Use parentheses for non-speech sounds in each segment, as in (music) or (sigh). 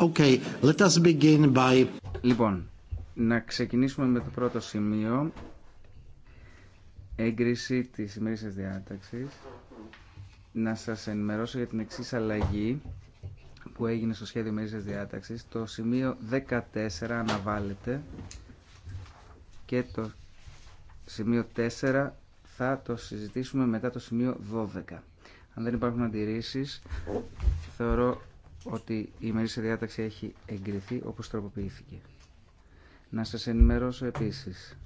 Okay, let us begin by... Λοιπόν, να ξεκινήσουμε με το πρώτο σημείο. Έγκριση της ημερήσια διάταξης. Να σας ενημερώσω για την εξής αλλαγή που έγινε στο σχέδιο ημερήσια διάταξης. Το σημείο 14 αναβάλλεται και το σημείο 4 θα το συζητήσουμε μετά το σημείο 12. Αν δεν υπάρχουν αντιρρήσεις, θεωρώ ότι η ημερήσια διάταξη έχει εγκριθεί όπως τροποποιήθηκε. Να σας ενημερώσω επίσης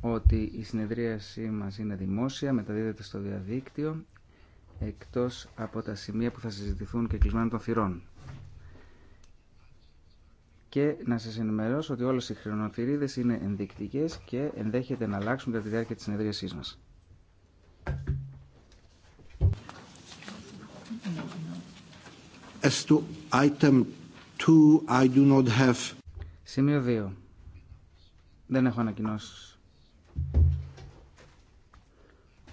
ότι η συνεδρίασή μας είναι δημόσια, μεταδίδεται στο διαδίκτυο, εκτός από τα σημεία που θα συζητηθούν και κλεισμένων των θυρών. Και να σας ενημερώσω ότι όλες οι χρονοθυρίδες είναι ενδεικτικές και ενδέχεται να αλλάξουν κατά τη διάρκεια της συνεδρίασής μας. Σημείο 2. Δεν έχω ανακοινώσει.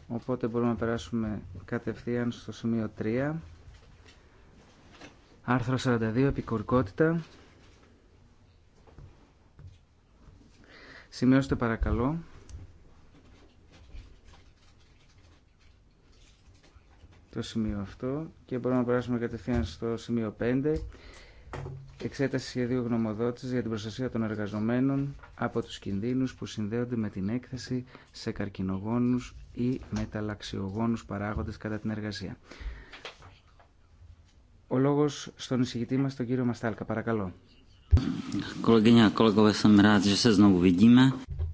Οπότε μπορούμε να περάσουμε κατευθείαν στο σημείο 3. Άρθρο 42, επικουρικότητα. Σημειώστε παρακαλώ. το σημείο αυτό και μπορούμε να περάσουμε κατευθείαν στο σημείο 5. Εξέταση σχεδίου γνωμοδότησης για την προστασία των εργαζομένων από τους κινδύνους που συνδέονται με την έκθεση σε καρκινογόνους ή μεταλλαξιογόνους παράγοντες κατά την εργασία. Ο λόγος στον εισηγητή μας, τον κύριο Μαστάλκα. Παρακαλώ.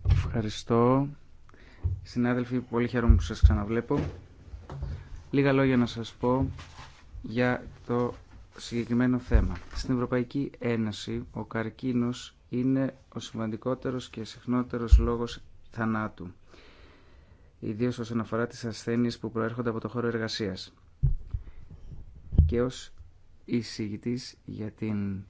Ευχαριστώ. Συνάδελφοι, πολύ χαίρομαι που σας ξαναβλέπω. Λίγα λόγια να σας πω για το συγκεκριμένο θέμα. Στην Ευρωπαϊκή Ένωση ο καρκίνος είναι ο σημαντικότερος και συχνότερος λόγος θανάτου, ιδίως όσον αφορά τις ασθένειες που προέρχονται από το χώρο εργασίας. Και ως εισηγητής για την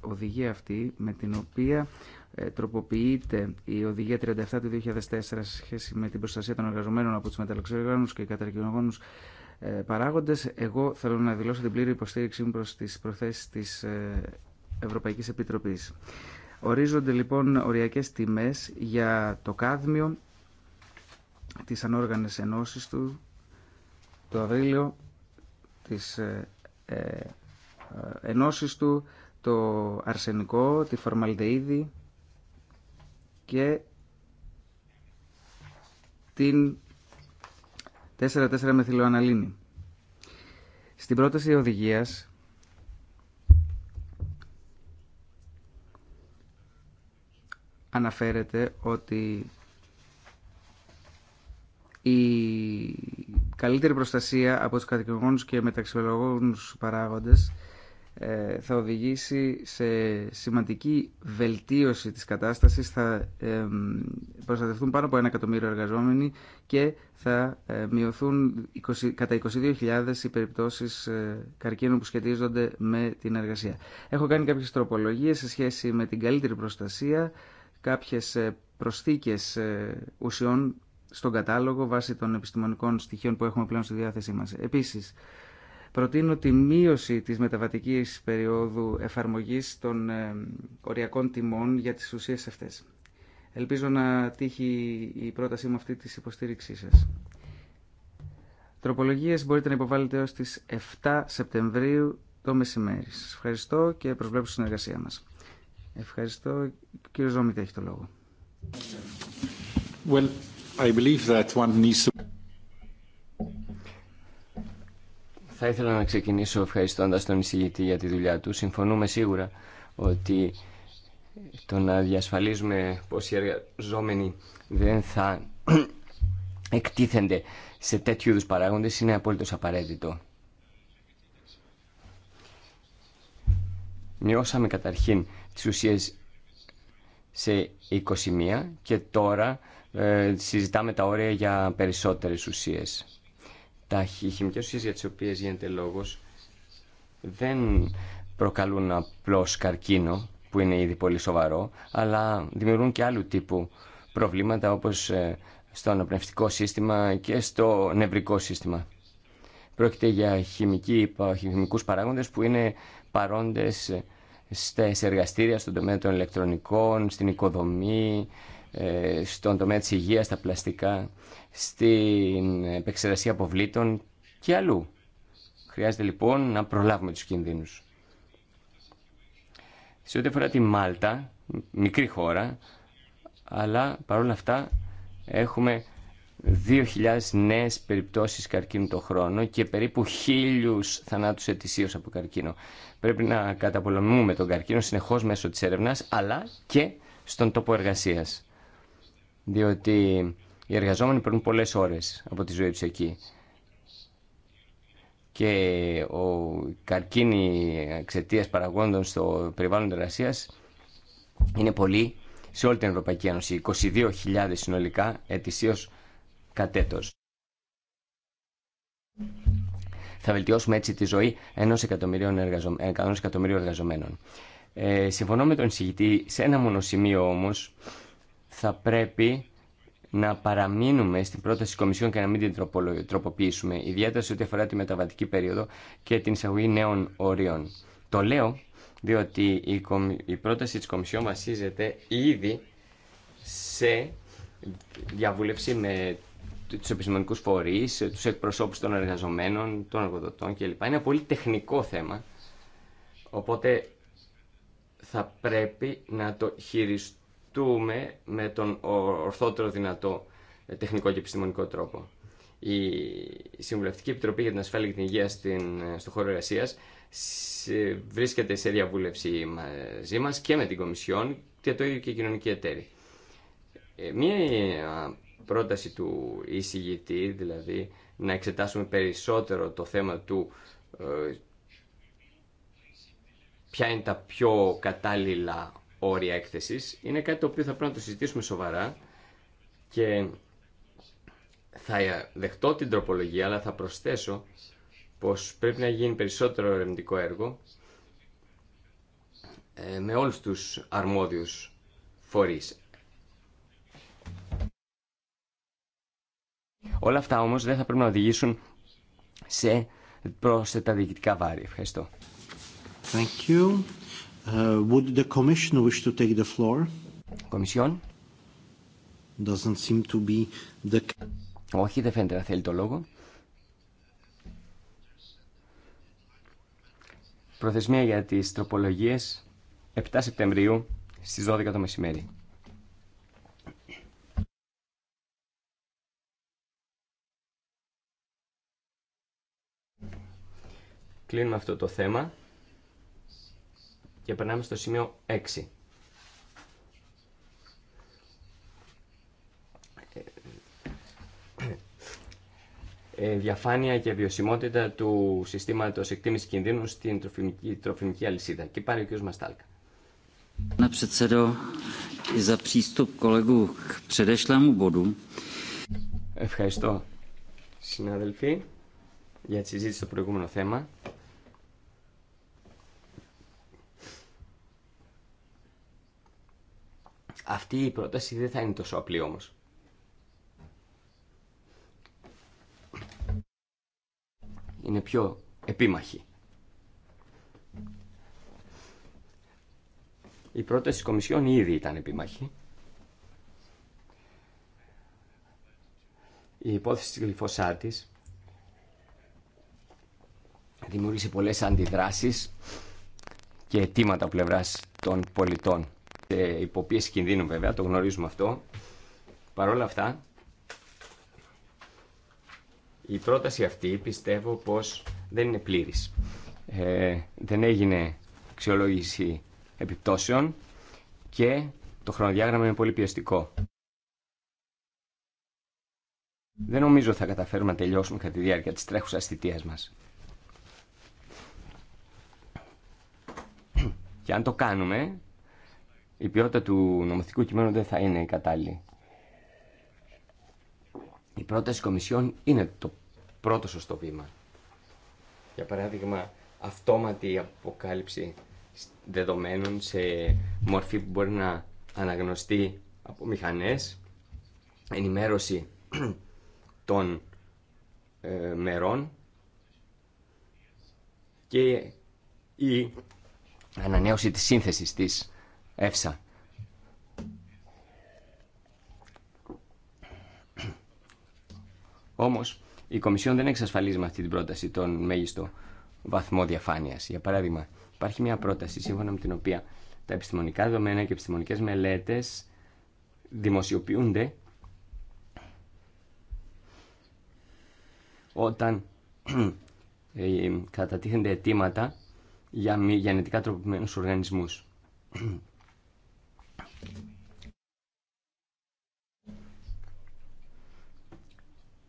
οδηγία αυτή με την οποία ε, τροποποιείται η οδηγία 37 του 2004 σε σχέση με την προστασία των εργαζομένων από τους μεταλλοξεργάνους και καταρκυνογόνους ε, παράγοντες. Εγώ θέλω να δηλώσω την πλήρη υποστήριξή μου προς τις προθέσεις της ε, Ευρωπαϊκής Επιτροπής. Ορίζονται λοιπόν οριακές τιμές για το κάδμιο, τις ανόργανες ενώσεις του, το αυρίλιο, τις ε, ε ενώσεις του, το αρσενικό, τη φορμαλδεΐδη και την 4-4 μεθυλοαναλίνη. Στην πρόταση οδηγίας αναφέρεται ότι η καλύτερη προστασία από τους κατοικογόνους και μεταξυβελογόνους παράγοντες ε, θα οδηγήσει σε σημαντική βελτίωση της κατάστασης, θα προστατευτούν πάνω από ένα εκατομμύριο εργαζόμενοι και θα ε, μειωθούν 20, κατά 22.000 οι περιπτώσεις ε, καρκίνου που σχετίζονται με την εργασία. Έχω κάνει κάποιες τροπολογίες σε σχέση με την καλύτερη προστασία, κάποιες προσθήκες ουσιών στον κατάλογο βάσει των επιστημονικών στοιχείων που έχουμε πλέον στη διάθεσή μας. Επίσης, προτείνω τη μείωση της μεταβατικής περίοδου εφαρμογής των ε, οριακών τιμών για τις ουσίες αυτές. Ελπίζω να τύχει η πρότασή μου αυτή της υποστήριξής σας. Τροπολογίες μπορείτε να υποβάλλετε έως τις 7 Σεπτεμβρίου το μεσημέρι. Σας ευχαριστώ και προσβλέπω στη συνεργασία μας. Ευχαριστώ. Κύριε Ζώμητη έχει το λόγο. Well, I believe that one needs Θα ήθελα να ξεκινήσω ευχαριστώντα τον εισηγητή για τη δουλειά του. Συμφωνούμε σίγουρα ότι το να διασφαλίζουμε πω οι εργαζόμενοι δεν θα (clears throat) εκτίθενται σε τέτοιου είδου παράγοντες είναι απόλυτος απαραίτητο. Μειώσαμε καταρχήν τις ουσίες σε 21 και τώρα ε, συζητάμε τα όρια για περισσότερες ουσίες. Τα χημικές ουσίες για τις οποίες γίνεται λόγος δεν προκαλούν απλώς καρκίνο, που είναι ήδη πολύ σοβαρό, αλλά δημιουργούν και άλλου τύπου προβλήματα όπως ε, στο αναπνευστικό σύστημα και στο νευρικό σύστημα. Πρόκειται για χημική, χημικούς παράγοντες που είναι παρόντες ε, στα εργαστήρια, στον τομέα των ηλεκτρονικών, στην οικοδομή, ε, στον τομέα της υγείας, στα πλαστικά, στην επεξεργασία αποβλήτων και αλλού. Χρειάζεται λοιπόν να προλάβουμε τους κινδύνους. Σε ό,τι αφορά τη Μάλτα, μικρή χώρα, αλλά παρόλα αυτά έχουμε 2.000 νέες περιπτώσεις καρκίνου το χρόνο και περίπου 1.000 θανάτους ετησίως από καρκίνο. Πρέπει να καταπολεμούμε τον καρκίνο συνεχώς μέσω της έρευνας, αλλά και στον τόπο εργασίας διότι οι εργαζόμενοι παίρνουν πολλές ώρες από τη ζωή τους εκεί και ο καρκίνη εξαιτία παραγόντων στο περιβάλλον εργασία είναι πολύ σε όλη την Ευρωπαϊκή Ένωση. 22.000 συνολικά ετησίως κατέτος. Θα βελτιώσουμε έτσι τη ζωή ενό εκατομμυρίου, ε, εργαζομένων. Ε, συμφωνώ με τον εισηγητή σε ένα μόνο σημείο όμως θα πρέπει να παραμείνουμε στην πρόταση τη Κομισιόν και να μην την τροποποιήσουμε, ιδιαίτερα σε ό,τι αφορά τη μεταβατική περίοδο και την εισαγωγή νέων ορίων. Το λέω διότι η πρόταση της Κομισιόν βασίζεται ήδη σε διαβούλευση με τους επιστημονικούς φορείς, τους εκπροσώπους των εργαζομένων, των εργοδοτών κλπ. Είναι ένα πολύ τεχνικό θέμα, οπότε θα πρέπει να το χειριστούμε με τον ορθότερο δυνατό ε, τεχνικό και επιστημονικό τρόπο. Η Συμβουλευτική Επιτροπή για την Ασφάλεια και την Υγεία στην, ε, στο χώρο εργασία βρίσκεται σε διαβούλευση μαζί μα και με την Κομισιόν και το ίδιο και η κοινωνική εταίρη. Ε, μία πρόταση του εισηγητή, δηλαδή να εξετάσουμε περισσότερο το θέμα του ποια είναι τα πιο κατάλληλα όρια έκθεσης. Είναι κάτι το οποίο θα πρέπει να το συζητήσουμε σοβαρά και θα δεχτώ την τροπολογία, αλλά θα προσθέσω πως πρέπει να γίνει περισσότερο ερευνητικό έργο ε, με όλους τους αρμόδιους φορείς. Όλα αυτά όμως δεν θα πρέπει να οδηγήσουν σε πρόσθετα διοικητικά βάρη. Ευχαριστώ. Thank you. Uh, would the Commission wish to take the floor? Commission? Doesn't seem to be the... Όχι, δεν φαίνεται να θέλει το λόγο. Προθεσμία για τις τροπολογίες 7 Σεπτεμβρίου στις 12 το μεσημέρι. Κλείνουμε αυτό το θέμα. Και περνάμε στο σημείο 6. Ε, διαφάνεια και βιωσιμότητα του συστήματος εκτίμησης κινδύνου στην τροφιμική, αλυσίδα. Και πάρει ο κ. Μαστάλκα. Ευχαριστώ, συναδελφοί, για τη συζήτηση στο προηγούμενο θέμα. Αυτή η πρόταση δεν θα είναι τόσο απλή όμως. Είναι πιο επίμαχη. Η πρόταση της Κομισιόν ήδη ήταν επίμαχη. Η υπόθεση της γλυφοσάτης δημιούργησε πολλές αντιδράσεις και αιτήματα πλευράς των πολιτών υποπίεση κινδύνου βέβαια, το γνωρίζουμε αυτό. Παρ' όλα αυτά, η πρόταση αυτή πιστεύω πως δεν είναι πλήρης. Ε, δεν έγινε αξιολόγηση επιπτώσεων και το χρονοδιάγραμμα είναι πολύ πιεστικό. Δεν νομίζω θα καταφέρουμε να τελειώσουμε κατά τη διάρκεια της τρέχουσας θητείας μας. Και αν το κάνουμε, η ποιότητα του νομοθετικού κειμένου δεν θα είναι η κατάλληλη. Η πρόταση κομισιών είναι το πρώτο σωστό βήμα. Για παράδειγμα, αυτόματη αποκάλυψη δεδομένων σε μορφή που μπορεί να αναγνωστεί από μηχανές, ενημέρωση (clears throat) των ε, μερών και η ανανέωση της σύνθεσης της Εύσα Όμως, η Κομισιόν δεν εξασφαλίζει με αυτή την πρόταση τον μέγιστο βαθμό διαφάνεια. Για παράδειγμα, υπάρχει μια πρόταση σύμφωνα με την οποία τα επιστημονικά δεδομένα και επιστημονικέ μελέτε δημοσιοποιούνται όταν ε, ε, κατατίθενται αιτήματα για μη γενετικά τροποποιημένους οργανισμούς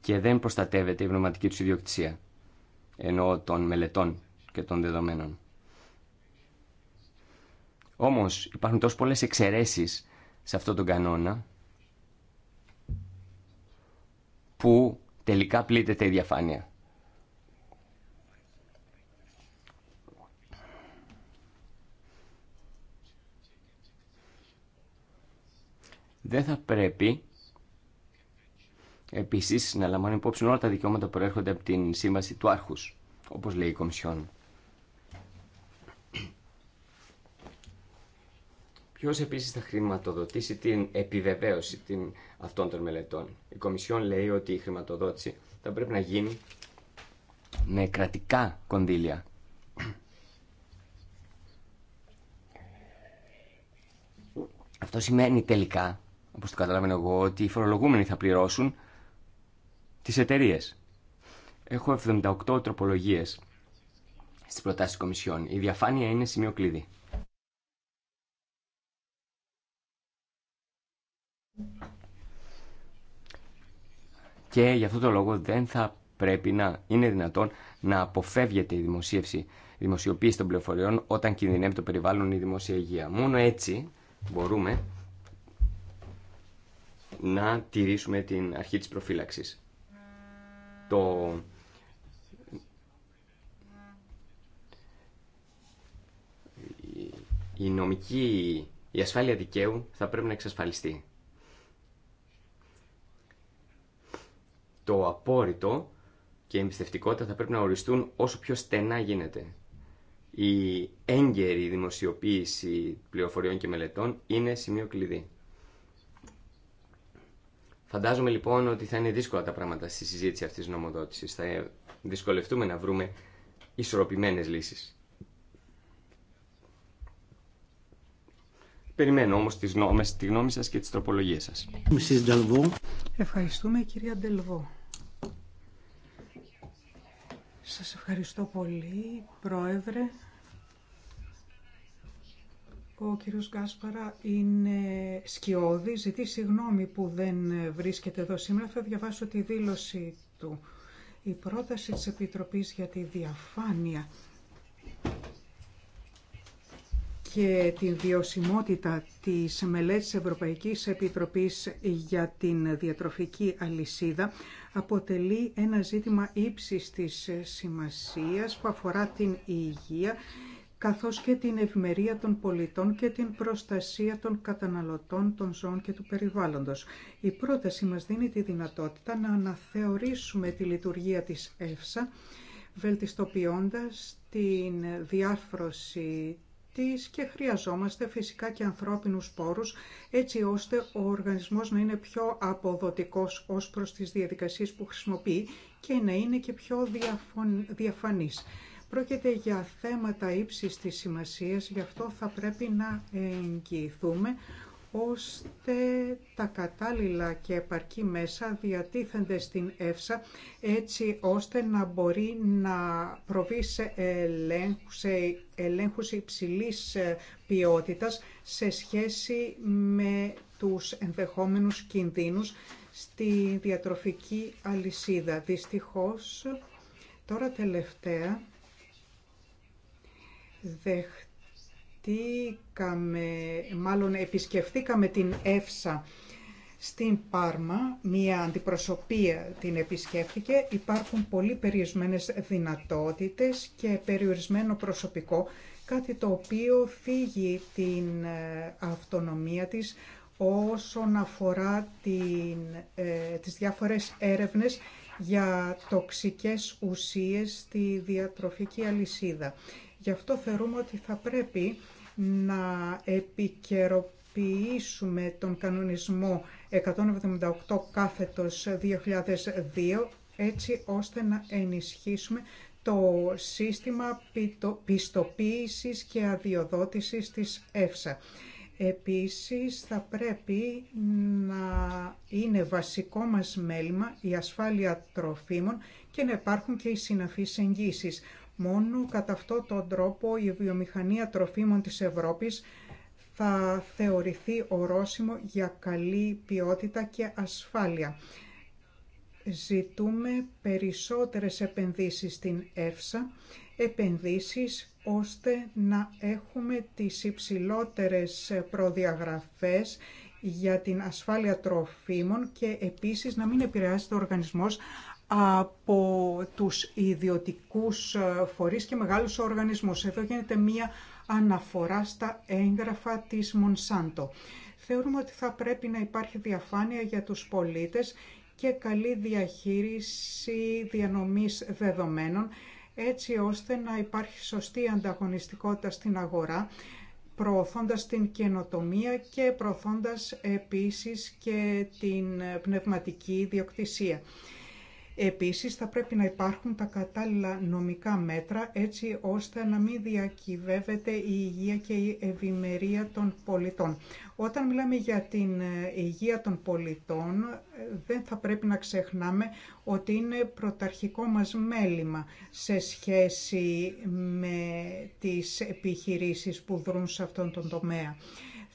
και δεν προστατεύεται η πνευματική του ιδιοκτησία ενώ των μελετών και των δεδομένων. Όμως υπάρχουν τόσο πολλές εξαιρέσεις σε αυτόν τον κανόνα που τελικά πλήττεται η διαφάνεια. Δεν θα πρέπει Επίση να λαμβάνει υπόψη όλα τα δικαιώματα που προέρχονται από την σύμβαση του άρχου. όπως λέει η Κομισιόν. Ποιο επίση θα χρηματοδοτήσει την επιβεβαίωση την, αυτών των μελετών. Η Κομισιόν λέει ότι η χρηματοδότηση θα πρέπει να γίνει με κρατικά κονδύλια. Αυτό σημαίνει τελικά όπω το καταλαβαίνω εγώ, ότι οι φορολογούμενοι θα πληρώσουν τι εταιρείε. Έχω 78 τροπολογίες στις προτάσεις Κομισιόν. Η διαφάνεια είναι σημείο κλειδί. Και γι' αυτό το λόγο δεν θα πρέπει να είναι δυνατόν να αποφεύγεται η δημοσίευση, η δημοσιοποίηση των πληροφοριών όταν κινδυνεύει το περιβάλλον ή η δημόσια υγεία. Μόνο έτσι μπορούμε να τηρήσουμε την αρχή της προφύλαξης. Το... Η νομική, η ασφάλεια δικαίου θα πρέπει να εξασφαλιστεί. Το απόρριτο και η εμπιστευτικότητα θα πρέπει να οριστούν όσο πιο στενά γίνεται. Η έγκαιρη δημοσιοποίηση πληροφοριών και μελετών είναι σημείο κλειδί. Φαντάζομαι λοιπόν ότι θα είναι δύσκολα τα πράγματα στη συζήτηση αυτή τη νομοδοτηση. Θα δυσκολευτούμε να βρούμε ισορροπημένε λύσεις. Περιμένω όμω τις νόμες, τη γνώμη σα και τις τροπολογίες σας. Ευχαριστούμε κυρία Ντελβό. Σας ευχαριστώ πολύ, Πρόεδρε. Ο κύριος Γκάσπαρα είναι σκιώδη, ζητεί συγγνώμη που δεν βρίσκεται εδώ σήμερα. Θα διαβάσω τη δήλωση του. Η πρόταση της Επιτροπής για τη διαφάνεια και την βιωσιμότητα της μελέτης Ευρωπαϊκής Επιτροπής για την διατροφική αλυσίδα αποτελεί ένα ζήτημα ύψης της σημασίας που αφορά την υγεία καθώς και την ευημερία των πολιτών και την προστασία των καταναλωτών, των ζώων και του περιβάλλοντος. Η πρόταση μας δίνει τη δυνατότητα να αναθεωρήσουμε τη λειτουργία της ΕΦΣΑ, βελτιστοποιώντας την διάφρωση της και χρειαζόμαστε φυσικά και ανθρώπινους πόρους, έτσι ώστε ο οργανισμός να είναι πιο αποδοτικός ως προς τις διαδικασίες που χρησιμοποιεί και να είναι και πιο διαφων... διαφανής. Πρόκειται για θέματα ύψης της σημασίας, γι' αυτό θα πρέπει να εγγυηθούμε ώστε τα κατάλληλα και επαρκή μέσα διατίθενται στην ΕΦΣΑ έτσι ώστε να μπορεί να προβεί σε ελέγχους, σε ελέγχους υψηλής ε, ποιότητας σε σχέση με τους ενδεχόμενους κινδύνους στη διατροφική αλυσίδα. Δυστυχώς, τώρα τελευταία, δεχτήκαμε, μάλλον επισκεφθήκαμε την ΕΦΣΑ στην Πάρμα, μία αντιπροσωπεία την επισκέφθηκε. Υπάρχουν πολύ περιορισμένες δυνατότητες και περιορισμένο προσωπικό, κάτι το οποίο φύγει την ε, αυτονομία της όσον αφορά την, ε, τις διάφορες έρευνες για τοξικές ουσίες στη διατροφική αλυσίδα. Γι' αυτό θεωρούμε ότι θα πρέπει να επικαιροποιήσουμε τον κανονισμό 178 κάθετος 2002 έτσι ώστε να ενισχύσουμε το σύστημα πιστοποίησης και αδειοδότησης της ΕΦΣΑ. Επίσης θα πρέπει να είναι βασικό μας μέλημα η ασφάλεια τροφίμων και να υπάρχουν και οι συναφείς εγγύσεις. Μόνο κατά αυτό τον τρόπο η βιομηχανία τροφίμων της Ευρώπης θα θεωρηθεί ορόσημο για καλή ποιότητα και ασφάλεια. Ζητούμε περισσότερες επενδύσεις στην ΕΦΣΑ, επενδύσεις ώστε να έχουμε τις υψηλότερες προδιαγραφές για την ασφάλεια τροφίμων και επίσης να μην επηρεάσει το οργανισμός από τους ιδιωτικούς ε, φορείς και μεγάλους οργανισμούς. Εδώ γίνεται μία αναφορά στα έγγραφα της Μονσάντο. Θεωρούμε ότι θα πρέπει να υπάρχει διαφάνεια για τους πολίτες και καλή διαχείριση διανομής δεδομένων, έτσι ώστε να υπάρχει σωστή ανταγωνιστικότητα στην αγορά, προωθώντας την καινοτομία και προωθώντας επίσης και την πνευματική ιδιοκτησία. Επίσης θα πρέπει να υπάρχουν τα κατάλληλα νομικά μέτρα έτσι ώστε να μην διακυβεύεται η υγεία και η ευημερία των πολιτών. Όταν μιλάμε για την ε, υγεία των πολιτών ε, δεν θα πρέπει να ξεχνάμε ότι είναι πρωταρχικό μας μέλημα σε σχέση με τις επιχειρήσεις που δρούν σε αυτόν τον τομέα.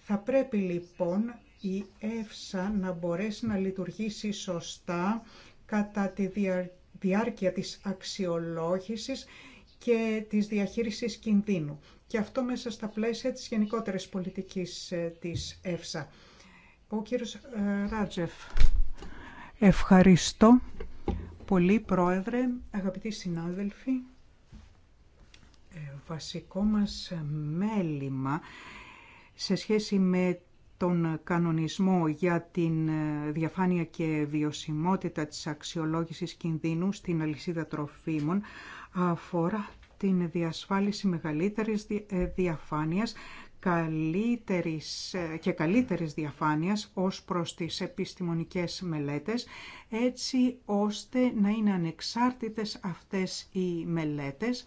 Θα πρέπει λοιπόν η ΕΦΣΑ να μπορέσει να λειτουργήσει σωστά κατά τη διάρκεια της αξιολόγησης και της διαχείρισης κινδύνου. Και αυτό μέσα στα πλαίσια της γενικότερης πολιτικής ε, της ΕΦΣΑ. Ο κύριος ε, Ράτζεφ. Ευχαριστώ πολύ, Πρόεδρε, αγαπητοί συνάδελφοι. Ε, βασικό μας μέλημα σε σχέση με τον κανονισμό για την ε, διαφάνεια και βιωσιμότητα της αξιολόγησης κινδύνου στην αλυσίδα τροφίμων αφορά την διασφάλιση μεγαλύτερης ε, διαφάνειας καλύτερης ε, και καλύτερης διαφάνειας ως προς τις επιστημονικές μελέτες, έτσι ώστε να είναι ανεξάρτητες αυτές οι μελέτες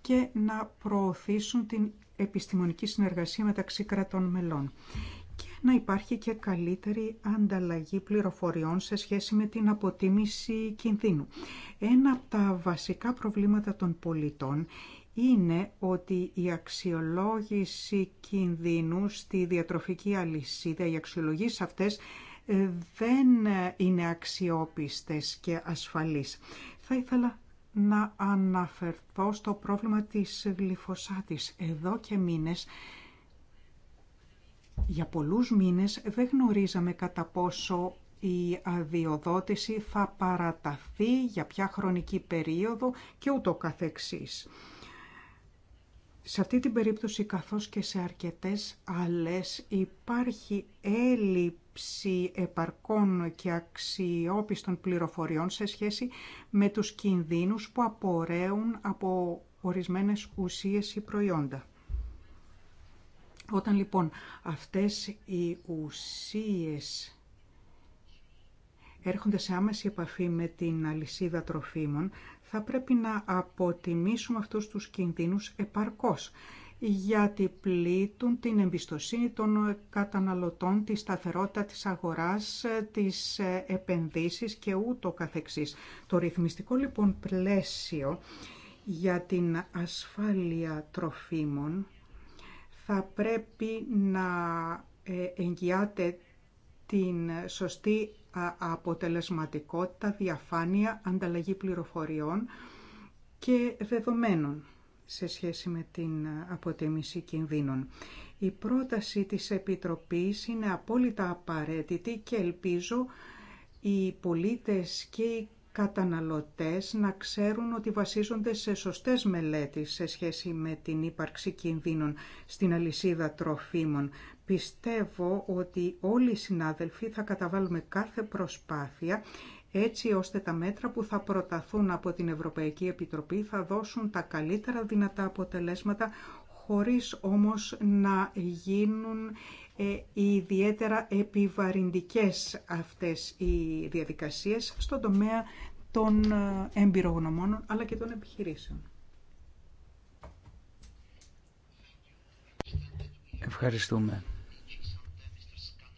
και να προωθήσουν την επιστημονική συνεργασία μεταξύ κρατών μελών και να υπάρχει και καλύτερη ανταλλαγή πληροφοριών σε σχέση με την αποτίμηση κινδύνου. Ένα από τα βασικά προβλήματα των πολιτών είναι ότι η αξιολόγηση κινδύνου στη διατροφική αλυσίδα, οι αξιολογήσεις αυτές ε, δεν είναι αξιόπιστες και ασφαλείς. Θα ήθελα να αναφερθώ στο πρόβλημα της γλυφοσάτης. Εδώ και μήνες για πολλούς μήνες δεν γνωρίζαμε κατά πόσο η αδειοδότηση θα παραταθεί για ποια χρονική περίοδο και ούτω καθεξής. Σε αυτή την περίπτωση καθώς και σε αρκετές άλλες υπάρχει έλλειψη επαρκών και αξιόπιστων πληροφοριών σε σχέση με τους κινδύνους που απορρέουν από ορισμένες ουσίες ή προϊόντα. Όταν λοιπόν αυτές οι ουσίες έρχονται σε άμεση επαφή με την αλυσίδα τροφίμων, θα πρέπει να αποτιμήσουμε αυτούς τους κινδύνους επαρκώς, γιατί πλήττουν την εμπιστοσύνη των καταναλωτών, τη σταθερότητα της αγοράς, της επενδύσεις και ούτω καθεξής. Το ρυθμιστικό λοιπόν πλαίσιο για την ασφάλεια τροφίμων θα πρέπει να ε, εγγυάται την σωστή αποτελεσματικότητα, διαφάνεια, ανταλλαγή πληροφοριών και δεδομένων σε σχέση με την αποτίμηση κινδύνων. Η πρόταση της Επιτροπής είναι απόλυτα απαραίτητη και ελπίζω οι πολίτες και οι καταναλωτές να ξέρουν ότι βασίζονται σε σωστές μελέτες σε σχέση με την ύπαρξη κινδύνων στην αλυσίδα τροφίμων. Πιστεύω ότι όλοι οι συνάδελφοι θα καταβάλουμε κάθε προσπάθεια έτσι ώστε τα μέτρα που θα προταθούν από την Ευρωπαϊκή Επιτροπή θα δώσουν τα καλύτερα δυνατά αποτελέσματα χωρίς όμως να γίνουν ε, ιδιαίτερα επιβαρυντικές αυτές οι διαδικασίες στον τομέα των ε, εμπειρογνωμόνων αλλά και των επιχειρήσεων. Ευχαριστούμε.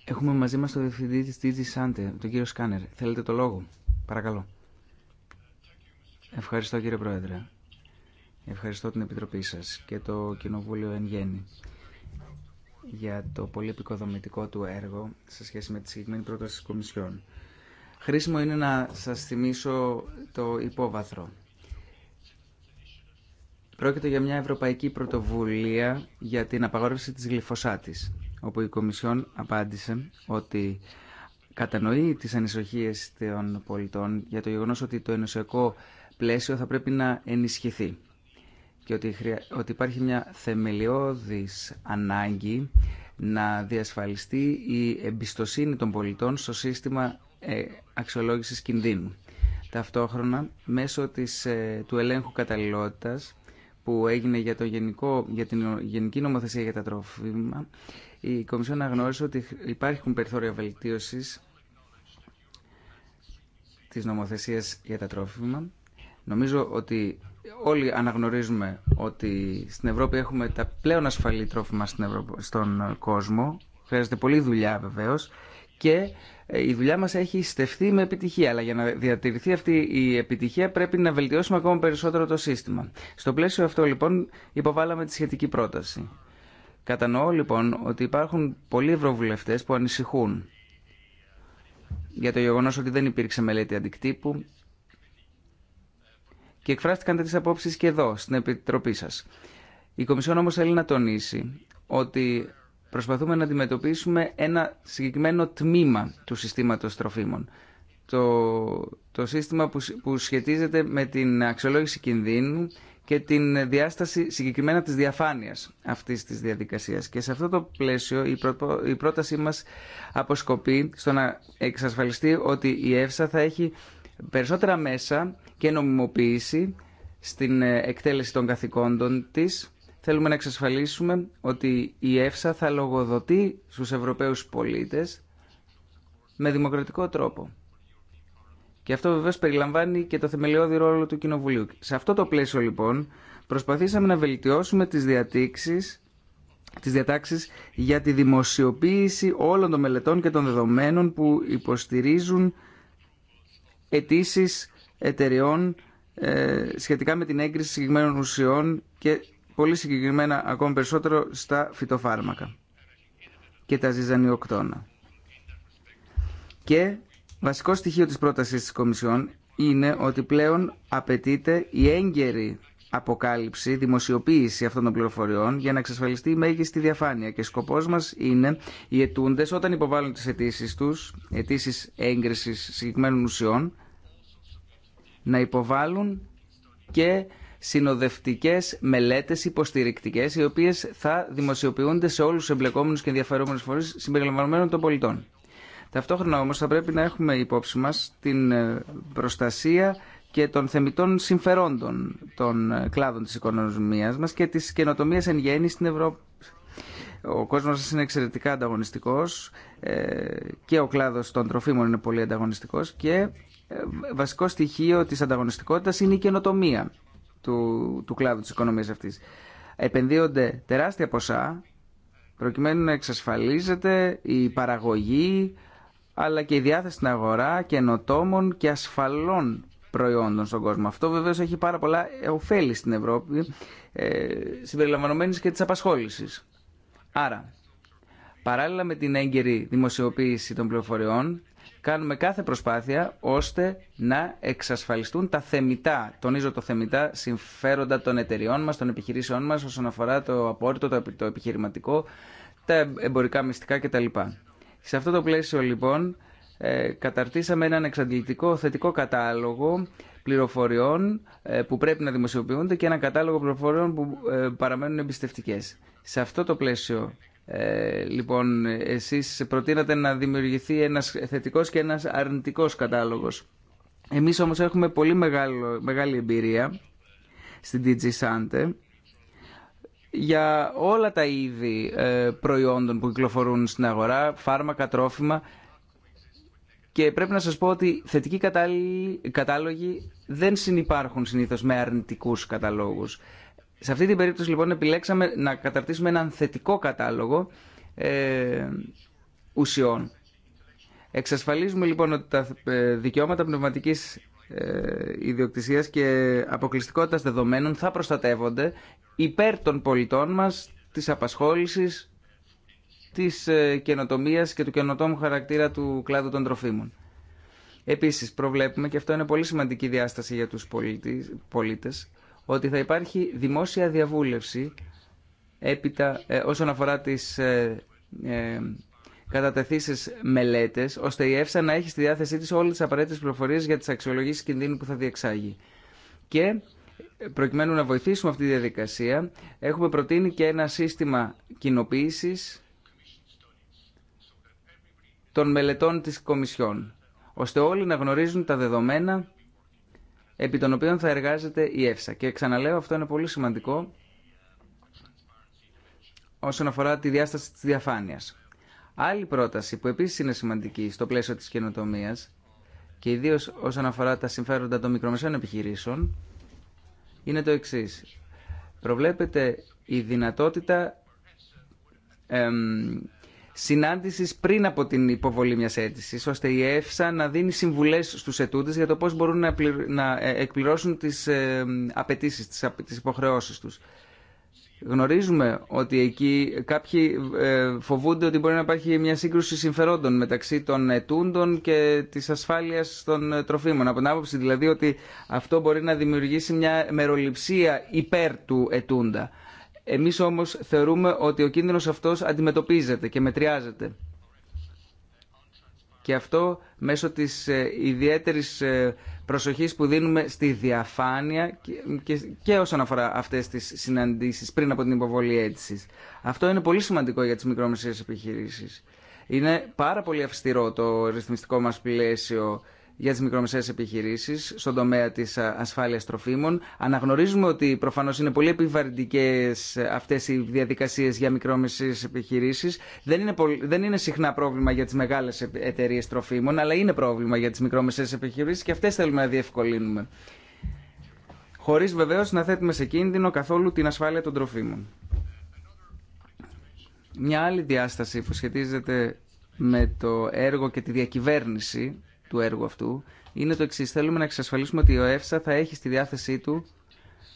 Έχουμε μαζί μας τον διευθυντή της DG τον κύριο Σκάνερ. Θέλετε το λόγο. Παρακαλώ. Ευχαριστώ κύριε Πρόεδρε. Ευχαριστώ την Επιτροπή σας και το Κοινοβούλιο εν γέννη για το πολύ επικοδομητικό του έργο σε σχέση με τη συγκεκριμένη πρόταση της Κομισιόν. Χρήσιμο είναι να σας θυμίσω το υπόβαθρο. Πρόκειται για μια ευρωπαϊκή πρωτοβουλία για την απαγόρευση της γλυφωσάτης, όπου η Κομισιόν απάντησε ότι κατανοεί τις ανισοχίες των πολιτών για το γεγονός ότι το ενωσιακό πλαίσιο θα πρέπει να ενισχυθεί και ότι, ότι υπάρχει μια θεμελιώδης ανάγκη να διασφαλιστεί η εμπιστοσύνη των πολιτών στο σύστημα ε, αξιολόγησης κινδύνου. Ταυτόχρονα, μέσω της, ε, του ελέγχου καταλληλότητας που έγινε για, το γενικό, για την Γενική Νομοθεσία για τα Τρόφιμα, η Κομισιόν αναγνώρισε ότι υπάρχουν περιθώρια βελτίωσης της νομοθεσίας για τα τρόφιμα. Νομίζω ότι όλοι αναγνωρίζουμε ότι στην Ευρώπη έχουμε τα πλέον ασφαλή τρόφιμα στον κόσμο. Χρειάζεται πολλή δουλειά βεβαίω. Και ε, η δουλειά μας έχει στεφθεί με επιτυχία, αλλά για να διατηρηθεί αυτή η επιτυχία πρέπει να βελτιώσουμε ακόμα περισσότερο το σύστημα. Στο πλαίσιο αυτό λοιπόν υποβάλαμε τη σχετική πρόταση. Κατανοώ λοιπόν ότι υπάρχουν πολλοί ευρωβουλευτές που ανησυχούν για το γεγονός ότι δεν υπήρξε μελέτη αντικτύπου, και εκφράστηκαν τέτοιε απόψει και εδώ, στην Επιτροπή σας. Η Κομισιόν όμως θέλει να τονίσει ότι προσπαθούμε να αντιμετωπίσουμε ένα συγκεκριμένο τμήμα του συστήματος τροφίμων. Το, το σύστημα που, που σχετίζεται με την αξιολόγηση κινδύνου και την διάσταση συγκεκριμένα της διαφάνειας αυτής της διαδικασίας. Και σε αυτό το πλαίσιο η πρότασή μας αποσκοπεί στο να εξασφαλιστεί ότι η ΕΦΣΑ θα έχει περισσότερα μέσα και νομιμοποίηση στην ε, εκτέλεση των καθηκόντων της. Θέλουμε να εξασφαλίσουμε ότι η ΕΦΣΑ θα λογοδοτεί στους Ευρωπαίους πολίτες με δημοκρατικό τρόπο. Και αυτό βεβαίως περιλαμβάνει και το θεμελιώδη ρόλο του Κοινοβουλίου. Σε αυτό το πλαίσιο λοιπόν προσπαθήσαμε να βελτιώσουμε τις διατήξεις τις διατάξεις για τη δημοσιοποίηση όλων των μελετών και των δεδομένων που υποστηρίζουν αιτήσει εταιρεών ε, σχετικά με την έγκριση συγκεκριμένων ουσιών και πολύ συγκεκριμένα ακόμη περισσότερο στα φυτοφάρμακα και τα ζυζανιοκτώνα. Και βασικό στοιχείο της πρότασης της Κομισιόν είναι ότι πλέον απαιτείται η έγκαιρη αποκάλυψη, δημοσιοποίηση αυτών των πληροφοριών για να εξασφαλιστεί η μέγιστη διαφάνεια. Και σκοπό μα είναι οι ετούντε όταν υποβάλλουν τι αιτήσει του, αιτήσει έγκριση συγκεκριμένων ουσιών, να υποβάλλουν και συνοδευτικέ μελέτε υποστηρικτικές οι οποίε θα δημοσιοποιούνται σε όλου του εμπλεκόμενου και ενδιαφερόμενου φορεί συμπεριλαμβανομένων των πολιτών. Ταυτόχρονα όμως θα πρέπει να έχουμε υπόψη μας την ε, προστασία και των θεμητών συμφερόντων των ε, κλάδων της οικονομίας μας και της καινοτομίας εν γέννη στην Ευρώπη. Ο κόσμος είναι εξαιρετικά ανταγωνιστικός ε, και ο κλάδος των τροφίμων είναι πολύ ανταγωνιστικός και ε, βασικό στοιχείο της ανταγωνιστικότητας είναι η καινοτομία του, του κλάδου της οικονομίας αυτής. Επενδύονται τεράστια ποσά προκειμένου να εξασφαλίζεται η παραγωγή αλλά και η διάθεση στην αγορά καινοτόμων και ασφαλών προϊόντων στον κόσμο. Αυτό βεβαίω έχει πάρα πολλά ωφέλη στην Ευρώπη, ε, και τη απασχόληση. Άρα, παράλληλα με την έγκαιρη δημοσιοποίηση των πληροφοριών, κάνουμε κάθε προσπάθεια ώστε να εξασφαλιστούν τα θεμητά, τονίζω το θεμητά, συμφέροντα των εταιριών μας, των επιχειρήσεών μας όσον αφορά το απόρριτο, το επιχειρηματικό, τα εμπορικά μυστικά κτλ. Σε αυτό το πλαίσιο λοιπόν ε, καταρτήσαμε έναν εξαντλητικό θετικό κατάλογο πληροφοριών ε, που πρέπει να δημοσιοποιούνται και έναν κατάλογο πληροφοριών που ε, παραμένουν εμπιστευτικές. Σε αυτό το πλαίσιο λοιπόν, εσείς προτείνατε να δημιουργηθεί ένας θετικός και ένας αρνητικός κατάλογος. Εμείς όμως έχουμε πολύ μεγάλο, μεγάλη εμπειρία στην DG Sante για όλα τα είδη προϊόντων που κυκλοφορούν στην αγορά, φάρμακα, τρόφιμα και πρέπει να σας πω ότι θετικοί κατάλογοι δεν συνεπάρχουν συνήθως με αρνητικούς καταλόγους. Σε αυτή την περίπτωση λοιπόν επιλέξαμε να καταρτήσουμε έναν θετικό κατάλογο ε, ουσιών. Εξασφαλίζουμε λοιπόν ότι τα ε, δικαιώματα πνευματικής ε, ιδιοκτησίας και αποκλειστικότητας δεδομένων θα προστατεύονται υπέρ των πολιτών μας, της απασχόλησης Τη ε, καινοτομία και του καινοτόμου χαρακτήρα του κλάδου των τροφίμων. Επίση, προβλέπουμε, και αυτό είναι πολύ σημαντική διάσταση για του πολίτε, ότι θα υπάρχει δημόσια διαβούλευση έπειτα, ε, όσον αφορά τι ε, ε, μελέτες, ώστε η ΕΦΣΑ να έχει στη διάθεσή τη όλε τι απαραίτητε πληροφορίε για τι αξιολογήσει κινδύνου που θα διεξάγει. Και προκειμένου να βοηθήσουμε αυτή τη διαδικασία, έχουμε προτείνει και ένα σύστημα κοινοποίηση των μελετών της Κομισιόν, ώστε όλοι να γνωρίζουν τα δεδομένα επί των οποίων θα εργάζεται η ΕΦΣΑ. Και ξαναλέω, αυτό είναι πολύ σημαντικό όσον αφορά τη διάσταση της διαφάνειας. Άλλη πρόταση που επίσης είναι σημαντική στο πλαίσιο της καινοτομία και ιδίω όσον αφορά τα συμφέροντα των μικρομεσαίων επιχειρήσεων είναι το εξή. Προβλέπεται η δυνατότητα εμ, συνάντηση πριν από την υποβολή μιας αίτηση, ώστε η ΕΦΣΑ να δίνει συμβουλές στους ετούντε για το πώς μπορούν να ε, εκπληρώσουν τις ε, απαιτήσεις, τις υποχρεώσει τους. Γνωρίζουμε ότι εκεί κάποιοι ε, φοβούνται ότι μπορεί να υπάρχει μια σύγκρουση συμφερόντων μεταξύ των ετούντων και της ασφάλειας των τροφίμων. Από την άποψη δηλαδή ότι αυτό μπορεί να δημιουργήσει μια μεροληψία υπέρ του ετούντα. Εμείς όμως θεωρούμε ότι ο κίνδυνος αυτός αντιμετωπίζεται και μετριάζεται. Και αυτό μέσω της ε, ιδιαίτερης ε, προσοχής που δίνουμε στη διαφάνεια και όσον αφορά αυτές τις συναντήσεις πριν από την υποβολή αίτησης. Αυτό είναι πολύ σημαντικό για τις μικρόμεσαίες επιχειρήσεις. Είναι πάρα πολύ αυστηρό το ρυθμιστικό μας πλαίσιο για τι μικρομεσαίες επιχειρήσει στον τομέα τη ασφάλεια τροφίμων. Αναγνωρίζουμε ότι προφανώ είναι πολύ επιβαρυντικές ε, αυτέ οι διαδικασίε για μικρομεσαίες επιχειρήσει. Δεν είναι, δεν είναι συχνά πρόβλημα για τι μεγάλε εταιρείε τροφίμων, αλλά είναι πρόβλημα για τι μικρομεσαίες επιχειρήσει και αυτέ θέλουμε να διευκολύνουμε. Χωρί βεβαίω να θέτουμε σε κίνδυνο καθόλου την ασφάλεια των τροφίμων. Μια άλλη διάσταση που σχετίζεται με το έργο και τη διακυβέρνηση του έργου αυτού είναι το εξή. Θέλουμε να εξασφαλίσουμε ότι ο ΕΦΣΑ θα έχει στη διάθεσή του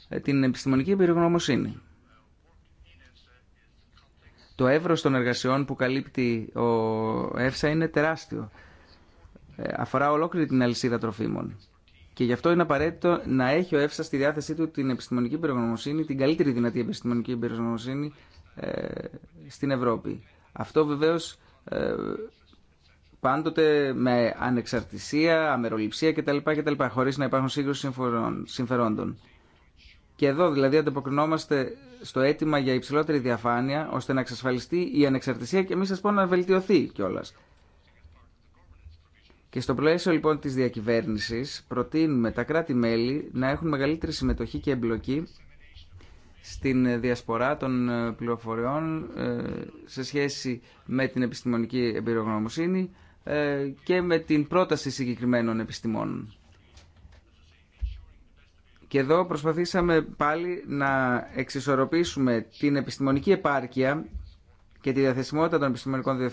ε, την επιστημονική εμπειρογνωμοσύνη. Το εύρος των εργασιών που καλύπτει ο ΕΦΣΑ είναι τεράστιο. Ε, αφορά ολόκληρη την αλυσίδα τροφίμων. Και γι' αυτό είναι απαραίτητο να έχει ο ΕΦΣΑ στη διάθεσή του την επιστημονική εμπειρογνωμοσύνη, την καλύτερη δυνατή επιστημονική εμπειρογνωμοσύνη ε, στην Ευρώπη. Αυτό βεβαίως πάντοτε με ανεξαρτησία, αμεροληψία κτλ. κτλ χωρίς να υπάρχουν σύγκρουση συμφερόντων. Και εδώ δηλαδή ανταποκρινόμαστε στο αίτημα για υψηλότερη διαφάνεια, ώστε να εξασφαλιστεί η ανεξαρτησία και μη σα πω να βελτιωθεί κιόλα. Και στο πλαίσιο λοιπόν τη διακυβέρνηση προτείνουμε τα κράτη-μέλη να έχουν μεγαλύτερη συμμετοχή και εμπλοκή στην διασπορά των ε, πληροφοριών ε, σε σχέση με την επιστημονική εμπειρογνωμοσύνη ε, και με την πρόταση συγκεκριμένων επιστημόνων. Και εδώ προσπαθήσαμε πάλι να εξισορροπήσουμε την επιστημονική επάρκεια και τη διαθεσιμότητα των επιστημονικών ε,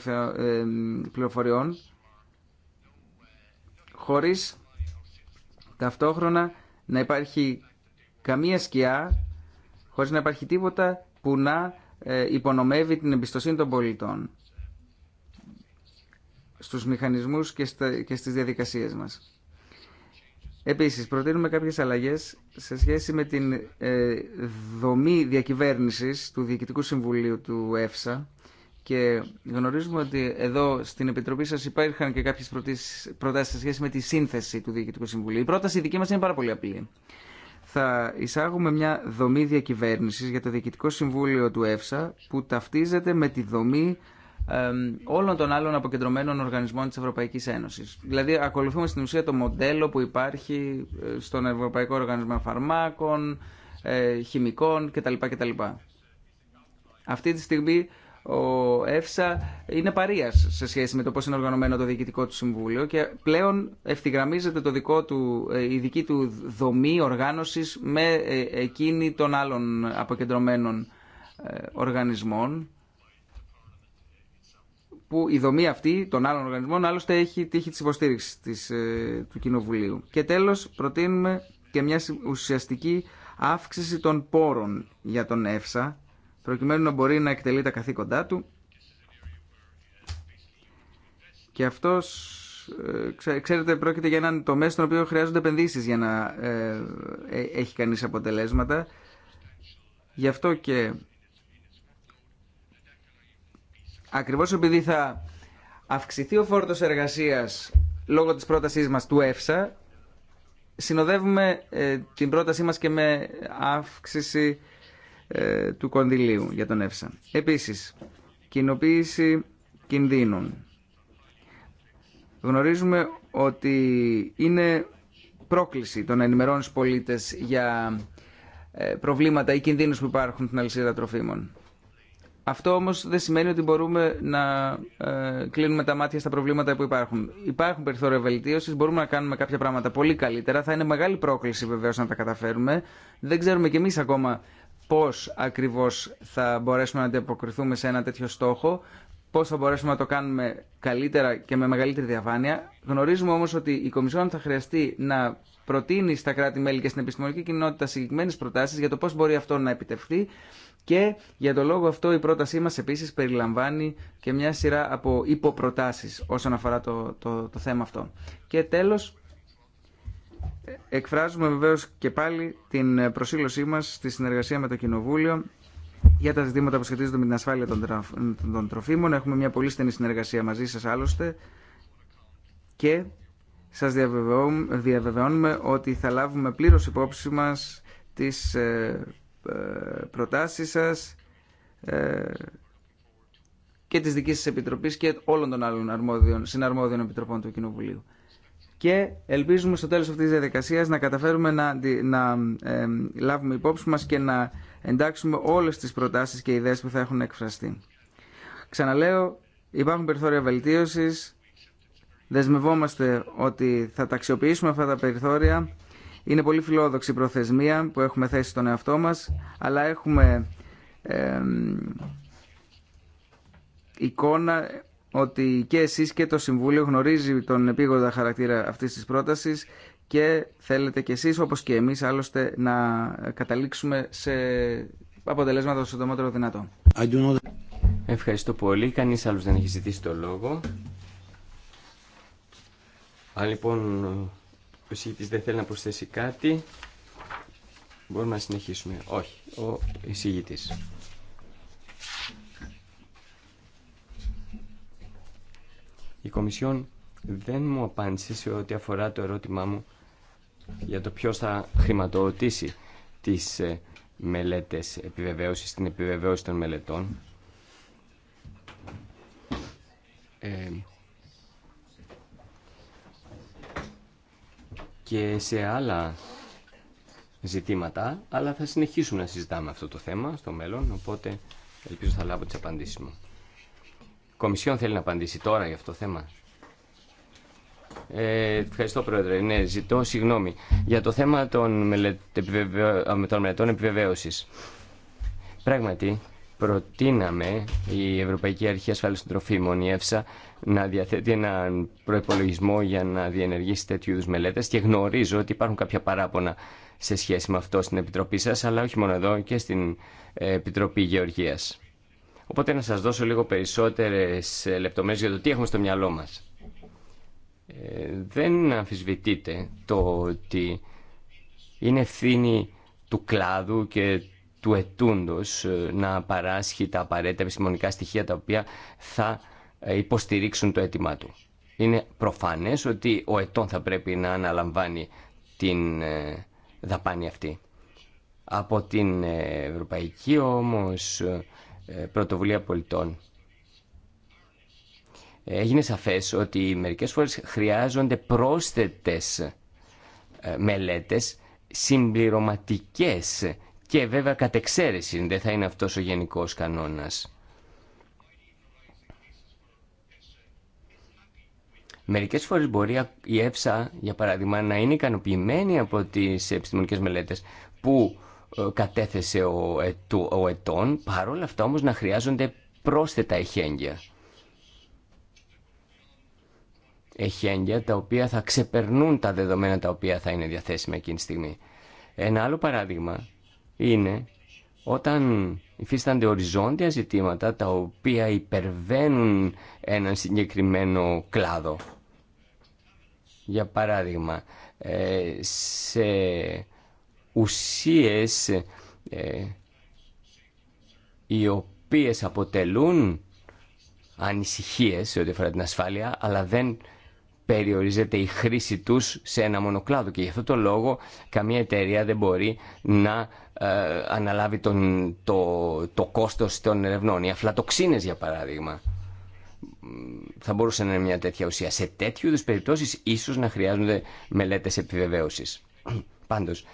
πληροφοριών χωρίς ταυτόχρονα να υπάρχει καμία σκιά, χωρίς να υπάρχει τίποτα που να ε, υπονομεύει την εμπιστοσύνη των πολιτών στους μηχανισμούς και, στα, και στις διαδικασίες μας. Επίσης, προτείνουμε κάποιες αλλαγές σε σχέση με την ε, δομή διακυβέρνησης του Διοικητικού Συμβουλίου του ΕΦΣΑ και γνωρίζουμε ότι εδώ στην Επιτροπή σας υπήρχαν και κάποιες προτάσεις σε σχέση με τη σύνθεση του Διοικητικού Συμβουλίου. Η πρόταση δική μας είναι πάρα πολύ απλή. Θα εισάγουμε μια δομή διακυβέρνησης για το Διοικητικό Συμβούλιο του ΕΦΣΑ που ταυτίζεται με τη δομή όλων των άλλων αποκεντρωμένων οργανισμών της Ευρωπαϊκής Ένωσης. Δηλαδή ακολουθούμε στην ουσία το μοντέλο που υπάρχει ε, στον Ευρωπαϊκό Οργανισμό Φαρμάκων, ε, Χημικών κτλ. κτλ. Αυτή τη στιγμή ο ΕΦΣΑ είναι παρείας σε σχέση με το πώς είναι οργανωμένο το διοικητικό του συμβούλιο και πλέον ευθυγραμμίζεται το δικό του, ε, η δική του δομή οργάνωσης με εκείνη των άλλων αποκεντρωμένων οργανισμών που η δομή αυτή των άλλων οργανισμών άλλωστε έχει τύχει τη υποστήριξη της, ε, του Κοινοβουλίου. Και τέλος προτείνουμε και μια ουσιαστική αύξηση των πόρων για τον ΕΦΣΑ προκειμένου να μπορεί να εκτελεί τα καθήκοντά του και αυτός ε, ξέρετε πρόκειται για έναν τομέα στον οποίο χρειάζονται επενδύσεις για να ε, έχει κανείς αποτελέσματα γι' αυτό και ακριβώς επειδή θα αυξηθεί ο φόρτος εργασίας λόγω της πρότασής μας του ΕΦΣΑ, συνοδεύουμε ε, την πρότασή μας και με αύξηση ε, του κονδυλίου για τον ΕΦΣΑ. Επίσης, κοινοποίηση κινδύνων. Γνωρίζουμε ότι είναι πρόκληση των να ενημερώνει πολίτες για ε, προβλήματα ή κινδύνους που υπάρχουν στην αλυσίδα τροφίμων. Αυτό όμως δεν σημαίνει ότι μπορούμε να ε, κλείνουμε τα μάτια στα προβλήματα που υπάρχουν. Υπάρχουν περιθώρια βελτίωσης, μπορούμε να κάνουμε κάποια πράγματα πολύ καλύτερα. Θα είναι μεγάλη πρόκληση βεβαίως να τα καταφέρουμε. Δεν ξέρουμε κι εμείς ακόμα πώς ακριβώς θα μπορέσουμε να αντιποκριθούμε σε ένα τέτοιο στόχο, πώς θα μπορέσουμε να το κάνουμε καλύτερα και με μεγαλύτερη διαφάνεια. Γνωρίζουμε όμως ότι η Κομισιόν θα χρειαστεί να προτείνει στα κράτη-μέλη και στην επιστημονική κοινότητα συγκεκριμένε προτάσει για το πώ μπορεί αυτό να επιτευχθεί. Και για τον λόγο αυτό η πρότασή μας επίσης περιλαμβάνει και μια σειρά από υποπροτάσεις όσον αφορά το, το, το θέμα αυτό. Και τέλος, εκφράζουμε βεβαίως και πάλι την προσήλωσή μας στη συνεργασία με το Κοινοβούλιο για τα ζητήματα που σχετίζονται με την ασφάλεια των τροφίμων. Έχουμε μια πολύ στενή συνεργασία μαζί σας άλλωστε και σας διαβεβαιώνουμε ότι θα λάβουμε πλήρως υπόψη μας τις ε, ε, προτάσεις σας ε, και της δικής σας Επιτροπής και όλων των άλλων αρμόδιων, συναρμόδιων επιτροπών του Κοινοβουλίου. Και ελπίζουμε στο τέλος αυτής της διαδικασίας να καταφέρουμε να, να λάβουμε υπόψη μας και να εντάξουμε όλες τις προτάσεις και ιδέες που θα έχουν εκφραστεί. Ξαναλέω, υπάρχουν περιθώρια βελτίωσης Δεσμευόμαστε ότι θα ταξιοποιήσουμε αυτά τα περιθώρια. Είναι πολύ φιλόδοξη προθεσμία που έχουμε θέσει στον εαυτό μας, αλλά έχουμε εικόνα ότι και εσείς και το Συμβούλιο γνωρίζει τον επίγοντα χαρακτήρα αυτής της πρότασης και θέλετε κι εσείς όπως και εμείς άλλωστε να καταλήξουμε σε αποτελέσματα το δυνατό. Ευχαριστώ πολύ. Κανείς άλλος δεν έχει ζητήσει το λόγο. Αν λοιπόν ο εισηγητής δεν θέλει να προσθέσει κάτι, μπορούμε να συνεχίσουμε. Όχι, ο εισηγητής. Η Κομισιόν δεν μου απάντησε σε ό,τι αφορά το ερώτημά μου για το ποιος θα χρηματοδοτήσει τις ε, μελέτες επιβεβαίωσης, την επιβεβαίωση των μελετών. Ε, και σε άλλα ζητήματα, αλλά θα συνεχίσουμε να συζητάμε αυτό το θέμα στο μέλλον, οπότε ελπίζω θα λάβω τις απαντήσεις μου. Η Κομισιόν θέλει να απαντήσει τώρα για αυτό το θέμα. Ε, ευχαριστώ Πρόεδρε. Ναι, ζητώ συγγνώμη. Για το θέμα των, μελετών επιβεβαίωσης. Πράγματι, προτείναμε η Ευρωπαϊκή Αρχή Ασφάλισης Τροφίμων, η ΕΦΣΑ, να διαθέτει έναν προπολογισμό για να διενεργήσει τέτοιου είδου μελέτε και γνωρίζω ότι υπάρχουν κάποια παράπονα σε σχέση με αυτό στην Επιτροπή σα, αλλά όχι μόνο εδώ και στην ε, Επιτροπή Γεωργία. Οπότε να σα δώσω λίγο περισσότερε λεπτομέρειε για το τι έχουμε στο μυαλό μα. Ε, δεν αμφισβητείτε το ότι είναι ευθύνη του κλάδου και του ετούντος ε, να παράσχει τα απαραίτητα επιστημονικά στοιχεία τα οποία θα ε, υποστηρίξουν το αίτημά του. Είναι προφανές ότι ο ετών θα πρέπει να αναλαμβάνει την ε, δαπάνη αυτή. Από την Ευρωπαϊκή όμως Πρωτοβουλία Πολιτών έγινε σαφές ότι μερικές φορές χρειάζονται πρόσθετες μελέτες συμπληρωματικές και βέβαια κατ' εξαίρεση δεν θα είναι αυτός ο γενικός κανόνας. Μερικές φορές μπορεί η ΕΦΣΑ, για παράδειγμα, να είναι ικανοποιημένη από τις επιστημονικές μελέτες που ε, κατέθεσε ο, ετού, ετών, παρόλα αυτά όμως να χρειάζονται πρόσθετα εχέγγυα. Εχέγγυα τα οποία θα ξεπερνούν τα δεδομένα τα οποία θα είναι διαθέσιμα εκείνη τη στιγμή. Ένα άλλο παράδειγμα είναι όταν υφίστανται οριζόντια ζητήματα τα οποία υπερβαίνουν έναν συγκεκριμένο κλάδο. Για παράδειγμα, ε, σε ουσίες ε, οι οποίες αποτελούν ανησυχίες σε ό,τι αφορά την ασφάλεια, αλλά δεν περιορίζεται η χρήση τους σε ένα μονοκλάδο και γι' αυτό το λόγο καμία εταιρεία δεν μπορεί να ε, αναλάβει το, το κόστος των ερευνών. Οι αφλατοξίνες για παράδειγμα θα μπορούσε να είναι μια τέτοια ουσία. Σε τέτοιου είδους περιπτώσεις ίσως να χρειάζονται μελέτες επιβεβαίωσης. (clears throat) Πάντως,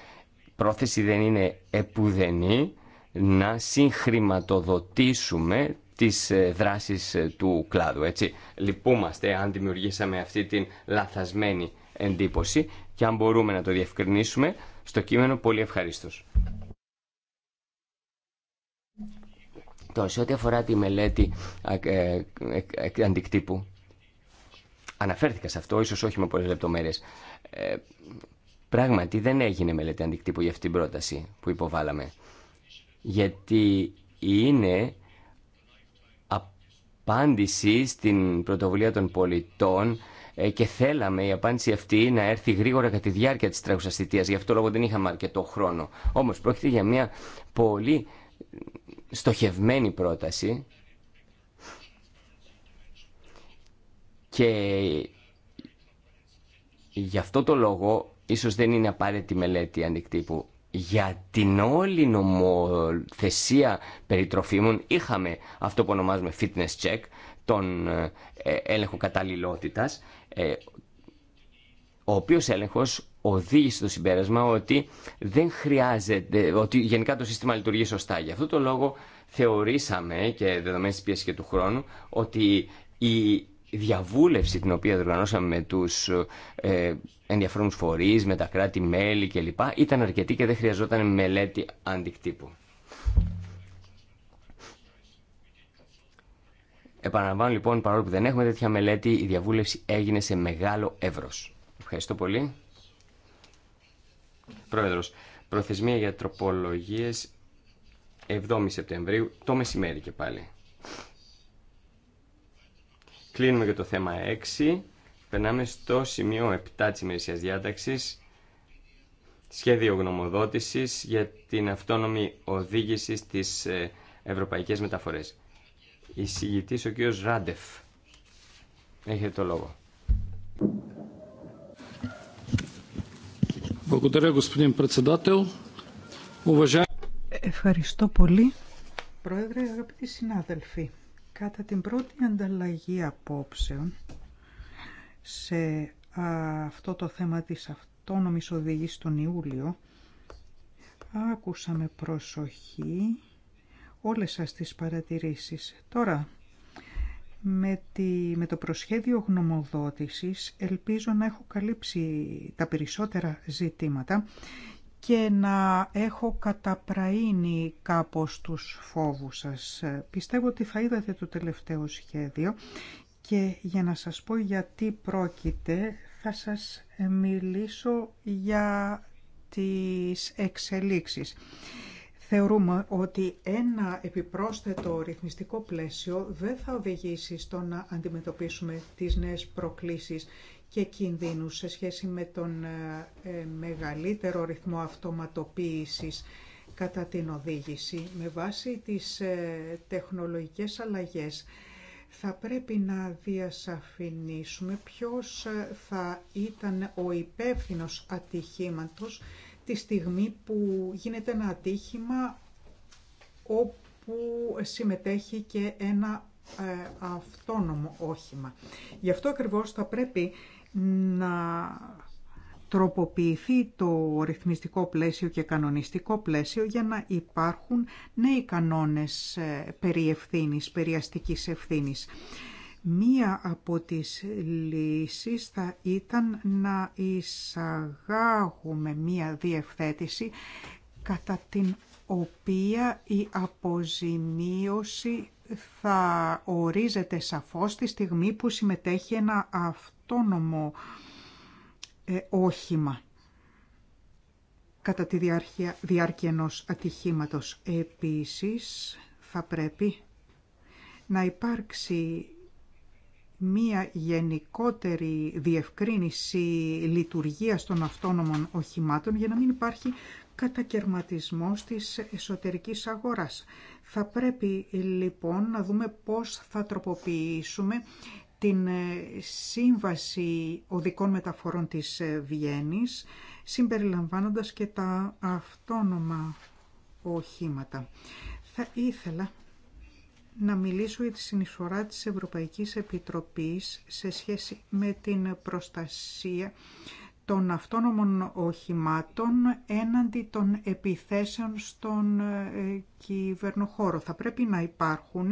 πρόθεση δεν είναι επουδενή να συγχρηματοδοτήσουμε τις ε, δράσεις ε, του κλάδου. Έτσι. Λυπούμαστε αν δημιουργήσαμε αυτή την λαθασμένη εντύπωση και αν μπορούμε να το διευκρινίσουμε στο κείμενο πολύ ευχαριστώ. αυτό. Σε ό,τι αφορά τη μελέτη ε, ε, ε, αντικτύπου, αναφέρθηκα σε αυτό, ίσως όχι με πολλέ λεπτομέρειες. Ε, πράγματι δεν έγινε μελέτη αντικτύπου για αυτή την πρόταση που υποβάλαμε. Γιατί είναι απάντηση στην πρωτοβουλία των πολιτών και θέλαμε η απάντηση αυτή να έρθει γρήγορα κατά τη διάρκεια της τρέχουσας θητείας. Γι' αυτό λόγο δεν είχαμε αρκετό χρόνο. Όμως πρόκειται για μια πολύ στοχευμένη πρόταση και γι' αυτό το λόγο ίσως δεν είναι απαραίτητη μελέτη αντικτύπου. Για την όλη νομοθεσία περί είχαμε αυτό που ονομάζουμε fitness check, τον ε, έλεγχο καταλληλότητας, ε, ο οποίος έλεγχος οδήγησε το συμπέρασμα ότι δεν χρειάζεται, ότι γενικά το σύστημα λειτουργεί σωστά. Γι' αυτό το λόγο θεωρήσαμε και δεδομένη τη πίεση και του χρόνου ότι η διαβούλευση την οποία διοργανώσαμε με τους ε, φορεί φορείς, με τα κράτη-μέλη κλπ. ήταν αρκετή και δεν χρειαζόταν μελέτη αντικτύπου. Επαναλαμβάνω λοιπόν, παρόλο που δεν έχουμε τέτοια μελέτη, η διαβούλευση έγινε σε μεγάλο εύρος. Ευχαριστώ πολύ. Πρόεδρος, προθεσμία για τροπολογιε 7 Σεπτεμβρίου, το μεσημέρι και πάλι. Κλείνουμε και το θέμα 6. Περνάμε στο σημείο 7 τη ημερησία διάταξη Σχέδιο γνωμοδότησης για την αυτόνομη οδήγηση στις ε, ευρωπαϊκές μεταφορές. Εισηγητή ο κ. Ράντεφ. Έχετε το λόγο. Ευχαριστώ πολύ. Πρόεδρε, αγαπητοί συνάδελφοι, κατά την πρώτη ανταλλαγή απόψεων σε αυτό το θέμα της αυτόνομης οδηγής τον Ιούλιο, άκουσα με προσοχή όλες σας τις παρατηρήσεις. Τώρα με, το προσχέδιο γνωμοδότησης ελπίζω να έχω καλύψει τα περισσότερα ζητήματα και να έχω καταπραίνει κάπως τους φόβους σας. Πιστεύω ότι θα είδατε το τελευταίο σχέδιο και για να σας πω γιατί πρόκειται θα σας μιλήσω για τις εξελίξεις. Θεωρούμε ότι ένα επιπρόσθετο ρυθμιστικό πλαίσιο δεν θα οδηγήσει στο να αντιμετωπίσουμε τις νέες προκλήσεις και κινδύνους σε σχέση με τον ε, ε, μεγαλύτερο ρυθμό αυτοματοποίησης κατά την οδήγηση. Με βάση τις ε, τεχνολογικές αλλαγές θα πρέπει να διασαφηνίσουμε ποιος θα ήταν ο υπεύθυνος ατυχήματος τη στιγμή που γίνεται ένα ατύχημα όπου συμμετέχει και ένα ε, αυτόνομο όχημα. Γι' αυτό ακριβώς θα πρέπει να τροποποιηθεί το ρυθμιστικό πλαίσιο και κανονιστικό πλαίσιο για να υπάρχουν νέοι κανόνες ε, περί ευθύνης, περί ευθύνης. Μία από τις λύσεις θα ήταν να εισαγάγουμε μία διευθέτηση κατά την οποία η αποζημίωση θα ορίζεται σαφώς τη στιγμή που συμμετέχει ένα αυτόνομο ε, όχημα κατά τη διάρκεια, διάρκεια ενός ατυχήματος. Επίσης, θα πρέπει να υπάρξει μία γενικότερη διευκρίνηση λειτουργίας των αυτόνομων οχημάτων για να μην υπάρχει κατακαιρματισμός της εσωτερικής αγοράς. Θα πρέπει λοιπόν να δούμε πώς θα τροποποιήσουμε την ε, σύμβαση οδικών μεταφορών της ε, Βιέννης, συμπεριλαμβάνοντας και τα αυτόνομα οχήματα. Θα ήθελα να μιλήσω για τη συνεισφορά της Ευρωπαϊκής Επιτροπής σε σχέση με την προστασία των αυτόνομων οχημάτων έναντι των επιθέσεων στον ε, κυβερνοχώρο. Θα πρέπει να υπάρχουν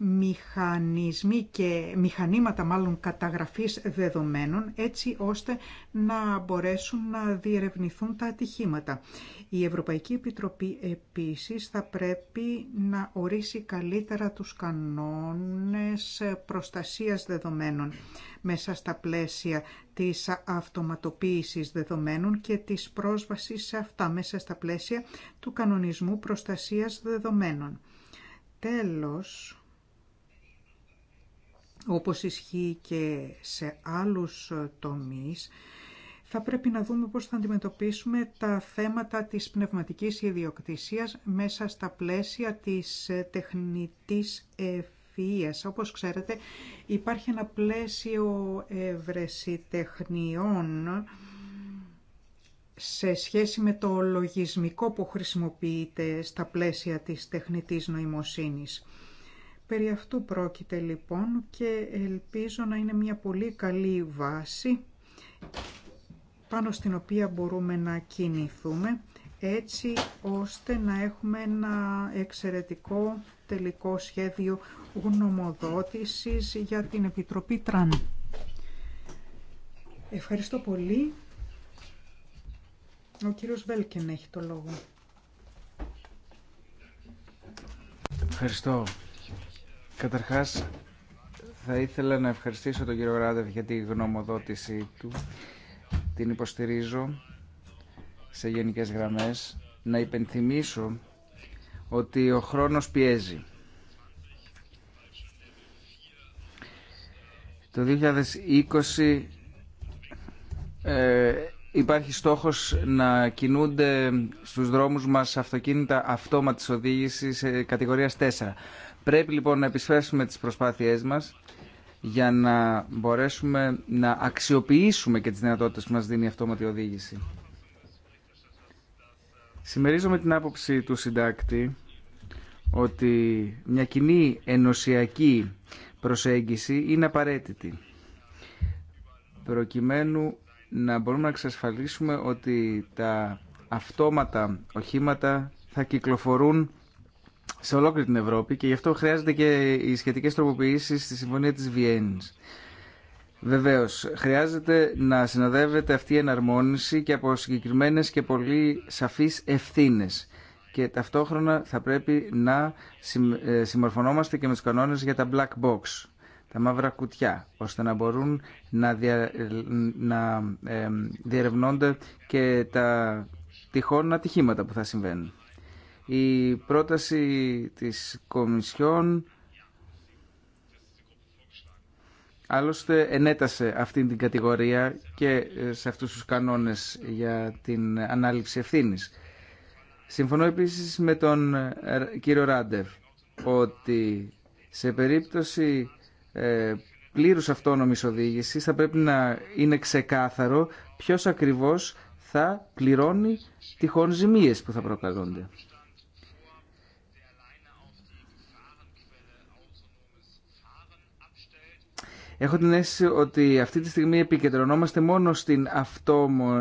μηχανισμοί και μηχανήματα μάλλον καταγραφής δεδομένων έτσι ώστε να μπορέσουν να διερευνηθούν τα ατυχήματα. Η Ευρωπαϊκή Επιτροπή επίσης θα πρέπει να ορίσει καλύτερα τους κανόνες προστασίας δεδομένων μέσα στα πλαίσια της αυτοματοποίησης δεδομένων και της πρόσβασης σε αυτά μέσα στα πλαίσια του κανονισμού προστασίας δεδομένων. Τέλος, όπως ισχύει και σε άλλους τομείς, θα πρέπει να δούμε πώς θα αντιμετωπίσουμε τα θέματα της πνευματικής ιδιοκτησίας μέσα στα πλαίσια της τεχνητής ευφυΐας. Όπως ξέρετε υπάρχει ένα πλαίσιο τεχνιών σε σχέση με το λογισμικό που χρησιμοποιείται στα πλαίσια της τεχνητής νοημοσύνης. Περί αυτού πρόκειται λοιπόν και ελπίζω να είναι μια πολύ καλή βάση πάνω στην οποία μπορούμε να κινηθούμε έτσι ώστε να έχουμε ένα εξαιρετικό τελικό σχέδιο γνωμοδότησης για την Επιτροπή Τραν. Ευχαριστώ πολύ. Ο κύριος Βέλκεν έχει το λόγο. Ευχαριστώ Καταρχάς, θα ήθελα να ευχαριστήσω τον κύριο Ράδευ για τη γνωμοδότησή του. Την υποστηρίζω σε γενικές γραμμές. Να υπενθυμίσω ότι ο χρόνος πιέζει. Το 2020 ε, υπάρχει στόχος να κινούνται στους δρόμους μας αυτοκίνητα αυτόματης οδήγησης ε, κατηγορίας 4. Πρέπει λοιπόν να επισφέρσουμε τις προσπάθειές μας για να μπορέσουμε να αξιοποιήσουμε και τις δυνατότητες που μας δίνει η αυτόματη οδήγηση. Συμμερίζομαι την άποψη του συντάκτη ότι μια κοινή ενωσιακή προσέγγιση είναι απαραίτητη προκειμένου να μπορούμε να εξασφαλίσουμε ότι τα αυτόματα οχήματα θα κυκλοφορούν σε ολόκληρη την Ευρώπη και γι' αυτό χρειάζονται και οι σχετικές τροποποιήσεις στη Συμφωνία της Βιέννης. Βεβαίως, χρειάζεται να συνοδεύεται αυτή η εναρμόνιση και από συγκεκριμένε και πολύ σαφείς ευθύνε. και ταυτόχρονα θα πρέπει να ε, συμμορφωνόμαστε και με τους κανόνες για τα black box, τα μαύρα κουτιά, ώστε να μπορούν να, δια, να ε, και τα τυχόν ατυχήματα που θα συμβαίνουν. Η πρόταση της Κομισιόν άλλωστε ενέτασε αυτήν την κατηγορία και ε, σε αυτούς τους κανόνες για την ανάληψη ευθύνης. Συμφωνώ επίσης με τον ε, κύριο Ράντεφ ότι σε περίπτωση ε, πλήρους αυτόνομης οδήγησης θα πρέπει να είναι ξεκάθαρο ποιος ακριβώς θα πληρώνει τυχόν ζημίες που θα προκαλούνται. Έχω την αίσθηση ότι αυτή τη στιγμή επικεντρωνόμαστε μόνο στην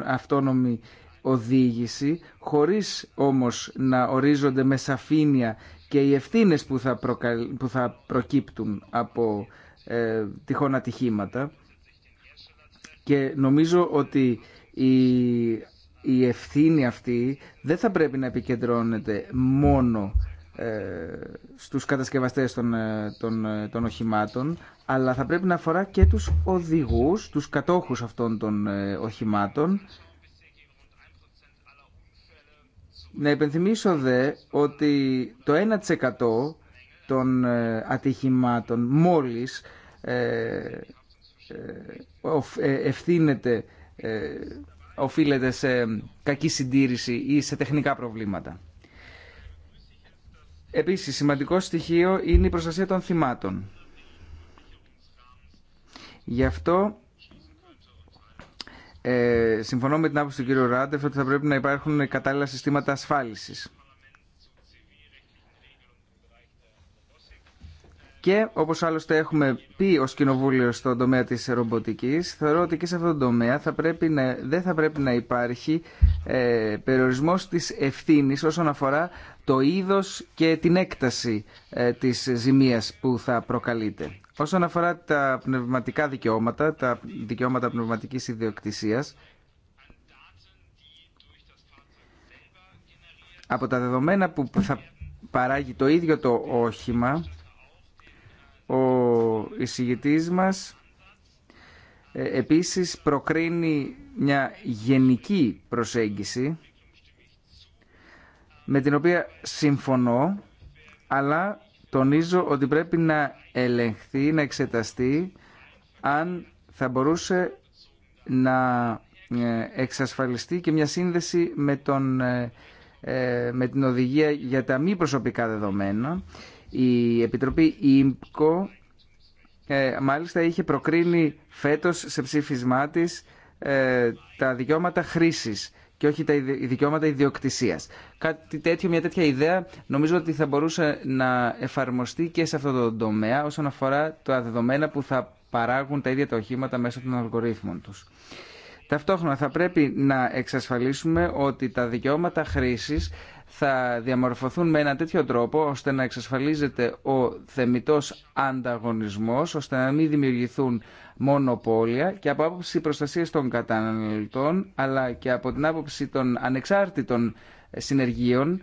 αυτόνομη οδήγηση, χωρίς όμως να ορίζονται με σαφήνεια και οι ευθύνες που θα, που θα προκύπτουν από ε, τυχόν ατυχήματα. Και νομίζω ότι η, η ευθύνη αυτή δεν θα πρέπει να επικεντρώνεται μόνο ε, στους κατασκευαστές των, ε, των, ε, των οχημάτων αλλά θα πρέπει να αφορά και τους οδηγούς, τους κατόχους αυτών των ε, οχημάτων. Να υπενθυμίσω δε ότι το 1% των ε, ατυχημάτων μόλις ε, ευθύνεται, οφείλεται σε κακή συντήρηση ή σε τεχνικά προβλήματα. Επίσης, σημαντικό στοιχείο είναι η προστασία των θυμάτων. Γι' αυτό ε, συμφωνώ με την άποψη του κ. Ράντεφ ότι θα πρέπει να υπάρχουν κατάλληλα συστήματα ασφάλισης. Και όπως άλλωστε έχουμε πει ω κοινοβούλιο στον τομέα της ρομποτική, θεωρώ ότι και σε αυτόν τον τομέα θα πρέπει να, δεν θα πρέπει να υπάρχει ε, περιορισμός της ευθύνης όσον αφορά το είδος και την έκταση ε, της ζημίας που θα προκαλείται. Όσον αφορά τα πνευματικά δικαιώματα, τα δικαιώματα πνευματικής ιδιοκτησίας, από τα δεδομένα που θα παράγει το ίδιο το όχημα, ο εισηγητής μας ε, επίσης προκρίνει μια γενική προσέγγιση με την οποία συμφωνώ, αλλά τονίζω ότι πρέπει να ελεγχθεί, να εξεταστεί αν θα μπορούσε να ε, εξασφαλιστεί και μια σύνδεση με, τον, ε, ε, με την οδηγία για τα μη προσωπικά δεδομένα. Η Επιτροπή ΙΜΚΟ μάλιστα είχε προκρίνει φέτος σε ψήφισμά της τα δικαιώματα χρήσης και όχι τα δικαιώματα ιδιοκτησίας. Κάτι τέτοιο, μια τέτοια ιδέα νομίζω ότι θα μπορούσε να εφαρμοστεί και σε αυτό το τομέα όσον αφορά τα δεδομένα που θα παράγουν τα ίδια τα οχήματα μέσω των αλγορίθμων τους. Ταυτόχρονα θα πρέπει να εξασφαλίσουμε ότι τα δικαιώματα χρήσης θα διαμορφωθούν με ένα τέτοιο τρόπο ώστε να εξασφαλίζεται ο θεμητός ανταγωνισμός, ώστε να μην δημιουργηθούν μονοπόλια και από άποψη προστασίας των καταναλωτών αλλά και από την άποψη των ανεξάρτητων συνεργείων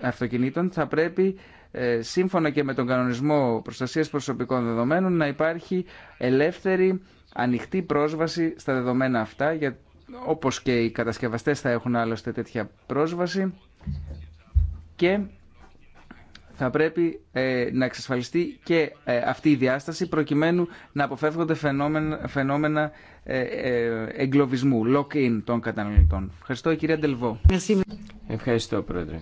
αυτοκινήτων θα πρέπει ε, σύμφωνα και με τον κανονισμό προστασίας προσωπικών δεδομένων να υπάρχει ελεύθερη ανοιχτή πρόσβαση στα δεδομένα αυτά για όπως και οι κατασκευαστές θα έχουν άλλωστε τέτοια πρόσβαση και θα πρέπει ε, να εξασφαλιστεί και ε, αυτή η διάσταση προκειμένου να αποφεύγονται φαινόμενα, φαινόμενα ε, εγκλωβισμού, lock-in των καταναλωτών. Ευχαριστώ κυρία Ντελβό. Ευχαριστώ πρόεδρε.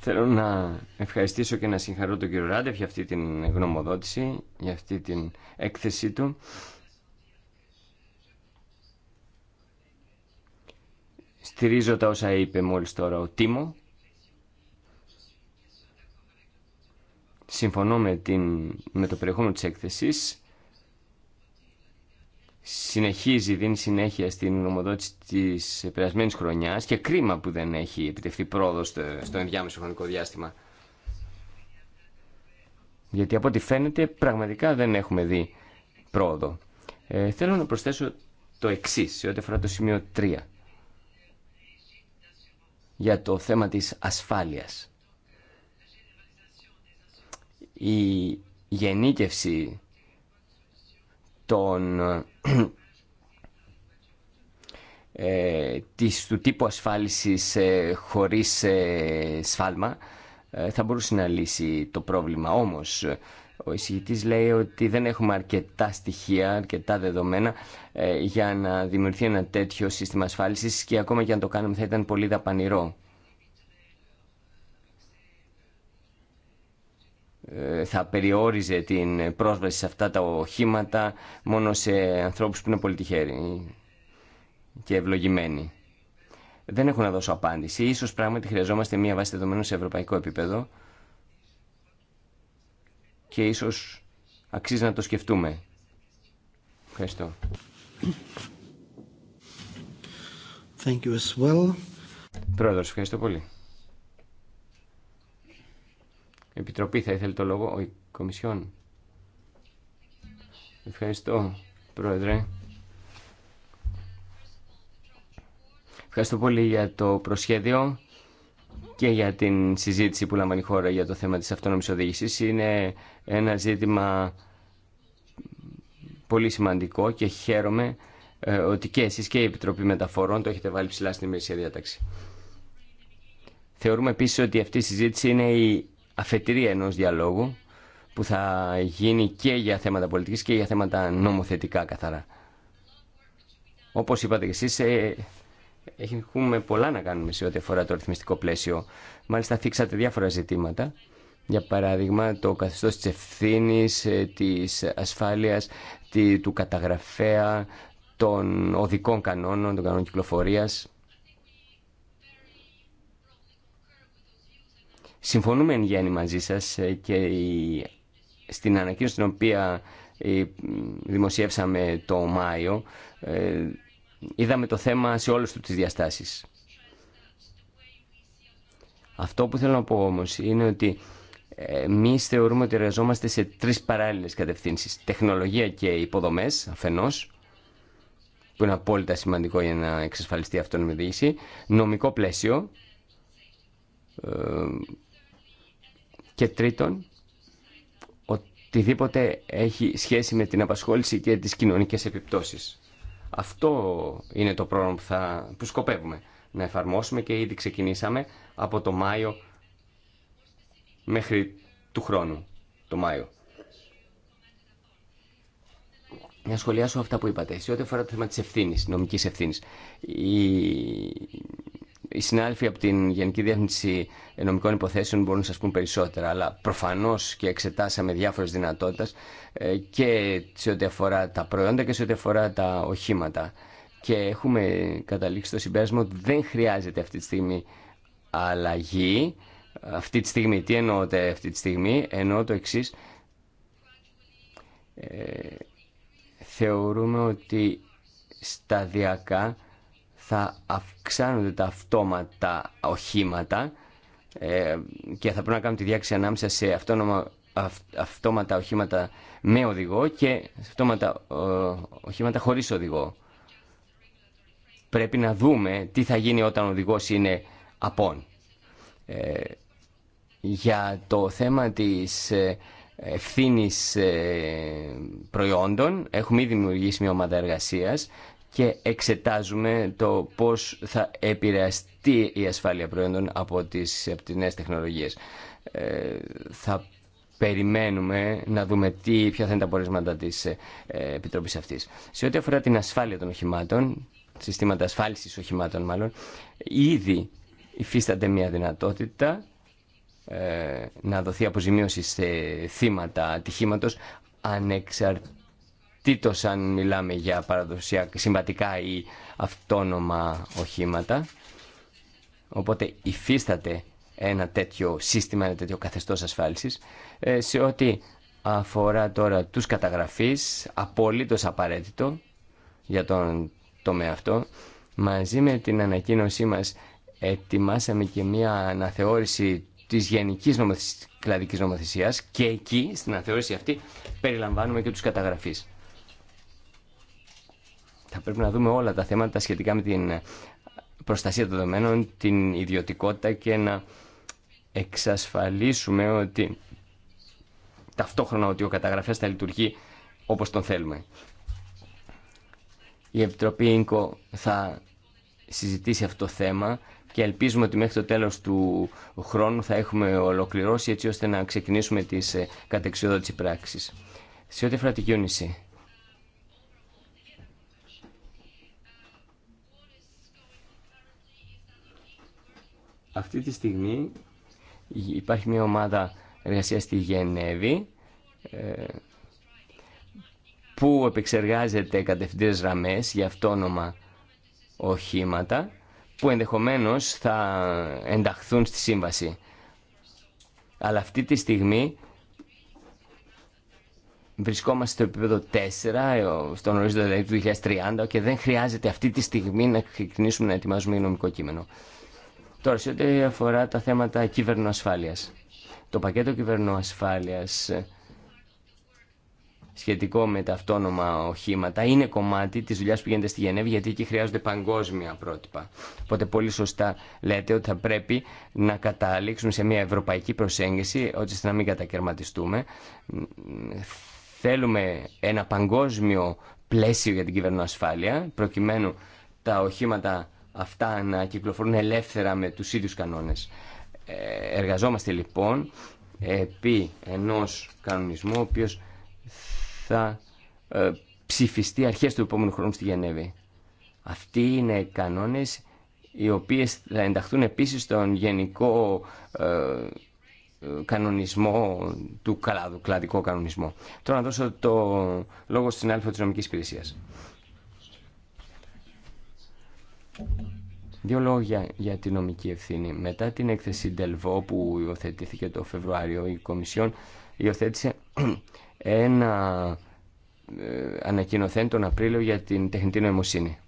Θέλω να ευχαριστήσω και να συγχαρώ τον κύριο Ράντεφ για αυτή την γνωμοδότηση, για αυτή την έκθεσή του. Στηρίζω τα όσα είπε μόλις τώρα ο Τίμο. Συμφωνώ με, την, με το περιεχόμενο της έκθεσης. Συνεχίζει, δίνει συνέχεια στην νομοδότηση της περασμένης χρονιάς και κρίμα που δεν έχει επιτευχθεί πρόοδος στο, ενδιάμεσο χρονικό διάστημα. Γιατί από ό,τι φαίνεται πραγματικά δεν έχουμε δει πρόοδο. Ε, θέλω να προσθέσω το εξής σε ό,τι αφορά το σημείο 3 για το θέμα της ασφάλειας. Η γενίκευση των, (clears throat) ε, του τύπου ασφάλισης ε, χωρίς ε, σφάλμα ε, θα μπορούσε να λύσει το πρόβλημα. Όμως ο εισηγητής λέει ότι δεν έχουμε αρκετά στοιχεία, αρκετά δεδομένα ε, για να δημιουργηθεί ένα τέτοιο σύστημα ασφάλισης και ακόμα και αν το κάνουμε θα ήταν πολύ δαπανηρό. Ε, θα περιόριζε την πρόσβαση σε αυτά τα οχήματα μόνο σε ανθρώπους που είναι πολύ τυχαίροι και ευλογημένοι. Δεν έχω να δώσω απάντηση. Ίσως πράγματι χρειαζόμαστε μια βάση δεδομένων σε ευρωπαϊκό επίπεδο και ίσως αξίζει να το σκεφτούμε. Ευχαριστώ. Thank you as well. Πρόεδρος, ευχαριστώ πολύ. Επιτροπή θα ήθελε το λόγο, ο Κομισιόν. Ευχαριστώ, Πρόεδρε. Ευχαριστώ πολύ για το προσχέδιο και για την συζήτηση που λαμβάνει η χώρα για το θέμα της αυτόνομης οδήγησης. Είναι ένα ζήτημα πολύ σημαντικό και χαίρομαι ε, ότι και εσείς και η Επιτροπή Μεταφορών το έχετε βάλει ψηλά στην ημερήσια διάταξη. Θεωρούμε επίσης ότι αυτή η συζήτηση είναι η αφετηρία ενός διαλόγου που θα γίνει και για θέματα πολιτικής και για θέματα νομοθετικά καθαρά. Όπως είπατε και εσείς, ε, Έχουμε πολλά να κάνουμε σε ό,τι αφορά το ρυθμιστικό πλαίσιο. Μάλιστα, θίξατε διάφορα ζητήματα. Για παράδειγμα, το καθεστώς της ευθύνη, ε, της ασφάλειας, του καταγραφέα, των οδικών κανόνων, των κανόνων κυκλοφορίας. Συμφωνούμε εν γέννη μαζί σας ε, και στην ανακοίνωση την οποία ε, δημοσιεύσαμε το Μάιο είδαμε το θέμα σε όλες του τις διαστάσεις. Αυτό που θέλω να πω όμως είναι ότι ε, εμεί θεωρούμε ότι εργαζόμαστε σε τρεις παράλληλες κατευθύνσεις. Τεχνολογία και υποδομές αφενός, που είναι απόλυτα σημαντικό για να εξασφαλιστεί αυτό η Νομικό πλαίσιο ε, και τρίτον, οτιδήποτε έχει σχέση με την απασχόληση και τις κοινωνικές επιπτώσεις. Αυτό είναι το πρόγραμμα που, θα, που σκοπεύουμε να εφαρμόσουμε και ήδη ξεκινήσαμε από το Μάιο μέχρι του χρόνου, το Μάιο. Να σχολιάσω αυτά που είπατε. Σε ό,τι αφορά το θέμα της ευθύνη, νομικής ευθύνη. Η οι συνάδελφοι από την Γενική Διεύθυνση Νομικών Υποθέσεων μπορούν να σας πούν περισσότερα, αλλά προφανώς και εξετάσαμε διάφορε δυνατότητε ε, και σε ό,τι αφορά τα προϊόντα και σε ό,τι αφορά τα οχήματα. Και έχουμε καταλήξει στο συμπέρασμα ότι δεν χρειάζεται αυτή τη στιγμή αλλαγή. Αυτή τη στιγμή, τι εννοώ αυτή τη στιγμή, εννοώ το εξή: Ε, θεωρούμε ότι σταδιακά θα αυξάνονται τα αυτόματα οχήματα ε, και θα πρέπει να κάνουμε τη διάξη ανάμεσα σε αυτόματα οχήματα με οδηγό και σε αυτόματα ε, οχήματα χωρίς οδηγό. Πρέπει να δούμε τι θα γίνει όταν ο οδηγός είναι απόν. Ε, για το θέμα της ευθύνη προϊόντων έχουμε ήδη δημιουργήσει μια ομάδα εργασίας και εξετάζουμε το πώς θα επηρεαστεί η ασφάλεια προϊόντων από τις, από τεχνολογίες. Ε, θα περιμένουμε να δούμε τι, ποια θα είναι τα πορίσματα της ε, Επιτροπής αυτής. Σε ό,τι αφορά την ασφάλεια των οχημάτων, συστήματα ασφάλισης οχημάτων μάλλον, ήδη υφίσταται μια δυνατότητα ε, να δοθεί αποζημίωση σε θύματα ατυχήματος ανεξαρτήτως τίτος αν μιλάμε για παραδοσιακά συμβατικά ή αυτόνομα οχήματα. Οπότε υφίσταται ένα τέτοιο σύστημα, ένα τέτοιο καθεστώς ασφάλισης. Ε, σε ό,τι αφορά τώρα τους καταγραφείς, απολύτως απαραίτητο για τον τομέα αυτό. Μαζί με την ανακοίνωσή μας ετοιμάσαμε και μία αναθεώρηση της γενικής νομοθεσ... κλαδικής νομοθεσίας και εκεί στην αναθεώρηση αυτή περιλαμβάνουμε και τους καταγραφείς. Θα πρέπει να δούμε όλα τα θέματα σχετικά με την προστασία των δεδομένων, την ιδιωτικότητα και να εξασφαλίσουμε ότι ταυτόχρονα ότι ο καταγραφέας θα λειτουργεί όπως τον θέλουμε. Η Επιτροπή ΙΝΚΟ θα συζητήσει αυτό το θέμα και ελπίζουμε ότι μέχρι το τέλος του χρόνου θα έχουμε ολοκληρώσει έτσι ώστε να ξεκινήσουμε τις κατεξοδότηση πράξεις. Σε ό,τι αφορά τη Αυτή τη στιγμή υπάρχει μια ομάδα εργασίας στη Γενέβη ε, που επεξεργάζεται κατευθυντήρες ραμές για αυτόνομα οχήματα που ενδεχομένως θα ενταχθούν στη σύμβαση. Αλλά αυτή τη στιγμή βρισκόμαστε στο επίπεδο 4, ε, στον ορίζοντα δηλαδή του 2030 και δεν χρειάζεται αυτή τη στιγμή να ξεκινήσουμε να ετοιμάζουμε νομικό κείμενο. Τώρα, σε ό,τι αφορά τα θέματα κυβερνοασφάλειας. Το πακέτο κυβερνοασφάλειας ε, σχετικό με τα αυτόνομα οχήματα είναι κομμάτι της δουλειάς που γίνεται στη Γενέβη γιατί εκεί χρειάζονται παγκόσμια πρότυπα. Οπότε πολύ σωστά λέτε ότι θα πρέπει να καταλήξουμε σε μια ευρωπαϊκή προσέγγιση ώστε να μην κατακαιρματιστούμε. Θέλουμε ένα παγκόσμιο πλαίσιο για την κυβερνοασφάλεια προκειμένου τα οχήματα αυτά να κυκλοφορούν ελεύθερα με τους ίδιους κανόνες. Ε, εργαζόμαστε λοιπόν επί ενός κανονισμού ο οποίος θα ε, ψηφιστεί αρχές του επόμενου χρόνου στη Γενέβη. Αυτοί είναι οι κανόνες οι οποίες θα ενταχθούν επίσης στον γενικό ε, κανονισμό του κλάδου, κλαδικό κανονισμό. Τώρα να δώσω το λόγο στην άλφα της νομικής υπηρεσίας. Δύο λόγια για την νομική ευθύνη. Μετά την έκθεση Ντελβό που υιοθετήθηκε το Φεβρουάριο, η Κομισιόν υιοθέτησε (clears throat) ένα ε, ανακοινωθέν τον Απρίλιο για την τεχνητή νοημοσύνη.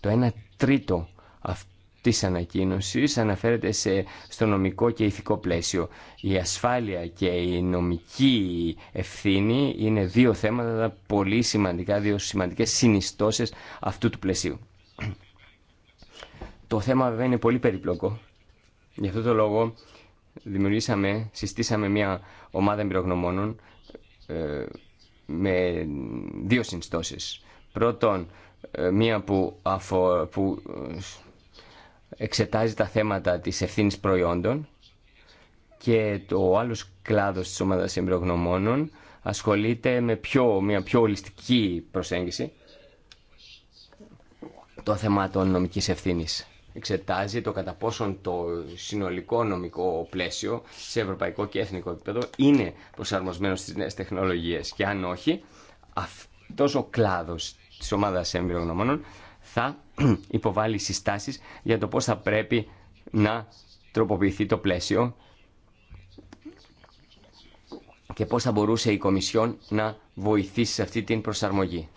Το ένα τρίτο αυτής ανακοίνωση αναφέρεται σε, στο νομικό και ηθικό πλαίσιο. Η ασφάλεια και η νομική ευθύνη είναι δύο θέματα πολύ σημαντικά, δύο σημαντικές συνιστώσεις αυτού του πλαισίου. Το θέμα βέβαια είναι πολύ περίπλοκο. Γι' αυτό το λόγο δημιουργήσαμε, συστήσαμε μια ομάδα εμπειρογνωμόνων ε, με δύο συνστώσεις. Πρώτον, ε, μία που, αφο, που ε, εξετάζει τα θέματα της ευθύνης προϊόντων και το άλλος κλάδος της ομάδας εμπειρογνωμόνων ασχολείται με πιο, μια πιο ολιστική προσέγγιση το θέμα των νομικής ευθύνης εξετάζει το κατά πόσον το συνολικό νομικό πλαίσιο σε ευρωπαϊκό και εθνικό επίπεδο είναι προσαρμοσμένο στις νέες τεχνολογίες και αν όχι αυτός ο κλάδος της ομάδας εμπειρογνωμόνων θα (clears throat) υποβάλει συστάσεις για το πώς θα πρέπει να τροποποιηθεί το πλαίσιο και πώς θα μπορούσε η Κομισιόν να βοηθήσει σε αυτή την προσαρμογή.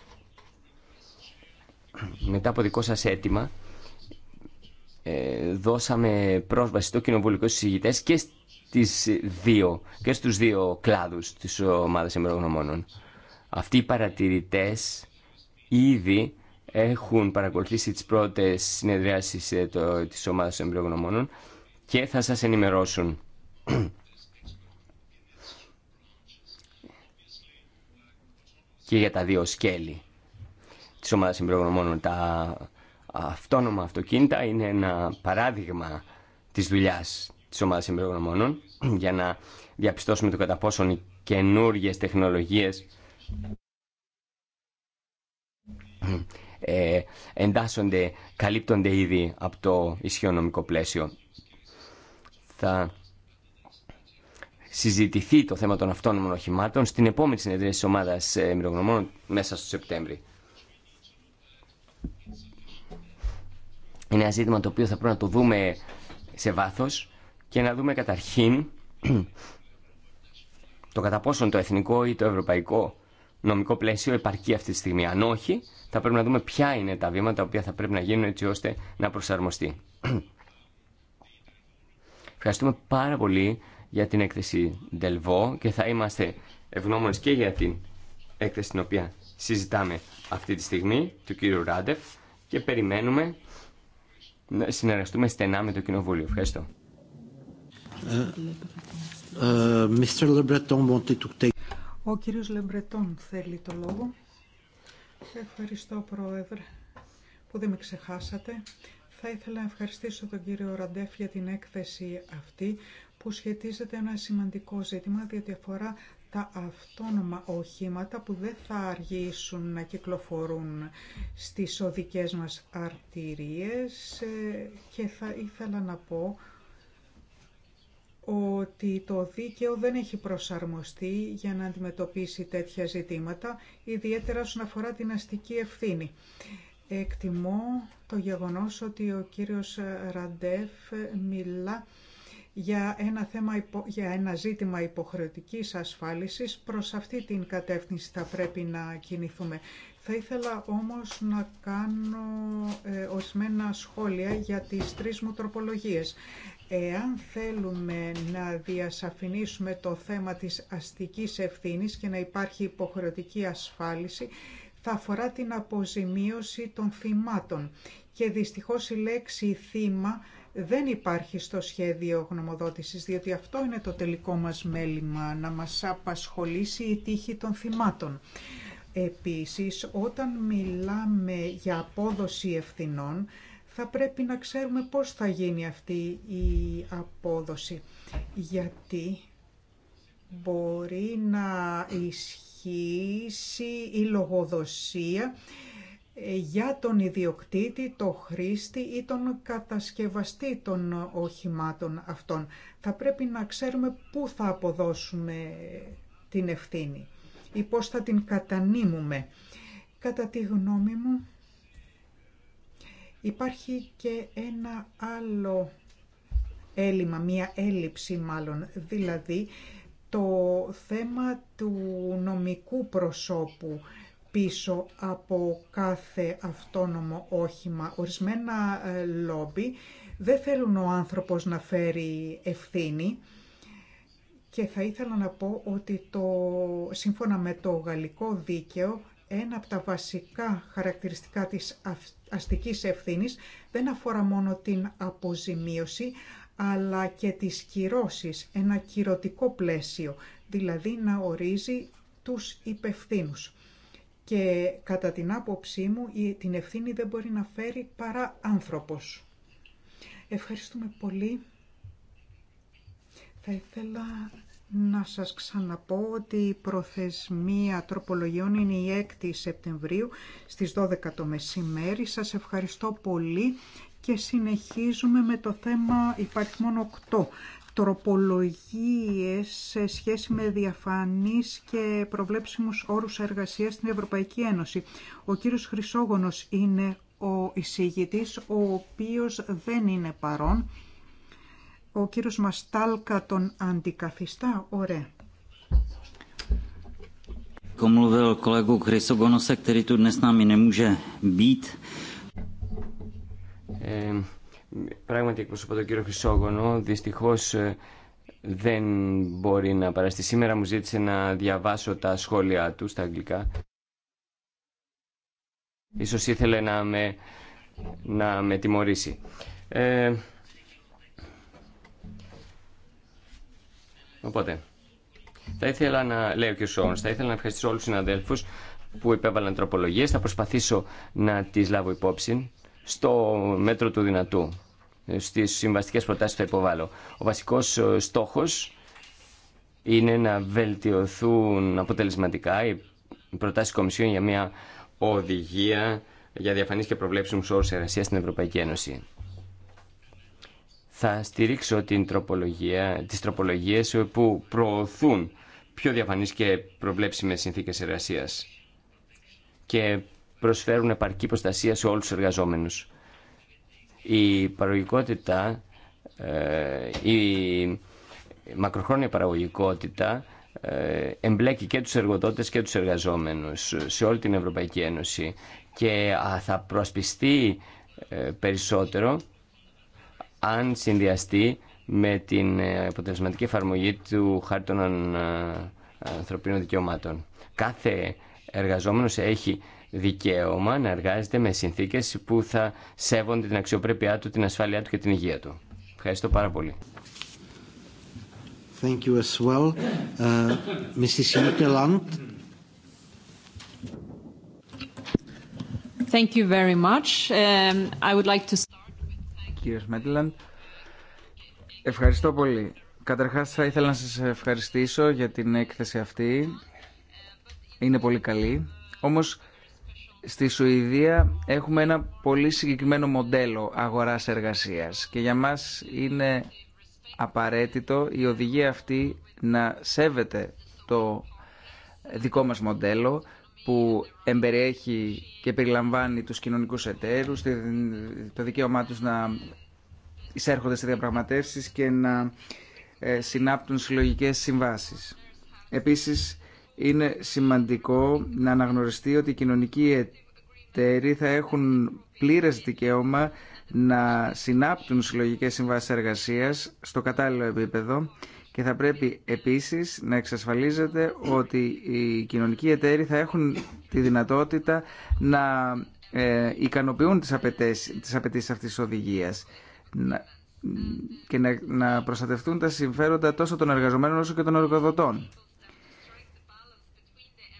Μετά από δικό σας αίτημα, ε, δώσαμε πρόσβαση στο κοινοβουλικό συζητητέ και στις δύο, και στους δύο κλάδους της ομάδας εμπειρογνωμόνων. Αυτοί οι παρατηρητές ήδη έχουν παρακολουθήσει τις πρώτες συνεδριάσεις ε, της ομάδας εμπειρογνωμόνων και θα σας ενημερώσουν. και για τα δύο σκέλη της ομάδας εμπειρογνωμόνων, τα αυτόνομα αυτοκίνητα είναι ένα παράδειγμα της δουλειά της ομάδας εμπειρογνωμόνων για να διαπιστώσουμε το κατά πόσον οι καινούργιες τεχνολογίες ε, εντάσσονται, καλύπτονται ήδη από το ισχυρό νομικό πλαίσιο. Θα συζητηθεί το θέμα των αυτόνομων οχημάτων στην επόμενη συνεδρία της ομάδας εμπειρογνωμόνων μέσα στο Σεπτέμβρη. Είναι ένα ζήτημα το οποίο θα πρέπει να το δούμε σε βάθος και να δούμε καταρχήν το κατά πόσον το εθνικό ή το ευρωπαϊκό νομικό πλαίσιο επαρκεί αυτή τη στιγμή. Αν όχι, θα πρέπει να δούμε ποια είναι τα βήματα τα οποία θα πρέπει να γίνουν έτσι ώστε να προσαρμοστεί. Ευχαριστούμε πάρα πολύ για την έκθεση Delvo και θα είμαστε ευγνώμονες και για την έκθεση την οποία συζητάμε αυτή τη στιγμή του κύριου Ράντεφ και περιμένουμε συνεργαστούμε στενά με το Κοινοβούλιο. Ευχαριστώ. Ε, ε, Ο κύριος Λεμπρετών θέλει το λόγο. Ευχαριστώ, Πρόεδρε, που δεν με ξεχάσατε. Θα ήθελα να ευχαριστήσω τον κύριο Ραντέφ για την έκθεση αυτή που σχετίζεται ένα σημαντικό ζήτημα διότι αφορά τα αυτόνομα οχήματα που δεν θα αργήσουν να κυκλοφορούν στις οδικές μας αρτηρίες ε, και θα ήθελα να πω ότι το δίκαιο δεν έχει προσαρμοστεί για να αντιμετωπίσει τέτοια ζητήματα, ιδιαίτερα όσον αφορά την αστική ευθύνη. Εκτιμώ το γεγονός ότι ο κύριος Ραντεφ μιλά για ένα, θέμα, για ένα ζήτημα υποχρεωτικής ασφάλισης. Προς αυτή την κατεύθυνση θα πρέπει να κινηθούμε. Θα ήθελα όμως να κάνω ε, ορισμένα σχόλια για τις τρεις μου τροπολογίες. Εάν θέλουμε να διασαφηνίσουμε το θέμα της αστικής ευθύνης και να υπάρχει υποχρεωτική ασφάλιση, θα αφορά την αποζημίωση των θυμάτων. Και δυστυχώς η λέξη θύμα δεν υπάρχει στο σχέδιο γνωμοδότησης, διότι αυτό είναι το τελικό μας μέλημα, να μας απασχολήσει η τύχη των θυμάτων. Επίσης, όταν μιλάμε για απόδοση ευθυνών, θα πρέπει να ξέρουμε πώς θα γίνει αυτή η απόδοση. Γιατί μπορεί να ισχύσει η λογοδοσία για τον ιδιοκτήτη, το χρήστη ή τον κατασκευαστή των οχημάτων αυτών. Θα πρέπει να ξέρουμε πού θα αποδώσουμε την ευθύνη ή πώς θα την κατανείμουμε. Κατά τη γνώμη μου υπάρχει και ένα άλλο έλλειμμα, μία έλλειψη μάλλον, δηλαδή το θέμα του νομικού προσώπου πίσω από κάθε αυτόνομο όχημα. Ορισμένα ε, λόμπι δεν θέλουν ο άνθρωπος να φέρει ευθύνη και θα ήθελα να πω ότι το, σύμφωνα με το γαλλικό δίκαιο ένα από τα βασικά χαρακτηριστικά της αστικής ευθύνης δεν αφορά μόνο την αποζημίωση αλλά και τις κυρώσεις, ένα κυρωτικό πλαίσιο, δηλαδή να ορίζει τους υπευθύνους και κατά την άποψή μου την ευθύνη δεν μπορεί να φέρει παρά άνθρωπος. Ευχαριστούμε πολύ. Θα ήθελα να σας ξαναπώ ότι η προθεσμία τροπολογιών είναι η 6η Σεπτεμβρίου στις 12 το μεσημέρι. Σας ευχαριστώ πολύ και συνεχίζουμε με το θέμα υπάρχει μόνο 8 τροπολογίες σε σχέση με διαφανείς και προβλέψιμους όρους εργασίας στην Ευρωπαϊκή Ένωση. Ο κύριος Χρυσόγονος είναι ο εισηγητής, ο οποίος δεν είναι παρόν. Ο κύριος Μαστάλκα τον αντικαθιστά. Ωραία. Komluvil kolegu který tu dnes námi nemůže být. Ε, Πράγματι εκπροσωπώ τον κύριο Χρυσόγωνο. Δυστυχώς ε, δεν μπορεί να παραστεί. Σήμερα μου ζήτησε να διαβάσω τα σχόλια του στα αγγλικά. Ίσως ήθελε να με, να με τιμωρήσει. Ε, οπότε, θα ήθελα να, λέω και ο Σόνς, θα ήθελα να ευχαριστήσω όλους τους συναδέλφους που υπέβαλαν τροπολογίες. Θα προσπαθήσω να τις λάβω υπόψη στο μέτρο του δυνατού. Ε, στις συμβαστικές προτάσεις θα υποβάλλω. Ο βασικός ε, στόχος είναι να βελτιωθούν αποτελεσματικά οι προτάσεις Κομισιόν για μια οδηγία για διαφανείς και προβλέψιμους όρους εργασίας στην Ευρωπαϊκή Ένωση. Θα στηρίξω την τροπολογία, τις τροπολογίες που προωθούν πιο διαφανείς και προβλέψιμες συνθήκες εργασίας και προσφέρουν επαρκή προστασία σε όλους τους εργαζόμενους. Η παραγωγικότητα, ε, η μακροχρόνια παραγωγικότητα ε, εμπλέκει και τους εργοδότες και τους εργαζόμενους σε όλη την Ευρωπαϊκή Ένωση και θα προασπιστεί ε, περισσότερο αν συνδυαστεί με την αποτελεσματική εφαρμογή του χάρτη των ανθρωπίνων δικαιωμάτων. Κάθε εργαζόμενος έχει δικαίωμα να εργάζεται με συνθήκε που θα σέβονται την αξιοπρέπειά του, την ασφάλειά του και την υγεία του. Ευχαριστώ πάρα πολύ. Thank you as well. Uh, Thank you very much. Um, I would like to start with... ευχαριστώ πολύ. Καταρχάς θα ήθελα να σας ευχαριστήσω για την έκθεση αυτή. Είναι πολύ καλή. Όμως Στη Σουηδία έχουμε ένα πολύ συγκεκριμένο μοντέλο αγοράς εργασίας και για μας είναι απαραίτητο η οδηγία αυτή να σέβεται το δικό μας μοντέλο που εμπεριέχει και περιλαμβάνει τους κοινωνικούς εταίρους, το δικαίωμά τους να εισέρχονται σε διαπραγματεύσεις και να ε, συνάπτουν συλλογικές συμβάσεις. Επίσης, είναι σημαντικό να αναγνωριστεί ότι οι κοινωνικοί εταίροι θα έχουν πλήρες δικαίωμα να συνάπτουν συλλογικές συμβάσεις εργασίας στο κατάλληλο επίπεδο και θα πρέπει επίσης να εξασφαλίζεται ότι οι κοινωνικοί εταίροι θα έχουν τη δυνατότητα να ε, ικανοποιούν τις απαιτήσεις, τις απαιτήσεις αυτής της οδηγίας και να, να προστατευτούν τα συμφέροντα τόσο των εργαζομένων όσο και των εργοδοτών.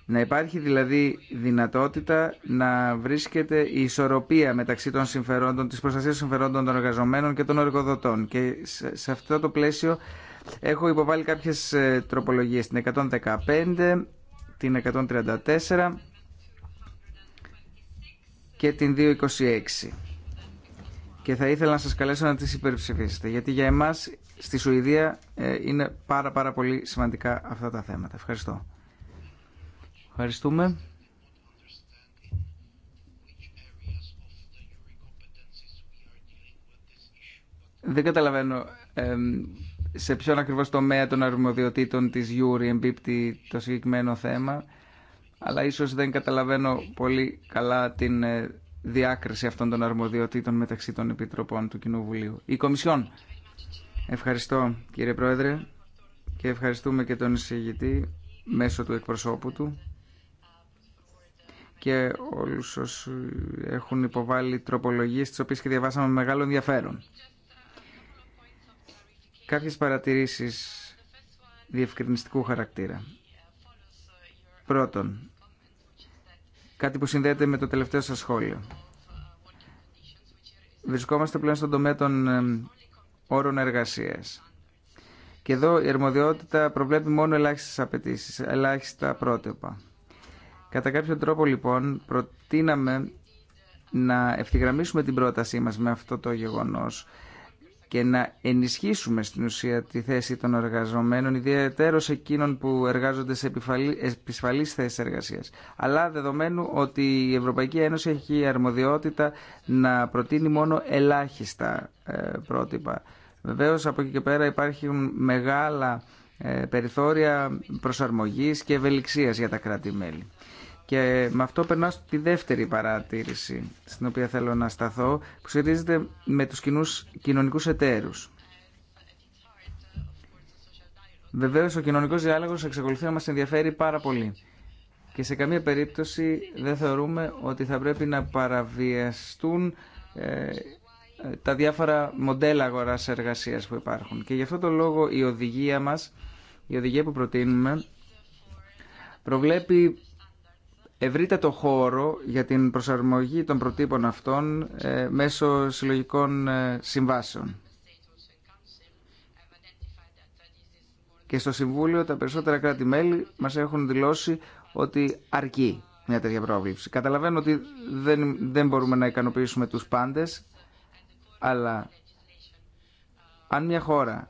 Να υπάρχει δηλαδή δυνατότητα να βρίσκεται η ισορροπία μεταξύ των συμφερόντων, της προστασίας συμφερόντων των εργαζομένων και των εργοδοτών. Και σε αυτό το πλαίσιο έχω υποβάλει κάποιες ε, τροπολογίες, την 115, την 134 και την 226. Και θα ήθελα να σας καλέσω να τις υπερψηφίσετε, γιατί για εμάς στη Σουηδία ε, είναι πάρα πάρα πολύ σημαντικά αυτά τα θέματα. Ευχαριστώ. Ευχαριστούμε. Δεν καταλαβαίνω ε, σε ποιον ακριβώς τομέα των αρμοδιοτήτων της Γιούρη εμπίπτει το συγκεκριμένο θέμα, αλλά ίσως δεν καταλαβαίνω πολύ καλά την ε, διάκριση αυτών των αρμοδιοτήτων μεταξύ των Επιτροπών του Κοινοβουλίου. Η Κομισιόν. Ευχαριστώ κύριε Πρόεδρε και ευχαριστούμε και τον εισηγητή μέσω του εκπροσώπου του και όλου όσου έχουν υποβάλει τροπολογίε τι οποίε και διαβάσαμε με μεγάλο ενδιαφέρον. Κάποιε παρατηρήσει διευκρινιστικού χαρακτήρα. Πρώτον, κάτι που συνδέεται με το τελευταίο σας σχόλιο. Βρισκόμαστε πλέον στον τομέα των ε, όρων εργασίας. Και εδώ η αρμοδιότητα προβλέπει μόνο ελάχιστες απαιτήσεις, ελάχιστα πρότυπα. Κατά κάποιο τρόπο λοιπόν προτείναμε να ευθυγραμμίσουμε την πρότασή μας με αυτό το γεγονός και να ενισχύσουμε στην ουσία τη θέση των εργαζομένων, σε εκείνων που εργάζονται σε επισφαλείς θέσεις εργασίας. Αλλά δεδομένου ότι η Ευρωπαϊκή Ένωση έχει αρμοδιότητα να προτείνει μόνο ελάχιστα ε, πρότυπα. Βεβαίως από εκεί και πέρα υπάρχουν μεγάλα ε, περιθώρια προσαρμογής και ευελιξίας για τα κράτη-μέλη. Και με αυτό περνάω στη δεύτερη παρατήρηση, στην οποία θέλω να σταθώ, που σχετίζεται με τους κοινούς κοινωνικούς εταίρους. Βεβαίω, ο κοινωνικό διάλογο εξακολουθεί να μα ενδιαφέρει πάρα πολύ. Και σε καμία περίπτωση δεν θεωρούμε ότι θα πρέπει να παραβιαστούν ε, τα διάφορα μοντέλα αγοράς εργασίας που υπάρχουν. Και γι' αυτό το λόγο η οδηγία μας, η οδηγία που προτείνουμε, προβλέπει το χώρο για την προσαρμογή των προτύπων αυτών ε, μέσω συλλογικών ε, συμβάσεων. Και στο Συμβούλιο τα περισσότερα κράτη-μέλη μας έχουν δηλώσει ότι αρκεί μια τέτοια πρόβληψη. Καταλαβαίνω ότι δεν, δεν μπορούμε να ικανοποιήσουμε τους πάντες, αλλά αν μια χώρα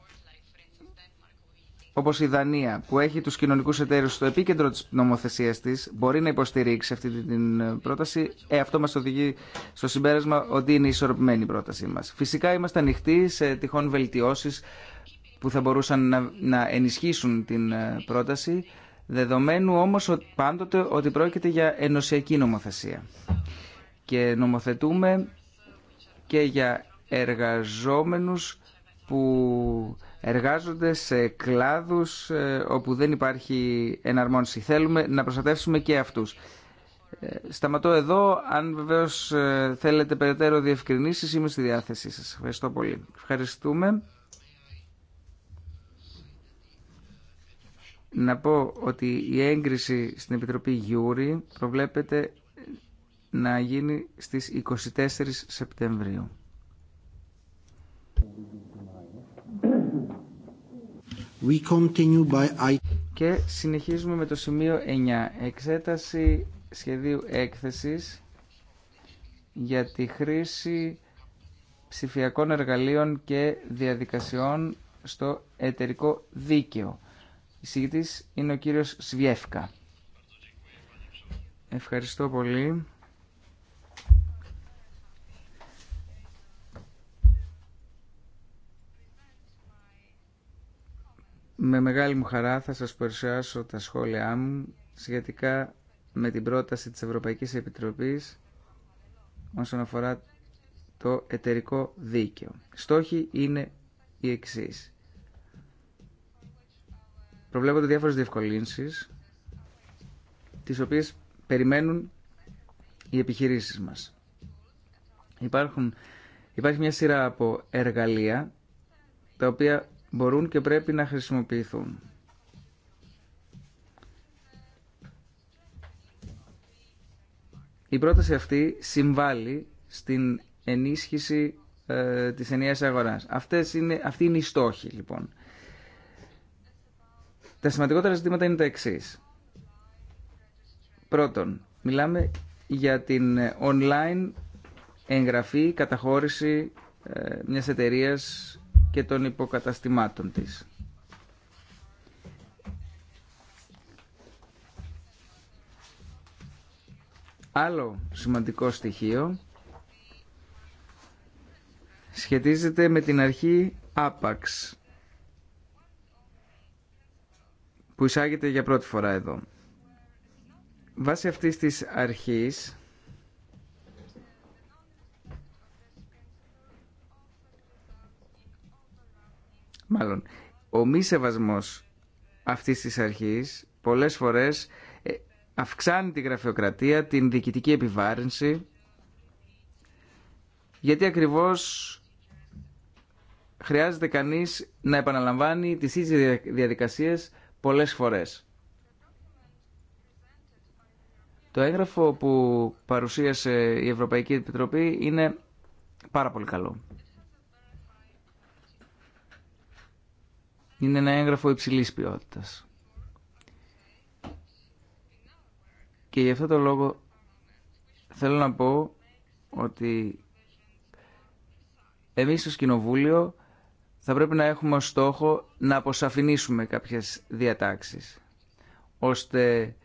όπως η Δανία που έχει τους κοινωνικούς εταίρους στο επίκεντρο της νομοθεσίας της μπορεί να υποστηρίξει αυτή την πρόταση ε, αυτό μας οδηγεί στο συμπέρασμα ότι είναι ισορροπημένη η πρότασή μας φυσικά είμαστε ανοιχτοί σε τυχόν βελτιώσεις που θα μπορούσαν να, να ενισχύσουν την ε, πρόταση δεδομένου όμως πάντοτε ότι πρόκειται για ενωσιακή νομοθεσία και νομοθετούμε και για εργαζόμενους που εργάζονται σε κλάδους ε, όπου δεν υπάρχει εναρμόνιση. Θέλουμε να προστατεύσουμε και αυτούς. Ε, σταματώ εδώ. Αν βεβαίως ε, θέλετε περαιτέρω διευκρινήσεις, είμαι στη διάθεσή σας. Ευχαριστώ πολύ. Ευχαριστούμε. Να πω ότι η έγκριση στην Επιτροπή Γιούρι προβλέπεται να γίνει στις 24 Σεπτεμβρίου. Και συνεχίζουμε με το σημείο 9. Εξέταση σχεδίου έκθεσης για τη χρήση ψηφιακών εργαλείων και διαδικασιών στο εταιρικό δίκαιο. Η είναι ο κύριος Σβιέφκα. Ευχαριστώ πολύ. Με μεγάλη μου χαρά θα σας παρουσιάσω τα σχόλιά μου σχετικά με την πρόταση της Ευρωπαϊκής Επιτροπής όσον αφορά το εταιρικό δίκαιο. Στόχοι είναι οι εξής. Προβλέπονται διάφορες διευκολύνσεις τις οποίες περιμένουν οι επιχειρήσεις μας. Υπάρχουν, υπάρχει μια σειρά από εργαλεία τα οποία μπορούν και πρέπει να χρησιμοποιηθούν. Η πρόταση αυτή συμβάλλει στην ενίσχυση ε, της ενιαίας αγοράς. Αυτές είναι, αυτή είναι η στόχη, λοιπόν. Τα σημαντικότερα ζητήματα είναι τα εξής. Πρώτον, μιλάμε για την online εγγραφή, καταχώρηση ε, μιας εταιρείας και των υποκαταστημάτων της. Άλλο σημαντικό στοιχείο σχετίζεται με την αρχή άπαξ που εισάγεται για πρώτη φορά εδώ. Βάσει αυτής της αρχής Μάλλον, ο μη σεβασμός αυτής της αρχής πολλές φορές ε, αυξάνει τη γραφειοκρατία, την διοικητική επιβάρυνση, γιατί ακριβώς χρειάζεται κανείς να επαναλαμβάνει τις ίδιες διαδικασίες πολλές φορές. Το έγγραφο που παρουσίασε η Ευρωπαϊκή Επιτροπή είναι πάρα πολύ καλό. είναι ένα έγγραφο υψηλής ποιότητας. Και γι' αυτό το λόγο θέλω να πω ότι εμείς στο Κοινοβούλιο θα πρέπει να έχουμε ως στόχο να αποσαφηνίσουμε κάποιες διατάξεις, ώστε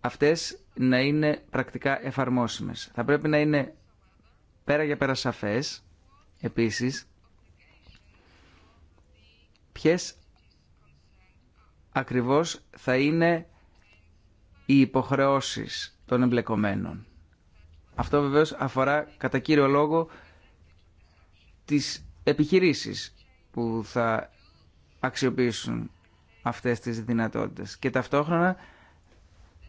αυτές να είναι πρακτικά εφαρμόσιμες. Θα πρέπει να είναι πέρα για πέρα σαφές, επίσης, ποιες ακριβώς θα είναι οι υποχρεώσεις των εμπλεκομένων. Αυτό βεβαίως αφορά κατά κύριο λόγο τις επιχειρήσεις που θα αξιοποιήσουν αυτές τις δυνατότητες. Και ταυτόχρονα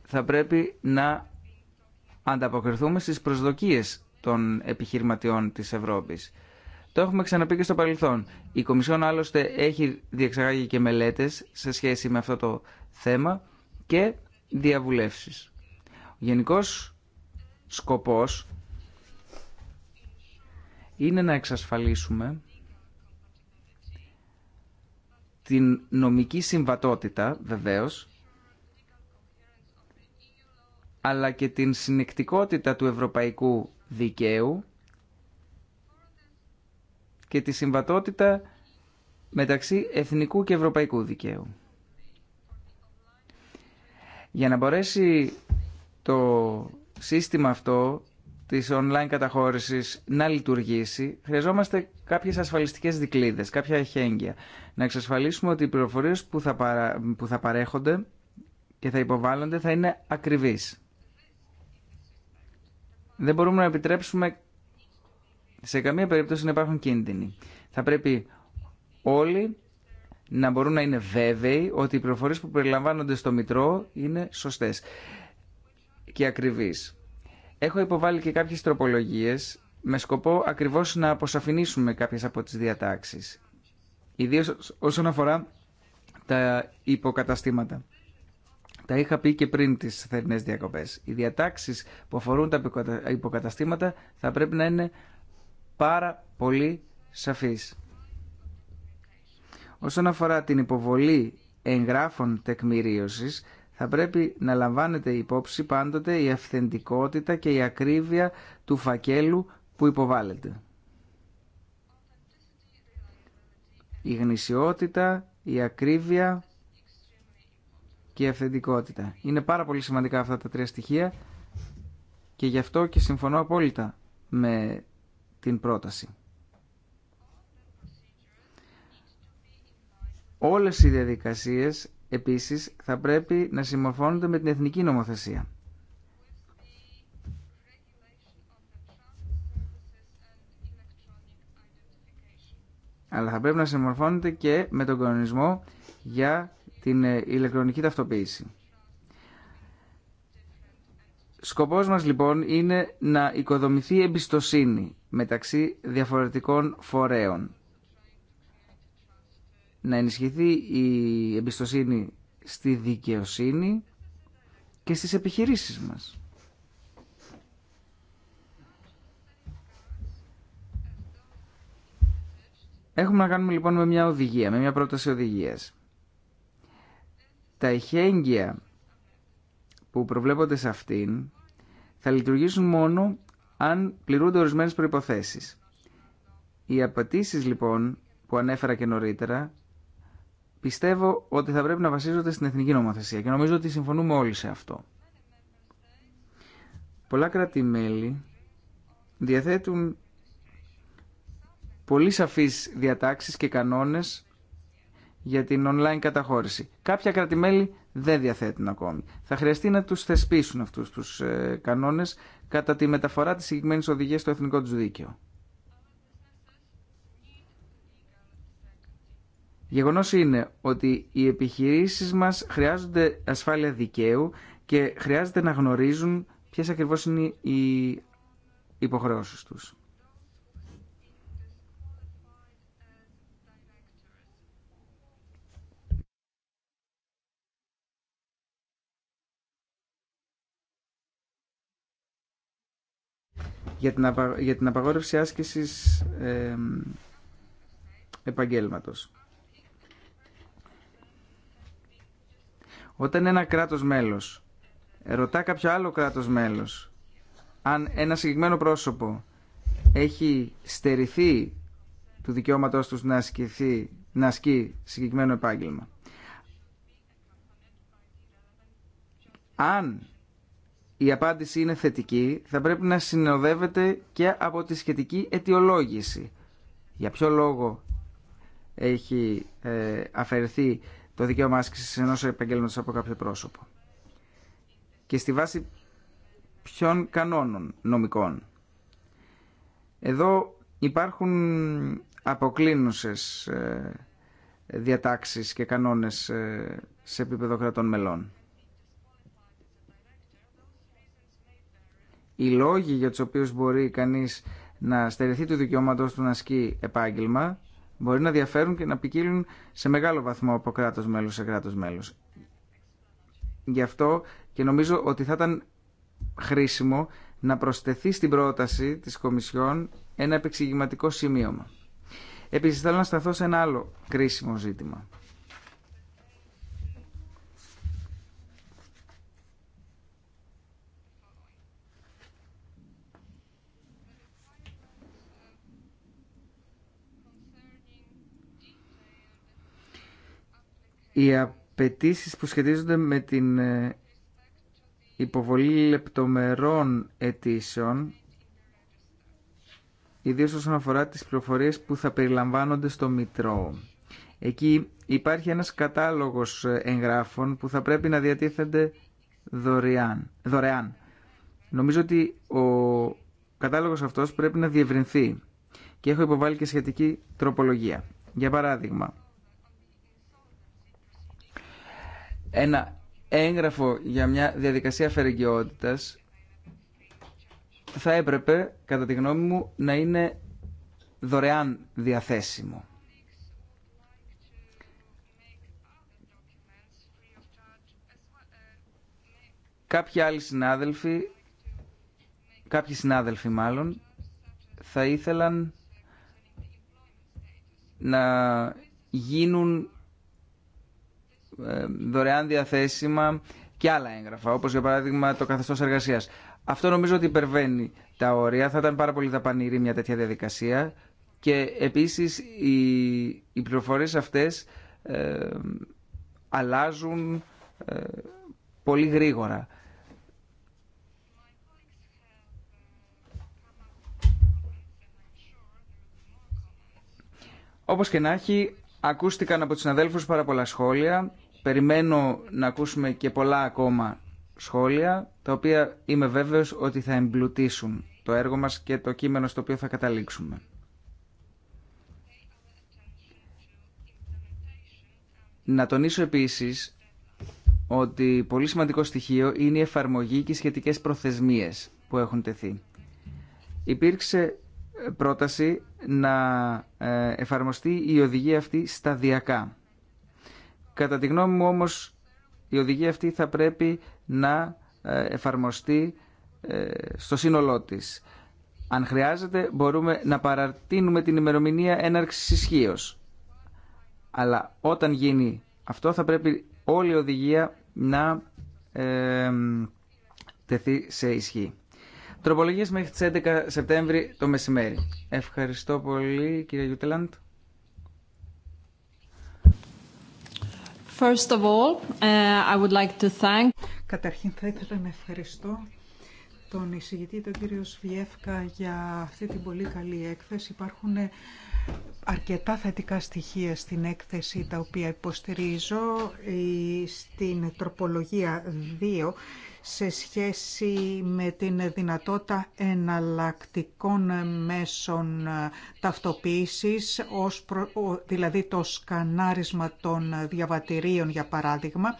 θα πρέπει να ανταποκριθούμε στις προσδοκίες των επιχειρηματιών της Ευρώπης. Το έχουμε ξαναπεί και στο παρελθόν. Η Κομισιόν άλλωστε έχει διεξαγάγει και μελέτες σε σχέση με αυτό το θέμα και διαβουλευσει. Ο γενικός σκοπός είναι να εξασφαλίσουμε την νομική συμβατότητα βεβαίως αλλά και την συνεκτικότητα του ευρωπαϊκού δικαίου και τη συμβατότητα μεταξύ εθνικού και ευρωπαϊκού δικαίου. Για να μπορέσει το σύστημα αυτό της online καταχώρησης να λειτουργήσει, χρειαζόμαστε κάποιες ασφαλιστικές δικλείδες, κάποια εχέγγυα. Να εξασφαλίσουμε ότι οι πληροφορίες που θα, παρέχονται και θα υποβάλλονται θα είναι ακριβείς. Δεν μπορούμε να επιτρέψουμε σε καμία περίπτωση να υπάρχουν κίνδυνοι. Θα πρέπει όλοι να μπορούν να είναι βέβαιοι ότι οι πληροφορίες που περιλαμβάνονται στο Μητρό είναι σωστές και ακριβείς. Έχω υποβάλει και κάποιες τροπολογίες με σκοπό ακριβώς να αποσαφηνίσουμε κάποιες από τις διατάξεις. Ιδίως όσον αφορά τα υποκαταστήματα. Τα είχα πει και πριν τις θερινές διακοπές. Οι διατάξεις που αφορούν τα υποκαταστήματα θα πρέπει να είναι πάρα πολύ σαφής. Όσον αφορά την υποβολή εγγράφων τεκμηρίωσης, θα πρέπει να λαμβάνεται υπόψη πάντοτε η αυθεντικότητα και η ακρίβεια του φακέλου που υποβάλλεται. Η γνησιότητα, η ακρίβεια και η αυθεντικότητα. Είναι πάρα πολύ σημαντικά αυτά τα τρία στοιχεία και γι' αυτό και συμφωνώ απόλυτα με την πρόταση. Όλες οι διαδικασίες επίσης θα πρέπει να συμμορφώνονται με την εθνική νομοθεσία. Αλλά θα πρέπει να συμμορφώνεται και με τον κανονισμό για την ε, ηλεκτρονική ταυτοποίηση. Σκοπός μας λοιπόν είναι να οικοδομηθεί εμπιστοσύνη μεταξύ διαφορετικών φορέων. Να ενισχυθεί η εμπιστοσύνη στη δικαιοσύνη και στις επιχειρήσεις μας. Έχουμε να κάνουμε λοιπόν με μια οδηγία, με μια πρόταση οδηγίας. Τα ηχέγγυα που προβλέπονται σε αυτήν θα λειτουργήσουν μόνο αν πληρούνται ορισμένες προϋποθέσεις. Οι απαιτήσει λοιπόν που ανέφερα και νωρίτερα πιστεύω ότι θα πρέπει να βασίζονται στην εθνική νομοθεσία και νομίζω ότι συμφωνούμε όλοι σε αυτό. Πολλά κράτη-μέλη διαθέτουν πολύ σαφείς διατάξεις και κανόνες για την online καταχώρηση. Κάποια κράτη-μέλη δεν διαθέτουν ακόμη. Θα χρειαστεί να τους θεσπίσουν αυτούς τους ε, κανόνες κατά τη μεταφορά της συγκεκριμένη οδηγίας στο εθνικό του δίκαιο. Γεγονός είναι ότι οι επιχειρήσεις μας χρειάζονται ασφάλεια δικαίου και χρειάζεται να γνωρίζουν ποιες ακριβώς είναι οι υποχρεώσεις τους. για την απαγόρευση άσκησης επαγγέλματος. Όταν ένα κράτος μέλος ρωτά κάποιο άλλο κράτος μέλος αν ένα συγκεκριμένο πρόσωπο έχει στερηθεί του δικαιώματός τους να, ασκηθεί, να ασκεί συγκεκριμένο επάγγελμα. Αν η απάντηση είναι θετική, θα πρέπει να συνοδεύεται και από τη σχετική αιτιολόγηση. Για ποιο λόγο έχει ε, αφαιρεθεί το δικαίωμα άσκηση ενό επαγγέλματο από κάποιο πρόσωπο. Και στη βάση ποιων κανόνων νομικών. Εδώ υπάρχουν αποκλίνουσες ε, διατάξεις και κανόνες ε, σε επίπεδο κρατών μελών. οι λόγοι για τους οποίους μπορεί κανείς να στερεθεί του δικαιώματο του να ασκεί επάγγελμα μπορεί να διαφέρουν και να ποικίλουν σε μεγάλο βαθμό από κράτος μέλος σε κράτος μέλος. Γι' αυτό και νομίζω ότι θα ήταν χρήσιμο να προσθεθεί στην πρόταση της Κομισιόν ένα επεξηγηματικό σημείωμα. Επίσης θέλω να σταθώ σε ένα άλλο κρίσιμο ζήτημα. οι απαιτήσει που σχετίζονται με την ε, υποβολή λεπτομερών αιτήσεων ιδίως όσον αφορά τις πληροφορίες που θα περιλαμβάνονται στο Μητρό. Εκεί υπάρχει ένας κατάλογος ε, εγγράφων που θα πρέπει να διατίθενται δωρεάν. δωρεάν. Νομίζω ότι ο κατάλογος αυτός πρέπει να διευρυνθεί και έχω υποβάλει και σχετική τροπολογία. Για παράδειγμα, ένα έγγραφο για μια διαδικασία αφαιρεγγιότητας θα έπρεπε, κατά τη γνώμη μου, να είναι δωρεάν διαθέσιμο. Κάποιοι άλλοι συνάδελφοι, κάποιοι συνάδελφοι μάλλον, θα ήθελαν να γίνουν ε, δωρεάν διαθέσιμα και άλλα έγγραφα, όπως για παράδειγμα το καθεστώς εργασίας. Αυτό νομίζω ότι υπερβαίνει τα όρια, θα ήταν πάρα πολύ δαπανηρή μια τέτοια διαδικασία και επίσης οι, οι πληροφορίες αυτές ε, αλλάζουν ε, πολύ γρήγορα. Όπως και να έχει, ακούστηκαν από τους συναδέλφους πάρα πολλά σχόλια Περιμένω να ακούσουμε και πολλά ακόμα σχόλια, τα οποία είμαι βέβαιος ότι θα εμπλουτίσουν το έργο μας και το κείμενο στο οποίο θα καταλήξουμε. Να τονίσω επίσης ότι πολύ σημαντικό στοιχείο είναι η εφαρμογή και οι σχετικές προθεσμίες που έχουν τεθεί. Υπήρξε ε, πρόταση να ε, εφαρμοστεί η οδηγία αυτή σταδιακά. Κατά τη γνώμη μου όμως η οδηγία αυτή θα πρέπει να ε, εφαρμοστεί ε, στο σύνολό της. Αν χρειάζεται μπορούμε να παρατείνουμε την ημερομηνία έναρξης ισχύω. Αλλά όταν γίνει αυτό θα πρέπει όλη η οδηγία να ε, τεθεί σε ισχύ. Τροπολογίες μέχρι τις 11 Σεπτέμβρη το μεσημέρι. Ευχαριστώ πολύ κύριε Γιούτελαντ. First of all, uh, Καταρχήν θα ήθελα να ευχαριστώ τον εισηγητή, τον κύριο Σβιέφκα, για αυτή την πολύ καλή έκθεση. Υπάρχουν ε, αρκετά θετικά στοιχεία στην έκθεση, τα οποία υποστηρίζω ε, στην τροπολογία 2 σε σχέση με την δυνατότητα εναλλακτικών μέσων ταυτοποίησης, ως δηλαδή το σκανάρισμα των διαβατηρίων για παράδειγμα.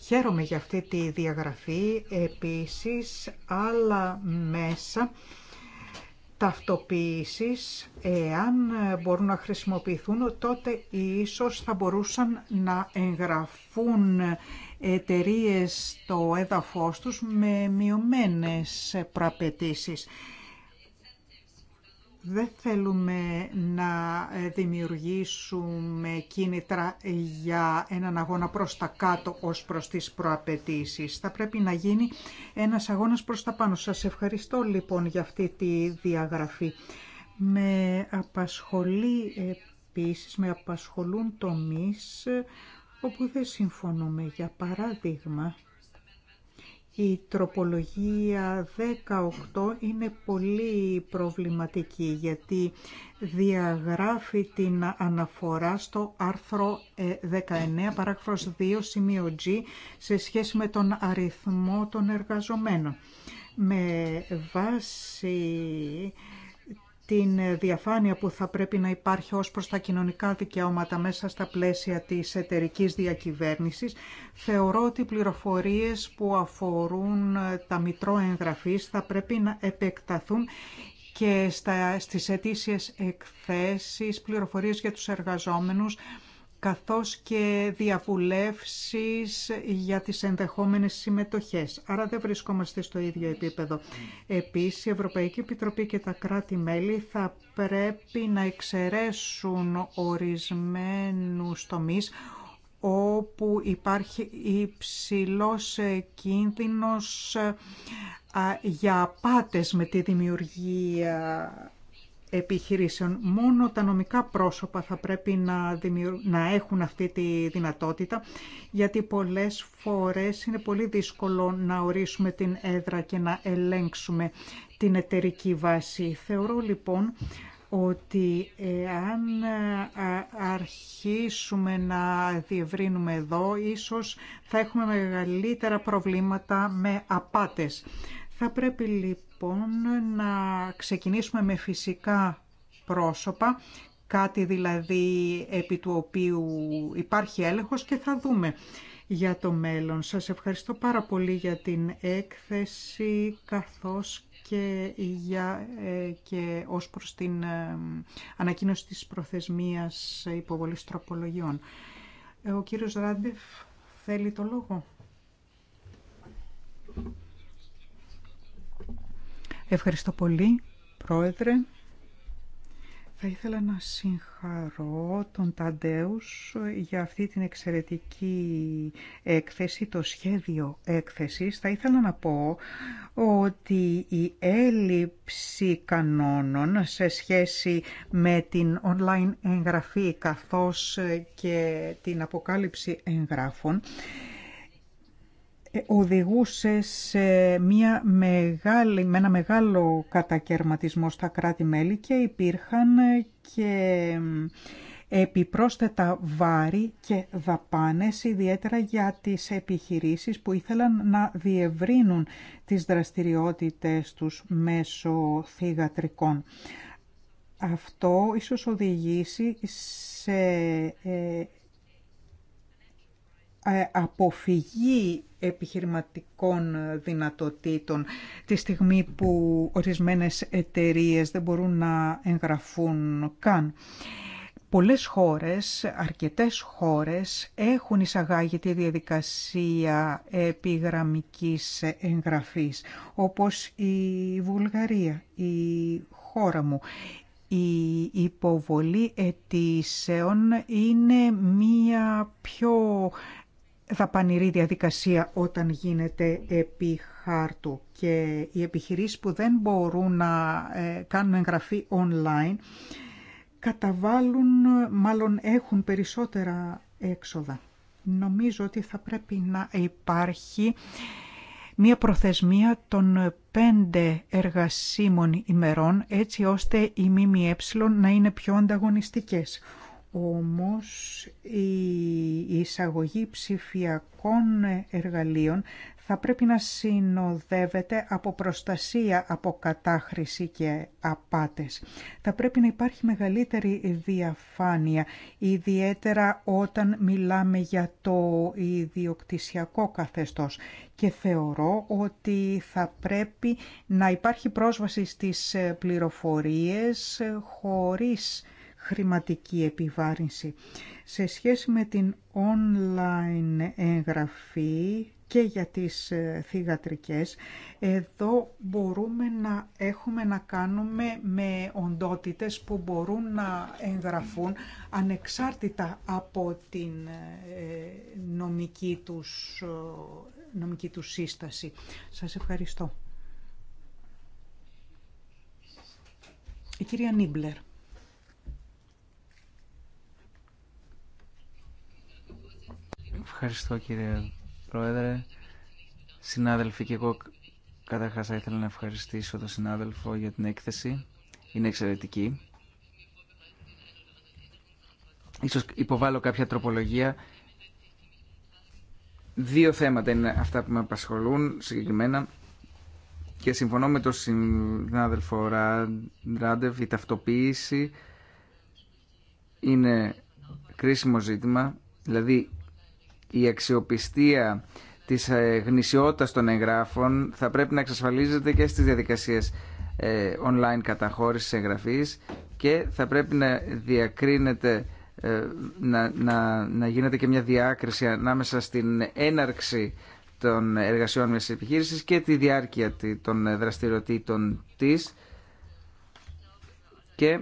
Χαίρομαι για αυτή τη διαγραφή. Επίσης, άλλα μέσα ταυτοποίησης, εάν ε, μπορούν να χρησιμοποιηθούν, τότε ίσως θα μπορούσαν να εγγραφούν εταιρείε στο έδαφος τους με μειωμένες προαπαιτήσεις. Δεν θέλουμε να ε, δημιουργήσουμε κίνητρα για έναν αγώνα προς τα κάτω ως προς τις προαπαιτήσεις. Θα πρέπει να γίνει ένας αγώνας προς τα πάνω. Σας ευχαριστώ λοιπόν για αυτή τη διαγραφή. Με απασχολεί επίσης, με απασχολούν τομείς όπου δεν συμφωνούμε. Για παράδειγμα, η τροπολογία 18 είναι πολύ προβληματική γιατί διαγράφει την αναφορά στο άρθρο 19 ε, παράγραφος 2 σημείο G σε σχέση με τον αριθμό των εργαζομένων. Με βάση την διαφάνεια που θα πρέπει να υπάρχει ως προς τα κοινωνικά δικαιώματα μέσα στα πλαίσια της εταιρικής διακυβέρνησης, θεωρώ ότι οι πληροφορίες που αφορούν ε, τα μητρό εγγραφής θα πρέπει να επεκταθούν και στα, στις ετήσιες εκθέσεις, πληροφορίες για τους εργαζόμενους, καθώς και διαβουλεύσεις για τις ενδεχόμενες συμμετοχές. Άρα δεν βρισκόμαστε στο ίδιο επίπεδο. Επίσης, η Ευρωπαϊκή Επιτροπή και τα κράτη-μέλη θα πρέπει να εξαιρέσουν ορισμένους τομείς όπου υπάρχει υψηλός κίνδυνος για απάτες με τη δημιουργία επιχειρήσεων. Μόνο τα νομικά πρόσωπα θα πρέπει να, να έχουν αυτή τη δυνατότητα, γιατί πολλές φορές είναι πολύ δύσκολο να ορίσουμε την έδρα και να ελέγξουμε την εταιρική βάση. Θεωρώ λοιπόν ότι αν ε, αρχίσουμε να διευρύνουμε εδώ, ίσως θα έχουμε μεγαλύτερα προβλήματα με απάτες. Θα πρέπει λοιπόν να ξεκινήσουμε με φυσικά πρόσωπα, κάτι δηλαδή επί του οποίου υπάρχει έλεγχος και θα δούμε για το μέλλον. Σας ευχαριστώ πάρα πολύ για την έκθεση καθώς και, για, ε, και ως προς την ε, ανακοίνωση της προθεσμίας υποβολής τροπολογιών. Ε, ο κύριος Ράντεφ θέλει το λόγο. Ευχαριστώ πολύ, Πρόεδρε. Θα ήθελα να συγχαρώ τον Ταντέους για αυτή την εξαιρετική έκθεση, το σχέδιο έκθεσης. Θα ήθελα να πω ότι η έλλειψη κανόνων σε σχέση με την online εγγραφή καθώς και την αποκάλυψη εγγράφων οδηγούσε σε μια μεγάλη, με ένα μεγάλο κατακαιρματισμό στα κράτη-μέλη και υπήρχαν και επιπρόσθετα βάρη και δαπάνες, ιδιαίτερα για τις επιχειρήσεις που ήθελαν να διευρύνουν τις δραστηριότητες τους μέσω θυγατρικών. Αυτό ίσως οδηγήσει σε ε, ε, αποφυγή επιχειρηματικών δυνατοτήτων τη στιγμή που ορισμένες εταιρείες δεν μπορούν να εγγραφούν καν. Πολλές χώρες, αρκετές χώρες έχουν εισαγάγει τη διαδικασία επιγραμμικής εγγραφής, όπως η Βουλγαρία, η χώρα μου. Η υποβολή αιτήσεων είναι μία πιο δαπανηρή διαδικασία όταν γίνεται επί χάρτου και οι επιχειρήσεις που δεν μπορούν να ε, κάνουν εγγραφή online καταβάλουν, μάλλον έχουν περισσότερα έξοδα. Νομίζω ότι θα πρέπει να υπάρχει μία προθεσμία των πέντε εργασίμων ημερών έτσι ώστε οι ΜΜΕ να είναι πιο ανταγωνιστικές. Όμως η εισαγωγή ψηφιακών εργαλείων θα πρέπει να συνοδεύεται από προστασία από κατάχρηση και απάτες. Θα πρέπει να υπάρχει μεγαλύτερη διαφάνεια, ιδιαίτερα όταν μιλάμε για το ιδιοκτησιακό καθεστώς. Και θεωρώ ότι θα πρέπει να υπάρχει πρόσβαση στις πληροφορίες χωρίς χρηματική επιβάρυνση. Σε σχέση με την online εγγραφή και για τις ε, θηγατρικές εδώ μπορούμε να έχουμε να κάνουμε με οντότητες που μπορούν να εγγραφούν ανεξάρτητα από την ε, νομική τους, ε, νομική τους σύσταση. Σας ευχαριστώ. Η κυρία Νίμπλερ. Ευχαριστώ κύριε Πρόεδρε. Συνάδελφοι και εγώ καταρχάς θα ήθελα να ευχαριστήσω τον συνάδελφο για την έκθεση. Είναι εξαιρετική. Ίσως υποβάλλω κάποια τροπολογία. Δύο θέματα είναι αυτά που με απασχολούν συγκεκριμένα και συμφωνώ με τον συνάδελφο Ράντεβ, η ταυτοποίηση είναι κρίσιμο ζήτημα, δηλαδή η αξιοπιστία της ε, γνησιότητας των εγγράφων θα πρέπει να εξασφαλίζεται και στις διαδικασίες ε, online καταχώρησης εγγραφής και θα πρέπει να διακρίνεται ε, να, να, να γίνεται και μια διάκριση ανάμεσα στην έναρξη των εργασιών μιας επιχείρησης και τη διάρκεια των δραστηριοτήτων της και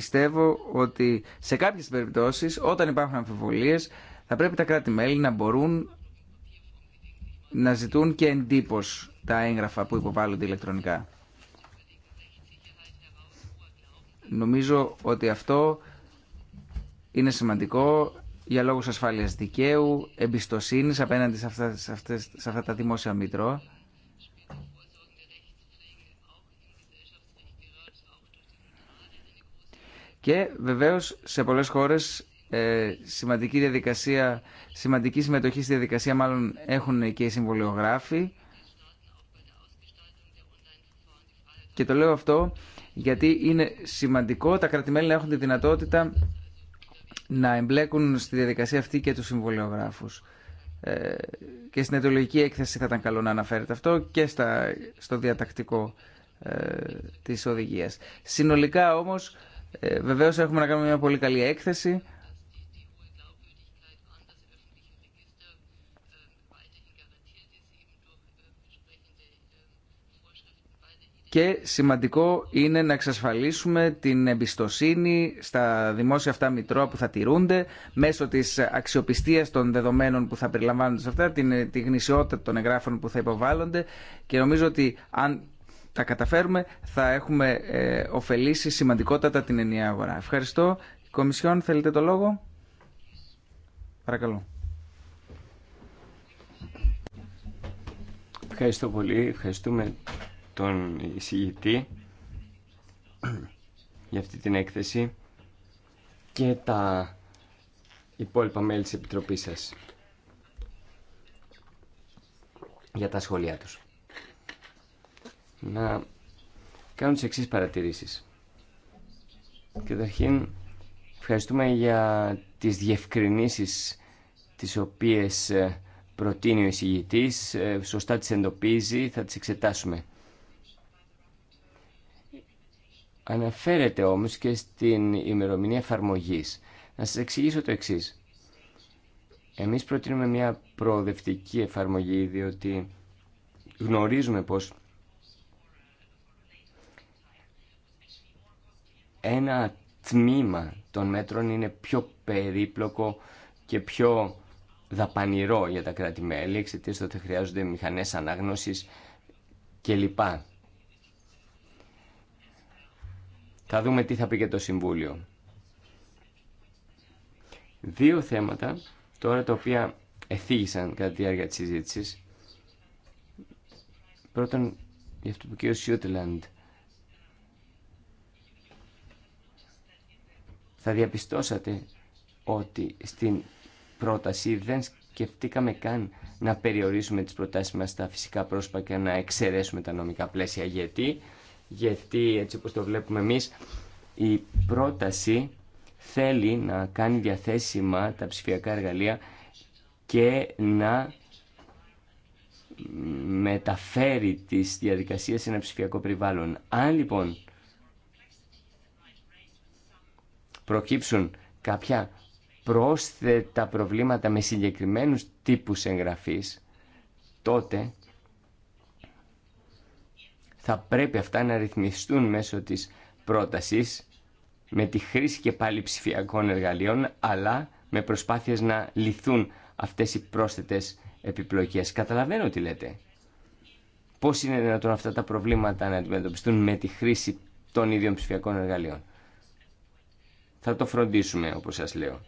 πιστεύω ότι σε κάποιες περιπτώσεις όταν υπάρχουν αμφιβολίες θα πρέπει τα κράτη-μέλη να μπορούν να ζητούν και εντύπωση τα έγγραφα που υποβάλλονται ηλεκτρονικά. Νομίζω ότι αυτό είναι σημαντικό για λόγους ασφάλειας δικαίου, εμπιστοσύνης απέναντι σε αυτά, αυτές, σε αυτά τα δημόσια μήτρο. Και βεβαίως σε πολλές χώρες ε, σημαντική, διαδικασία, σημαντική συμμετοχή στη διαδικασία μάλλον έχουν και οι συμβολιογράφοι. Και το λέω αυτό γιατί είναι σημαντικό τα κρατημέλη να έχουν τη δυνατότητα να εμπλέκουν στη διαδικασία αυτή και τους συμβολιογράφους. Ε, και στην αιτιολογική έκθεση θα ήταν καλό να αναφέρεται αυτό και στα, στο διατακτικό ε, της οδηγίας. Συνολικά όμως ε, βεβαίως έχουμε να κάνουμε μια πολύ καλή έκθεση. Και σημαντικό είναι να εξασφαλίσουμε την εμπιστοσύνη στα δημόσια αυτά μητρώα που θα τηρούνται μέσω της αξιοπιστίας των δεδομένων που θα περιλαμβάνονται σε αυτά, την, τη γνησιότητα των εγγράφων που θα υποβάλλονται και νομίζω ότι αν τα καταφέρουμε θα έχουμε ε, ωφελήσει σημαντικότατα την ενιαία αγορά. Ευχαριστώ. Κομισιόν, θέλετε το λόγο. Παρακαλώ. Ευχαριστώ πολύ. Ευχαριστούμε τον εισηγητή για αυτή την έκθεση και τα υπόλοιπα μέλη της Επιτροπής σας για τα σχόλιά τους να κάνω τις εξής παρατηρήσεις. Καταρχήν, ευχαριστούμε για τις διευκρινήσεις τις οποίες ε, προτείνει ο εισηγητής, ε, σωστά τις εντοπίζει, θα τις εξετάσουμε. Αναφέρεται όμως και στην ημερομηνία εφαρμογή. Να σας εξηγήσω το εξής. Εμείς προτείνουμε μια προοδευτική εφαρμογή, διότι γνωρίζουμε πως ένα τμήμα των μέτρων είναι πιο περίπλοκο και πιο δαπανηρό για τα κράτη-μέλη εξαιτίας του ότι χρειάζονται μηχανές ανάγνωσης κλπ. Θα δούμε τι θα πει και το Συμβούλιο. Δύο θέματα τώρα τα οποία εθίγησαν κατά τη διάρκεια της συζήτησης. Πρώτον, για αυτό που ο κ. θα διαπιστώσατε ότι στην πρόταση δεν σκεφτήκαμε καν να περιορίσουμε τις προτάσεις μας στα φυσικά πρόσωπα και να εξαιρέσουμε τα νομικά πλαίσια. Γιατί, γιατί έτσι όπως το βλέπουμε εμείς, η πρόταση θέλει να κάνει διαθέσιμα τα ψηφιακά εργαλεία και να μεταφέρει τις διαδικασίες σε ένα ψηφιακό περιβάλλον. Αν λοιπόν προκύψουν κάποια πρόσθετα προβλήματα με συγκεκριμένους τύπους εγγραφής, τότε θα πρέπει αυτά να ρυθμιστούν μέσω της πρότασης με τη χρήση και πάλι ψηφιακών εργαλείων, αλλά με προσπάθειες να λυθούν αυτές οι πρόσθετες επιπλοκές. Καταλαβαίνω τι λέτε. Πώς είναι δυνατόν αυτά τα προβλήματα να αντιμετωπιστούν με τη χρήση των ίδιων ψηφιακών εργαλείων. Θα το φροντίσουμε, όπως σας λέω.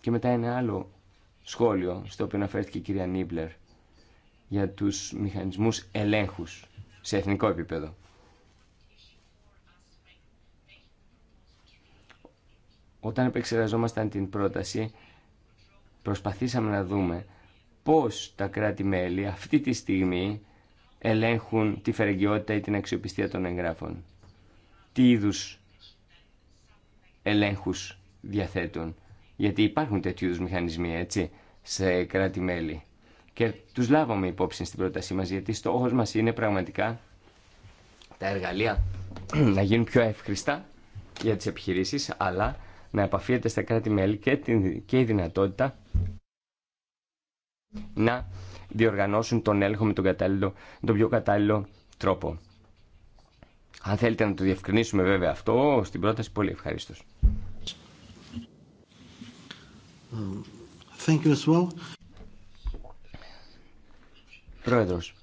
Και μετά ένα άλλο σχόλιο, στο οποίο αναφέρθηκε η κυρία Νίμπλερ, για τους μηχανισμούς ελέγχους σε εθνικό επίπεδο. Όταν επεξεργαζόμασταν την πρόταση, προσπαθήσαμε να δούμε πώς τα κράτη-μέλη αυτή τη στιγμή ελέγχουν τη φερεγγιότητα ή την αξιοπιστία των εγγράφων τι είδου ελέγχους διαθέτουν. Γιατί υπάρχουν τέτοιου είδου μηχανισμοί, έτσι, σε κράτη-μέλη. Και τους λάβαμε υπόψη στην πρότασή μα γιατί στόχο μα είναι πραγματικά τα εργαλεία (clears throat) να γίνουν πιο εύχριστα για τις επιχειρήσεις, αλλά να επαφίεται στα κράτη-μέλη και, και η δυνατότητα να διοργανώσουν τον έλεγχο με τον, κατάλληλο, τον πιο κατάλληλο τρόπο. Αν θέλετε να το διευκρινίσουμε βέβαια αυτό, στην πρόταση πολύ ευχαριστώ. Thank you Πρόεδρος,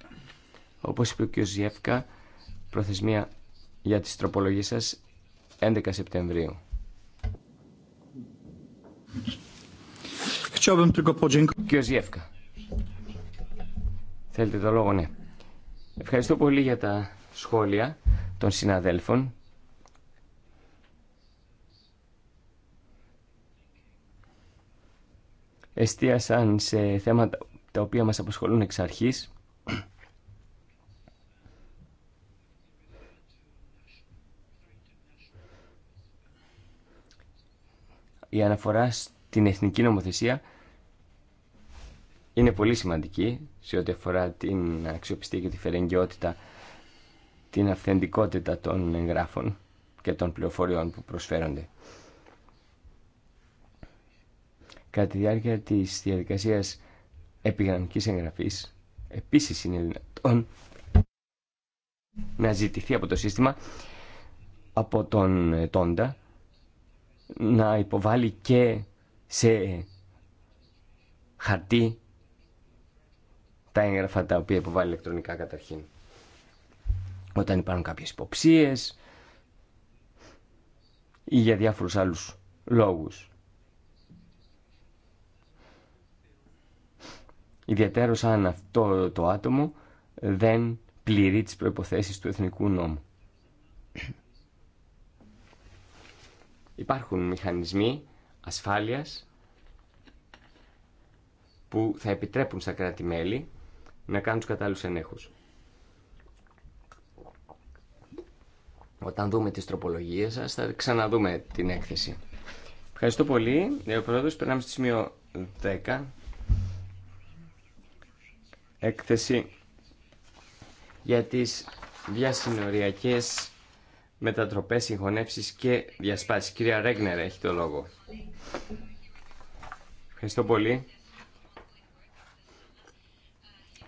όπως είπε ο κ. Ζιεύκα, προθεσμία για τις τροπολογίες σας 11 Σεπτεμβρίου. Κ. Ζιεύκα, θέλετε το λόγο, ναι. Ευχαριστώ πολύ για τα σχόλια των συναδέλφων. Εστίασαν σε θέματα τα οποία μας αποσχολούν εξ αρχής. Η αναφορά στην εθνική νομοθεσία είναι πολύ σημαντική σε ό,τι αφορά την αξιοπιστία και τη φερεγγιότητα την αυθεντικότητα των εγγράφων και των πληροφοριών που προσφέρονται. Κατά τη διάρκεια της διαδικασίας επιγραμμικής εγγραφής, επίσης είναι δυνατόν να ζητηθεί από το σύστημα, από τον τόντα, να υποβάλει και σε χαρτί τα έγγραφα τα οποία υποβάλλει ηλεκτρονικά καταρχήν όταν υπάρχουν κάποιες υποψίες ή για διάφορους άλλους λόγους. Ιδιαίτερος αν αυτό το άτομο δεν πληρεί τις προϋποθέσεις του εθνικού νόμου. Υπάρχουν μηχανισμοί ασφάλειας που θα επιτρέπουν στα κράτη-μέλη να κάνουν τους κατάλληλους ενέχους. Όταν δούμε τις τροπολογίες σας θα ξαναδούμε την έκθεση. Ευχαριστώ πολύ. Ο πρόεδρος περνάμε στη σημείο 10. Έκθεση για τις διασυνοριακές μετατροπές, συγχωνεύσεις και διασπάσεις. Κυρία Ρέγνερ έχει το λόγο. Ευχαριστώ πολύ.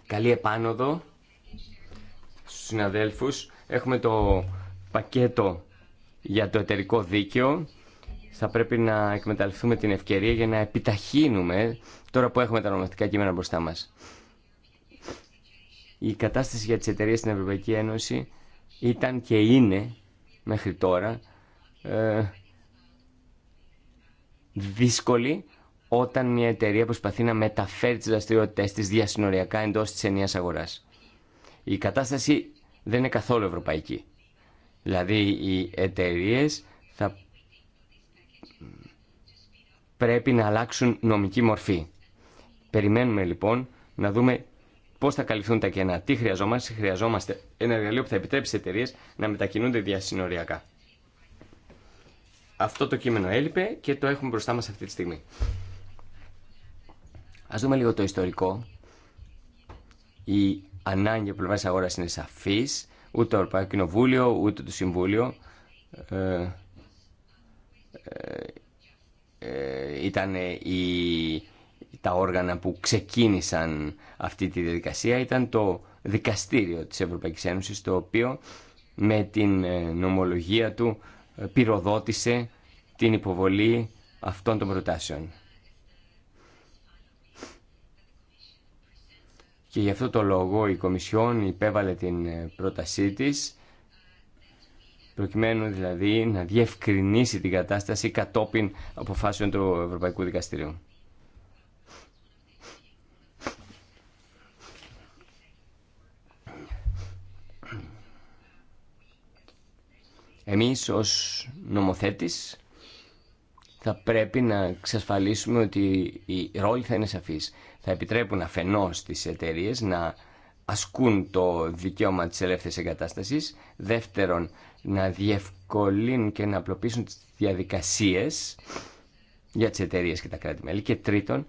Καλή επάνωδο στους συναδέλφους. Έχουμε το πακέτο για το εταιρικό δίκαιο θα πρέπει να εκμεταλλευτούμε την ευκαιρία για να επιταχύνουμε τώρα που έχουμε τα νομοθετικά κείμενα μπροστά μας. Η κατάσταση για τις εταιρείες στην Ευρωπαϊκή Ένωση ήταν και είναι μέχρι τώρα ε, δύσκολη όταν μια εταιρεία προσπαθεί να μεταφέρει τις δραστηριότητε της διασυνοριακά εντός της ενίας αγοράς. Η κατάσταση δεν είναι καθόλου ευρωπαϊκή. Δηλαδή οι εταιρείε θα πρέπει να αλλάξουν νομική μορφή. Περιμένουμε λοιπόν να δούμε πώς θα καλυφθούν τα κενά. Τι χρειαζόμαστε, χρειαζόμαστε ένα εργαλείο που θα επιτρέψει εταιρείε να μετακινούνται διασυνοριακά. Αυτό το κείμενο έλειπε και το έχουμε μπροστά μας αυτή τη στιγμή. Ας δούμε λίγο το ιστορικό. Η ανάγκη πλευράς αγοράς είναι σαφής ούτε το Ευρωπαϊκό Κοινοβούλιο, ούτε το Συμβούλιο ε, ε, ε ήταν τα όργανα που ξεκίνησαν αυτή τη διαδικασία. Ήταν το δικαστήριο της Ευρωπαϊκής Ένωσης, το οποίο με την ε, νομολογία του πυροδότησε την υποβολή αυτών των προτάσεων. Και γι' αυτό το λόγο η Κομισιόν υπέβαλε την ε, πρότασή της προκειμένου δηλαδή να διευκρινίσει την κατάσταση κατόπιν αποφάσεων του Ευρωπαϊκού Δικαστηρίου. Εμείς ως νομοθέτης θα πρέπει να εξασφαλίσουμε ότι η ρόλη θα είναι σαφής θα επιτρέπουν αφενός τις εταιρείε να ασκούν το δικαίωμα της ελεύθερης εγκατάστασης, δεύτερον να διευκολύνουν και να απλοποιήσουν τις διαδικασίες για τις εταιρείε και τα κράτη-μέλη και τρίτον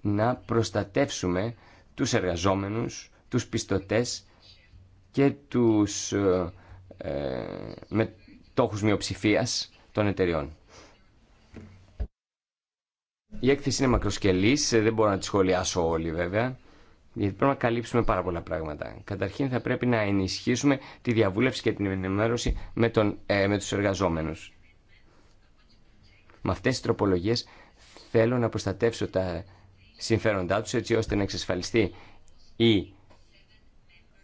να προστατεύσουμε τους εργαζόμενους, τους πιστωτές και τους ε, ε μετόχους μειοψηφίας των εταιριών. Η έκθεση είναι μακροσκελής, ε, δεν μπορώ να τη σχολιάσω όλη βέβαια, γιατί πρέπει να καλύψουμε πάρα πολλά πράγματα. Καταρχήν θα πρέπει να ενισχύσουμε τη διαβούλευση και την ενημέρωση με, τον, ε, με τους εργαζόμενους. Με αυτές τις τροπολογίες θέλω να προστατεύσω τα συμφέροντά τους έτσι ώστε να εξασφαλιστεί η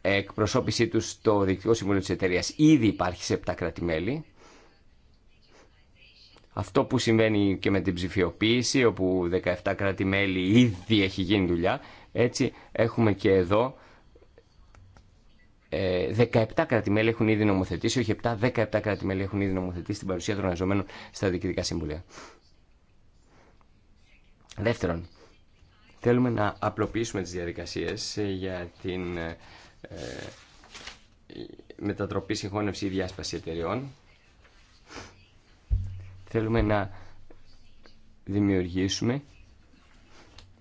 εκπροσώπησή του στο Διοικητικό Συμβούλιο τη εταιρεία. Ήδη υπάρχει σε 7 κράτη-μέλη. Αυτό που συμβαίνει και με την ψηφιοποίηση, όπου 17 κράτη-μέλη ήδη έχει γίνει δουλειά, έτσι έχουμε και εδώ 17 ε, κράτη-μέλη έχουν ήδη νομοθετήσει, όχι 7, 17 κράτη-μέλη έχουν ήδη νομοθετήσει την παρουσία των εργαζομένων στα διοικητικά συμβουλία. Δεύτερον, θέλουμε να απλοποιήσουμε τις διαδικασίες για την ε, μετατροπή συγχώνευση ή διάσπαση εταιριών Θέλουμε να δημιουργήσουμε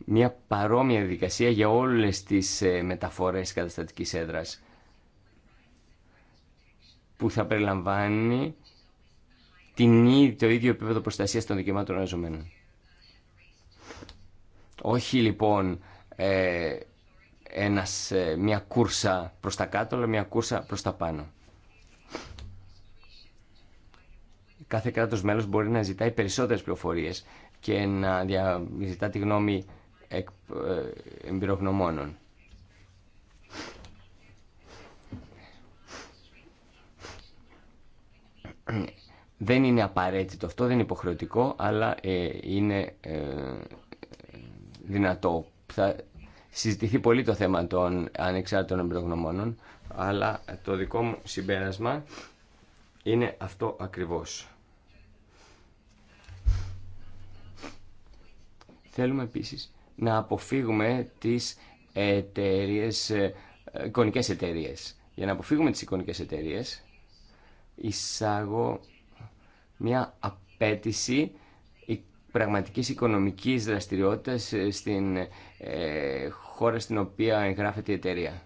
μια παρόμοια δικασία για όλες τις ε, μεταφορές καταστατικής έδρας που θα περιλαμβάνει την, το ίδιο επίπεδο προστασίας των δικαιωμάτων εργαζομένων. Όχι λοιπόν ε, ένας, ε, μια κούρσα προς τα κάτω, αλλά μια κούρσα προς τα πάνω. κάθε κράτος μέλος μπορεί να ζητάει περισσότερες πληροφορίες και να δια... ζητά τη γνώμη εκ... Ε, εμπειρογνωμόνων. Δεν είναι απαραίτητο αυτό, δεν είναι υποχρεωτικό, αλλά ε, είναι ε, δυνατό. Θα συζητηθεί πολύ το θέμα των ανεξάρτητων εμπειρογνωμόνων, αλλά το δικό μου συμπέρασμα είναι αυτό ακριβώς. Θέλουμε επίσης να αποφύγουμε τις εταιρείες, ε, εικονικές εταιρείες. Για να αποφύγουμε τις εικονικές εταιρείες, εισάγω μια απέτηση πραγματικής οικονομικής δραστηριότητας ε, στην ε, χώρα στην οποία εγγράφεται η εταιρεία.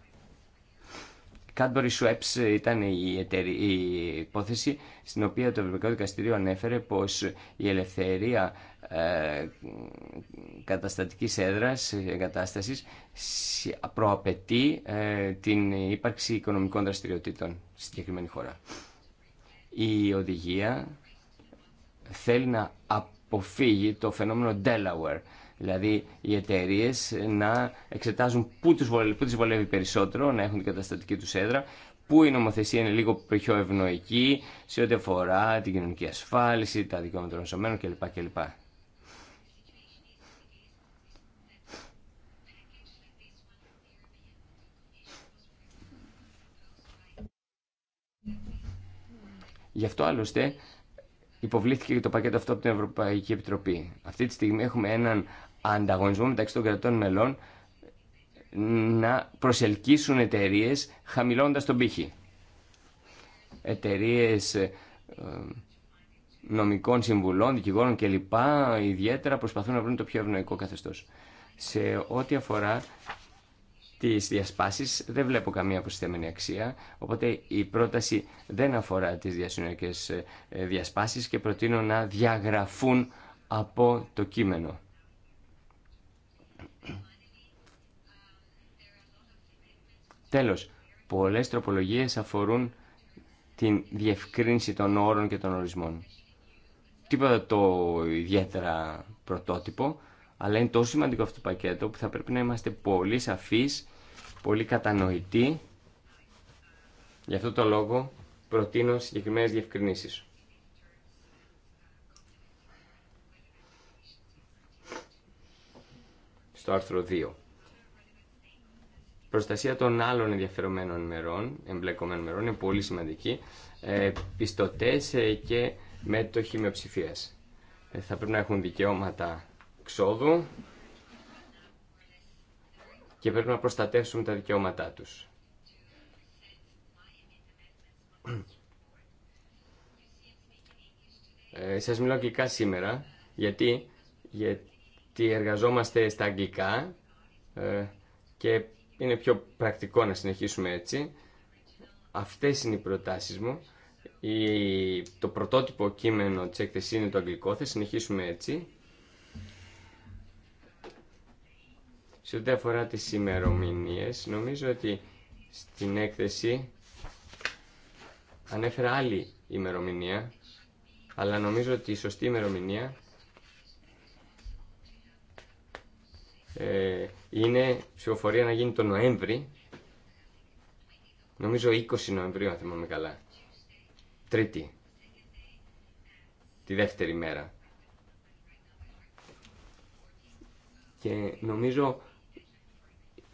Cadbury Schweppes ήταν η, η υπόθεση στην οποία το Ευρωπαϊκό Δικαστήριο ανέφερε πως η ελευθερία ε, καταστατικής έδρας εγκατάστασης προαπαιτεί ε, την ύπαρξη οικονομικών δραστηριοτήτων στη συγκεκριμένη χώρα. Η οδηγία θέλει να αποφύγει το φαινόμενο Delaware, δηλαδή οι εταιρείε να εξετάζουν πού, τους βολεύει, βολεύει περισσότερο, να έχουν την καταστατική τους έδρα, που η νομοθεσία είναι λίγο πιο ευνοϊκή σε ό,τι αφορά την κοινωνική ασφάλιση, τα δικαιώματα των κλπ. κλπ. Γι' αυτό άλλωστε υποβλήθηκε και το πακέτο αυτό από την Ευρωπαϊκή Επιτροπή. Αυτή τη στιγμή έχουμε έναν ανταγωνισμό μεταξύ των κρατών μελών να προσελκύσουν εταιρείε χαμηλώντα τον πύχη. Εταιρείε ε, νομικών συμβουλών, δικηγόρων κλπ. ιδιαίτερα προσπαθούν να βρουν το πιο ευνοϊκό καθεστώ. Σε ό,τι αφορά τι διασπάσει δεν βλέπω καμία προσθέμενη αξία, οπότε η πρόταση δεν αφορά τι διασυνορικές ε, διασπάσεις και προτείνω να διαγραφούν από το κείμενο. Τέλος, πολλές τροπολογίες αφορούν την διευκρίνηση των όρων και των ορισμών. Τίποτα το ιδιαίτερα πρωτότυπο, αλλά είναι τόσο σημαντικό αυτό το πακέτο που θα πρέπει να είμαστε πολύ σαφείς, πολύ κατανοητοί. Γι' αυτό το λόγο προτείνω συγκεκριμένες διευκρινήσεις. Στο άρθρο 2. Προστασία των άλλων ενδιαφερομένων μερών, εμπλεκομένων μερών, είναι πολύ σημαντική. Ε, πιστωτές ε, και μέτοχοι το Ε, θα πρέπει να έχουν δικαιώματα εξόδου και πρέπει να προστατεύσουμε τα δικαιώματά τους. Ε, σας μιλώ αγγλικά σήμερα, γιατί, γιατί εργαζόμαστε στα αγγλικά ε, και είναι πιο πρακτικό να συνεχίσουμε έτσι. Αυτές είναι οι προτάσεις μου. Η, το πρωτότυπο κείμενο της έκθεσης είναι το αγγλικό, θα συνεχίσουμε έτσι. Σε ό,τι αφορά τις ημερομηνίε, νομίζω ότι στην έκθεση ανέφερα άλλη ημερομηνία, αλλά νομίζω ότι η σωστή ημερομηνία ε, είναι ψηφοφορία να γίνει το Νοέμβρη, νομίζω 20 Νοεμβρίου αν θυμάμαι καλά, Τρίτη, τη δεύτερη μέρα. Και νομίζω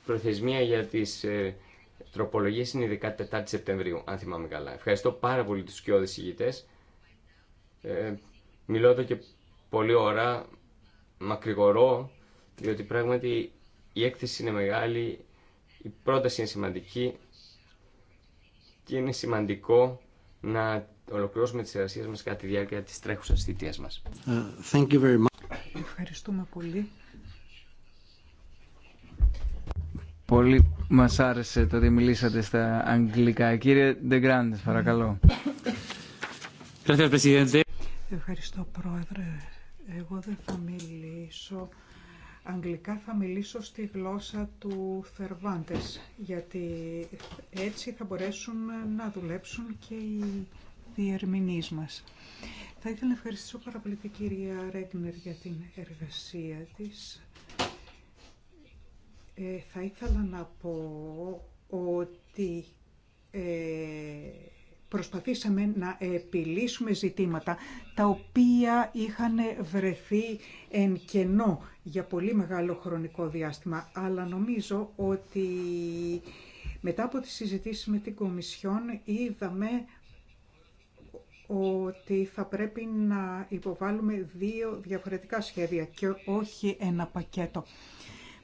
Προθεσμία για τις ε, τροπολογίες είναι 14 Σεπτεμβρίου, αν θυμάμαι καλά. Ευχαριστώ πάρα πολύ τους και ηγητέ. Ε, μιλώ εδώ και πολλή ώρα, μακρηγορώ, διότι πράγματι η έκθεση είναι μεγάλη, η πρόταση είναι σημαντική και είναι σημαντικό να ολοκληρώσουμε τις εργασίες μας κατά τη διάρκεια της τρέχουσας θητείας μας. Ε, thank you very much. Ευχαριστούμε πολύ. Πολύ μας άρεσε το ότι μιλήσατε στα αγγλικά. Κύριε Ντεγκράντες, παρακαλώ. Ευχαριστώ, Πρόεδρε. Εγώ δεν θα μιλήσω... Αγγλικά θα μιλήσω στη γλώσσα του Θερβάντες, γιατί έτσι θα μπορέσουν να δουλέψουν και οι διερμηνείς μας. Θα ήθελα να ευχαριστήσω πάρα πολύ την κυρία Ρέγνερ για την εργασία της. Ε, θα ήθελα να πω ότι ε, προσπαθήσαμε να επιλύσουμε ζητήματα τα οποία είχαν βρεθεί εν κενό για πολύ μεγάλο χρονικό διάστημα. Αλλά νομίζω ότι μετά από τις συζητήσεις με την Κομισιόν είδαμε ότι θα πρέπει να υποβάλουμε δύο διαφορετικά σχέδια και όχι ένα πακέτο.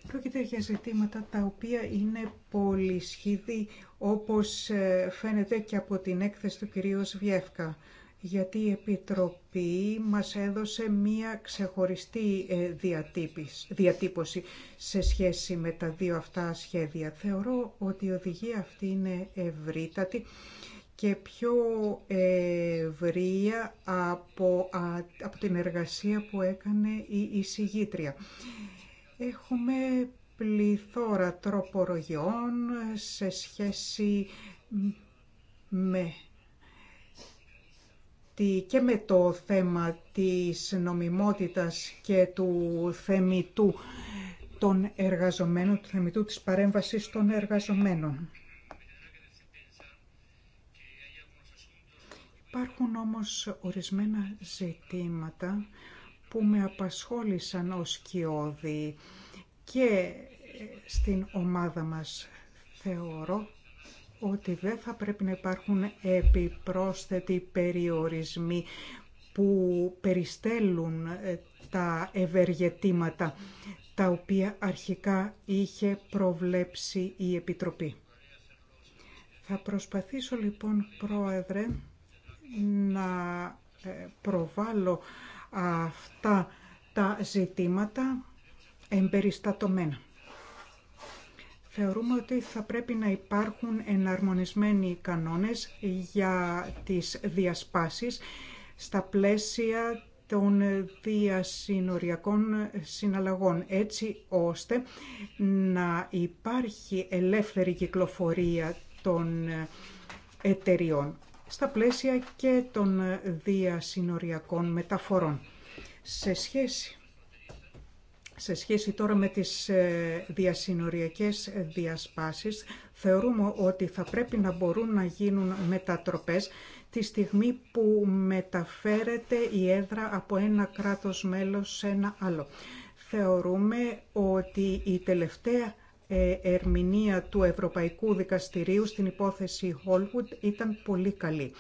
Πρόκειται για ζητήματα τα οποία είναι πολυσχηδή, όπως ε, φαίνεται και από την έκθεση του κυρίου Σβιεύκα, γιατί η Επιτροπή μας έδωσε μία ξεχωριστή ε, διατύπωση σε σχέση με τα δύο αυτά σχέδια. Θεωρώ ότι η οδηγία αυτή είναι ευρύτατη και πιο ευρεία από, από την εργασία που έκανε η εισηγήτρια. Έχουμε πληθώρα ρογιών σε σχέση με και με το θέμα της νομιμότητας και του θεμητού των εργαζομένων, του θεμητού της παρέμβασης των εργαζομένων. Υπάρχουν όμως ορισμένα ζητήματα που με απασχόλησαν ως κοιόδη και ε, στην ομάδα μας θεωρώ ότι δεν θα πρέπει να υπάρχουν επιπρόσθετοι περιορισμοί που περιστέλουν ε, τα ευεργετήματα τα οποία αρχικά είχε προβλέψει η Επιτροπή. Θα προσπαθήσω λοιπόν, Πρόεδρε, να ε, προβάλλω αυτά τα ζητήματα εμπεριστατωμένα. Θεωρούμε ότι θα πρέπει να υπάρχουν εναρμονισμένοι κανόνες για τις διασπάσεις στα πλαίσια των διασυνοριακών συναλλαγών, έτσι ώστε να υπάρχει ελεύθερη κυκλοφορία των εταιριών στα πλαίσια και των διασυνοριακών μεταφορών. Σε σχέση, σε σχέση τώρα με τις ε, διασυνοριακές διασπάσεις, θεωρούμε ότι θα πρέπει να μπορούν να γίνουν μετατροπές τη στιγμή που μεταφέρεται η έδρα από ένα κράτος μέλος σε ένα άλλο. Θεωρούμε ότι η τελευταία ε, ερμηνεία του Ευρωπαϊκού Δικαστηρίου στην υπόθεση Hollywood ήταν πολύ καλή.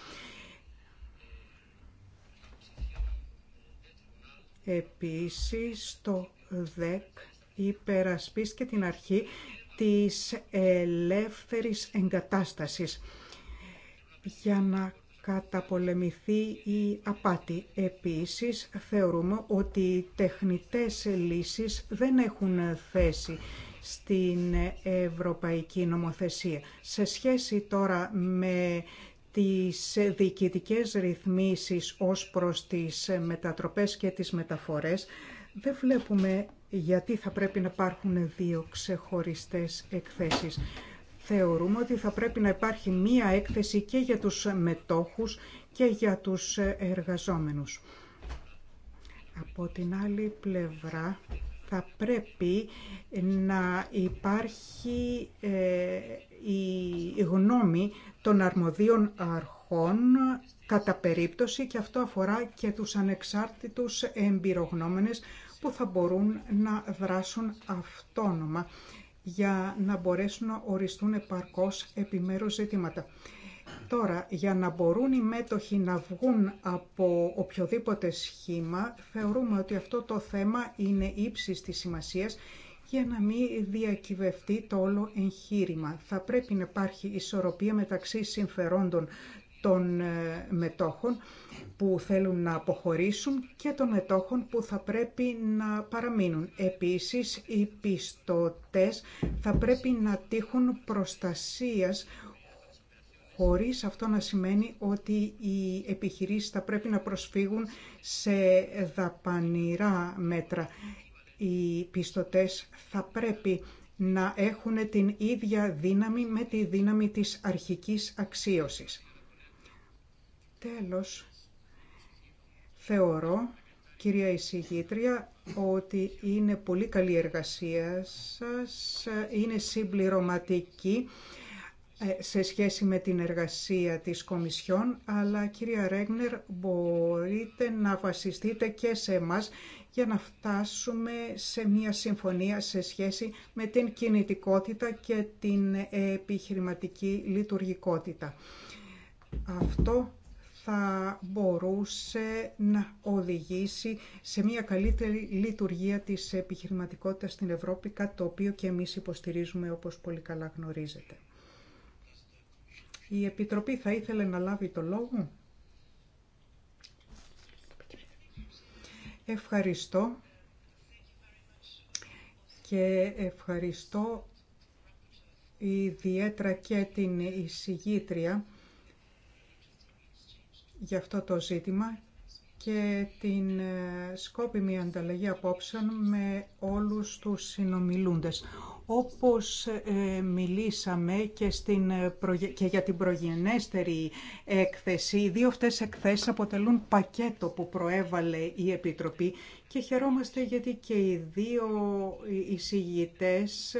Επίσης, το ΔΕΚ υπερασπίστηκε την αρχή της ελεύθερης εγκατάστασης για να καταπολεμηθεί η απάτη. Επίσης, θεωρούμε ότι τεχνητές λύσεις δεν έχουν θέση στην Ευρωπαϊκή Νομοθεσία. Σε σχέση τώρα με τις διοικητικές ρυθμίσεις ως προς τις μετατροπές και τις μεταφορές, δεν βλέπουμε γιατί θα πρέπει να υπάρχουν δύο ξεχωριστές εκθέσεις. Θεωρούμε ότι θα πρέπει να υπάρχει μία έκθεση και για τους μετόχους και για τους εργαζόμενους. Από την άλλη πλευρά θα πρέπει να υπάρχει ε, η γνώμη των αρμοδίων αρχών κατά περίπτωση και αυτό αφορά και τους ανεξάρτητους εμπειρογνώμενες που θα μπορούν να δράσουν αυτόνομα για να μπορέσουν να οριστούν επαρκώς επιμέρους ζητήματα. Τώρα, για να μπορούν οι μέτοχοι να βγουν από οποιοδήποτε σχήμα, θεωρούμε ότι αυτό το θέμα είναι ύψης της σημασίας για να μην διακυβευτεί το όλο εγχείρημα. Θα πρέπει να υπάρχει ισορροπία μεταξύ συμφερόντων των ε, μετόχων που θέλουν να αποχωρήσουν και των μετόχων που θα πρέπει να παραμείνουν. Επίσης, οι πιστωτές θα πρέπει να τύχουν προστασίας χωρίς αυτό να σημαίνει ότι οι επιχειρήσεις θα πρέπει να προσφύγουν σε δαπανηρά μέτρα. Οι πιστωτές θα πρέπει να έχουν την ίδια δύναμη με τη δύναμη της αρχικής αξίωσης. Τέλος, θεωρώ, κυρία εισηγήτρια, ότι είναι πολύ καλή εργασία σας, είναι συμπληρωματική ε, σε σχέση με την εργασία της Κομισιόν, αλλά κυρία Ρέγνερ μπορείτε να βασιστείτε και σε εμάς για να φτάσουμε σε μια συμφωνία σε σχέση με την κινητικότητα και την επιχειρηματική λειτουργικότητα. Αυτό θα μπορούσε να οδηγήσει σε μια καλύτερη λειτουργία της επιχειρηματικότητας στην Ευρώπη, κάτι το οποίο και εμείς υποστηρίζουμε όπως πολύ καλά γνωρίζετε. Η Επιτροπή θα ήθελε να λάβει το λόγο. Ευχαριστώ και ευχαριστώ ιδιαίτερα και την εισηγήτρια για αυτό το ζήτημα και την ε, σκόπιμη ανταλλαγή απόψεων με όλους τους συνομιλούντες. Όπως ε, μιλήσαμε και, στην, ε, για την προγενέστερη έκθεση, οι δύο αυτές εκθέσεις αποτελούν πακέτο που προέβαλε η Επιτροπή και χαιρόμαστε γιατί και οι δύο ε, εισηγητές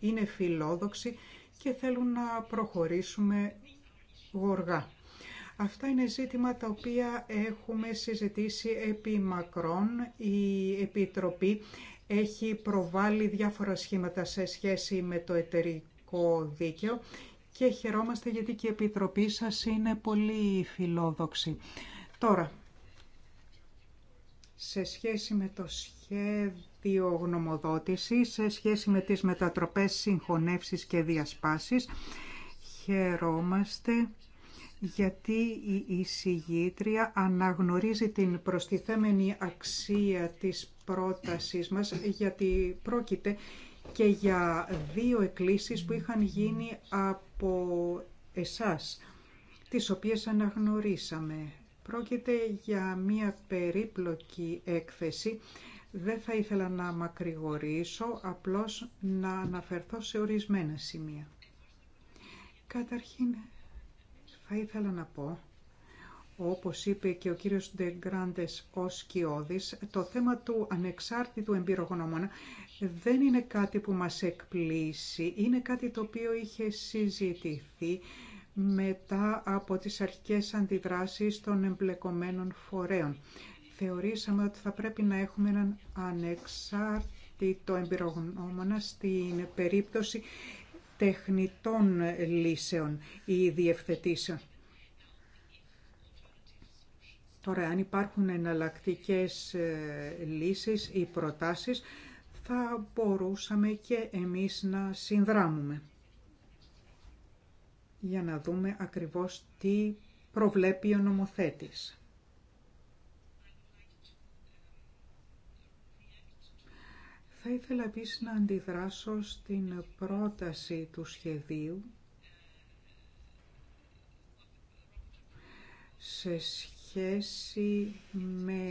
είναι φιλόδοξοι και θέλουν να προχωρήσουμε γοργά. Αυτά είναι ζήτημα τα οποία έχουμε συζητήσει επί μακρόν. Η Επιτροπή έχει προβάλει διάφορα σχήματα σε σχέση με το εταιρικό δίκαιο και χαιρόμαστε γιατί και η Επιτροπή σας είναι πολύ φιλόδοξη. Τώρα, σε σχέση με το σχέδιο γνωμοδότηση, σε σχέση με τις μετατροπές συγχωνεύσεις και διασπάσεις, χαιρόμαστε γιατί η εισηγήτρια αναγνωρίζει την προστιθέμενη αξία της πρότασής μας, γιατί πρόκειται και για δύο εκκλήσεις που είχαν γίνει από εσάς, τις οποίες αναγνωρίσαμε. Πρόκειται για μία περίπλοκη έκθεση. Δεν θα ήθελα να μακρηγορήσω, απλώς να αναφερθώ σε ορισμένα σημεία. Καταρχήν θα ήθελα να πω, όπως είπε και ο κύριος Ντεγκράντες ως Κιώδης, το θέμα του ανεξάρτητου εμπειρογνώμονα δεν είναι κάτι που μας εκπλήσει, είναι κάτι το οποίο είχε συζητηθεί μετά από τις αρχικές αντιδράσεις των εμπλεκομένων φορέων. Θεωρήσαμε ότι θα πρέπει να έχουμε έναν ανεξάρτητο εμπειρογνώμονα στην περίπτωση τεχνητών λύσεων ή διευθετήσεων. Τώρα, αν υπάρχουν εναλλακτικές ε, λύσεις ή προτάσεις, θα μπορούσαμε και εμείς να συνδράμουμε για να δούμε ακριβώς τι προβλέπει ο νομοθέτης. Θα ήθελα επίσης να αντιδράσω στην πρόταση του σχεδίου σε σχέση με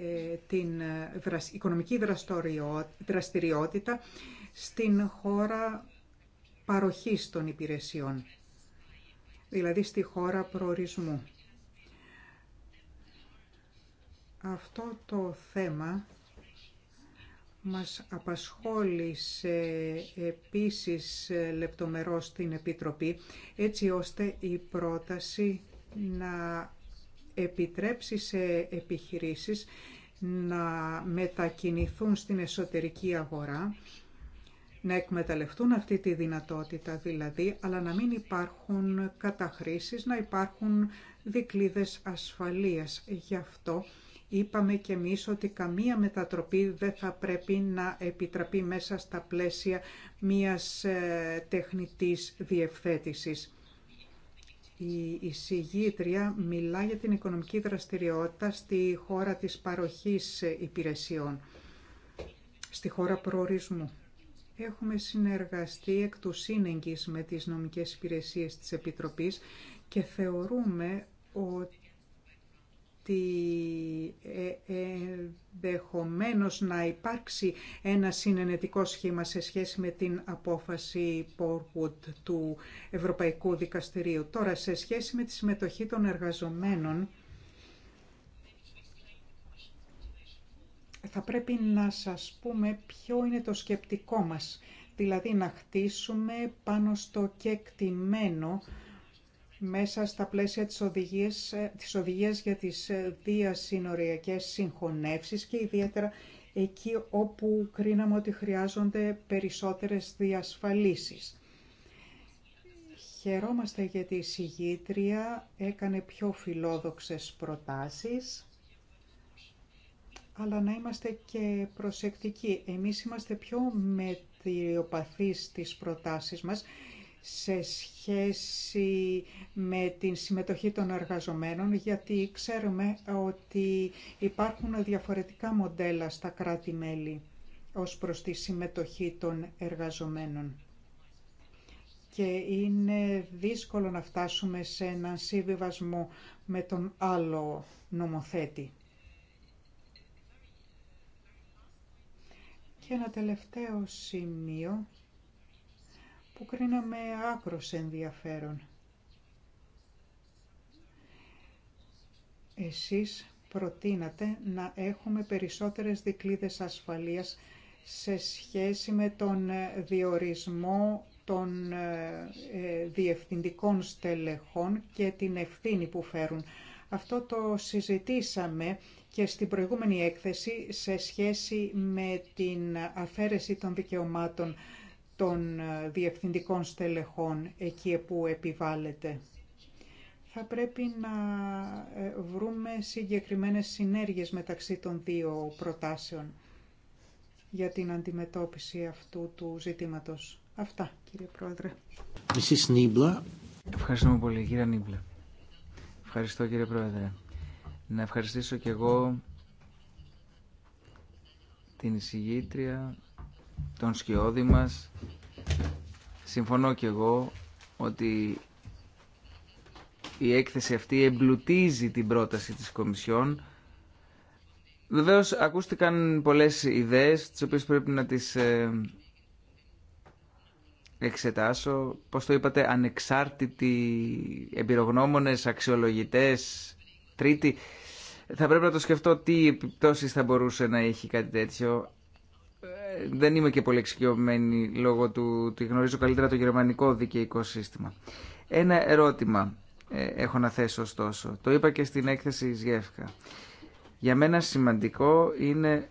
ε, την οικονομική δραστηριότητα στην χώρα παροχής των υπηρεσιών, δηλαδή στη χώρα προορισμού. Αυτό το θέμα μας απασχόλησε επίσης λεπτομερώς την Επιτροπή, έτσι ώστε η πρόταση να επιτρέψει σε επιχειρήσεις να μετακινηθούν στην εσωτερική αγορά, να εκμεταλλευτούν αυτή τη δυνατότητα δηλαδή, αλλά να μην υπάρχουν καταχρήσεις, να υπάρχουν δικλίδες ασφαλείας. Γι' αυτό Είπαμε και εμείς ότι καμία μετατροπή δεν θα πρέπει να επιτραπεί μέσα στα πλαίσια μιας ε, τεχνητής διευθέτησης. Η εισηγήτρια μιλά για την οικονομική δραστηριότητα στη χώρα της παροχής υπηρεσιών, στη χώρα προορισμού. Έχουμε συνεργαστεί εκ του σύνεγγυς με τις νομικές υπηρεσίες της Επιτροπής και θεωρούμε ότι ότι ε, ενδεχομένω να υπάρξει ένα συνενετικό σχήμα σε σχέση με την απόφαση Portwood του Ευρωπαϊκού Δικαστηρίου. Τώρα, σε σχέση με τη συμμετοχή των εργαζομένων, θα πρέπει να σας πούμε ποιο είναι το σκεπτικό μας. Δηλαδή να χτίσουμε πάνω στο κεκτημένο μέσα στα πλαίσια της οδηγίας, ε, της οδηγίας για τις ε, διασυνοριακές συγχωνεύσεις και ιδιαίτερα εκεί όπου κρίναμε ότι χρειάζονται περισσότερες διασφαλίσεις. Χαιρόμαστε γιατί η συγγήτρια έκανε πιο φιλόδοξες προτάσεις, αλλά να είμαστε και προσεκτικοί. Εμείς είμαστε πιο μετριοπαθείς στις προτάσεις μας σε σχέση με την συμμετοχή των εργαζομένων, γιατί ξέρουμε ότι υπάρχουν διαφορετικά μοντέλα στα κράτη-μέλη ως προς τη συμμετοχή των εργαζομένων. Και είναι δύσκολο να φτάσουμε σε έναν συμβιβασμό με τον άλλο νομοθέτη. Και ένα τελευταίο σημείο που κρίναμε άκρος ενδιαφέρον. Εσείς προτείνατε να έχουμε περισσότερες δικλίδες ασφαλείας σε σχέση με τον ε, διορισμό των ε, ε, διευθυντικών στελεχών και την ευθύνη που φέρουν. Αυτό το συζητήσαμε και στην προηγούμενη έκθεση σε σχέση με την αφαίρεση των δικαιωμάτων των ε, διευθυντικών στελεχών εκεί που επιβάλλεται. Θα πρέπει να ε, βρούμε συγκεκριμένες συνέργειες μεταξύ των δύο προτάσεων για την αντιμετώπιση αυτού του ζητήματος. Αυτά, κύριε Πρόεδρε. Ευχαριστούμε πολύ, κύριε Νίμπλα. Ευχαριστώ, κύριε Πρόεδρε. Να ευχαριστήσω και εγώ την εισηγήτρια τον σκιώδη μας. Συμφωνώ και εγώ ότι η έκθεση αυτή εμπλουτίζει την πρόταση της Κομισιόν. Βεβαίως ακούστηκαν πολλές ιδέες, τις οποίες πρέπει να τις ε, εξετάσω. Πώς το είπατε, ανεξάρτητοι εμπειρογνώμονες, αξιολογητές, τρίτη. Θα πρέπει να το σκεφτώ τι επιπτώσεις θα μπορούσε να έχει κάτι τέτοιο δεν είμαι και πολύ εξοικειωμένη λόγω του ότι γνωρίζω καλύτερα το γερμανικό δικαιικό σύστημα. Ένα ερώτημα ε, έχω να θέσω ωστόσο. Το είπα και στην έκθεση Ισγεύκα. Για μένα σημαντικό είναι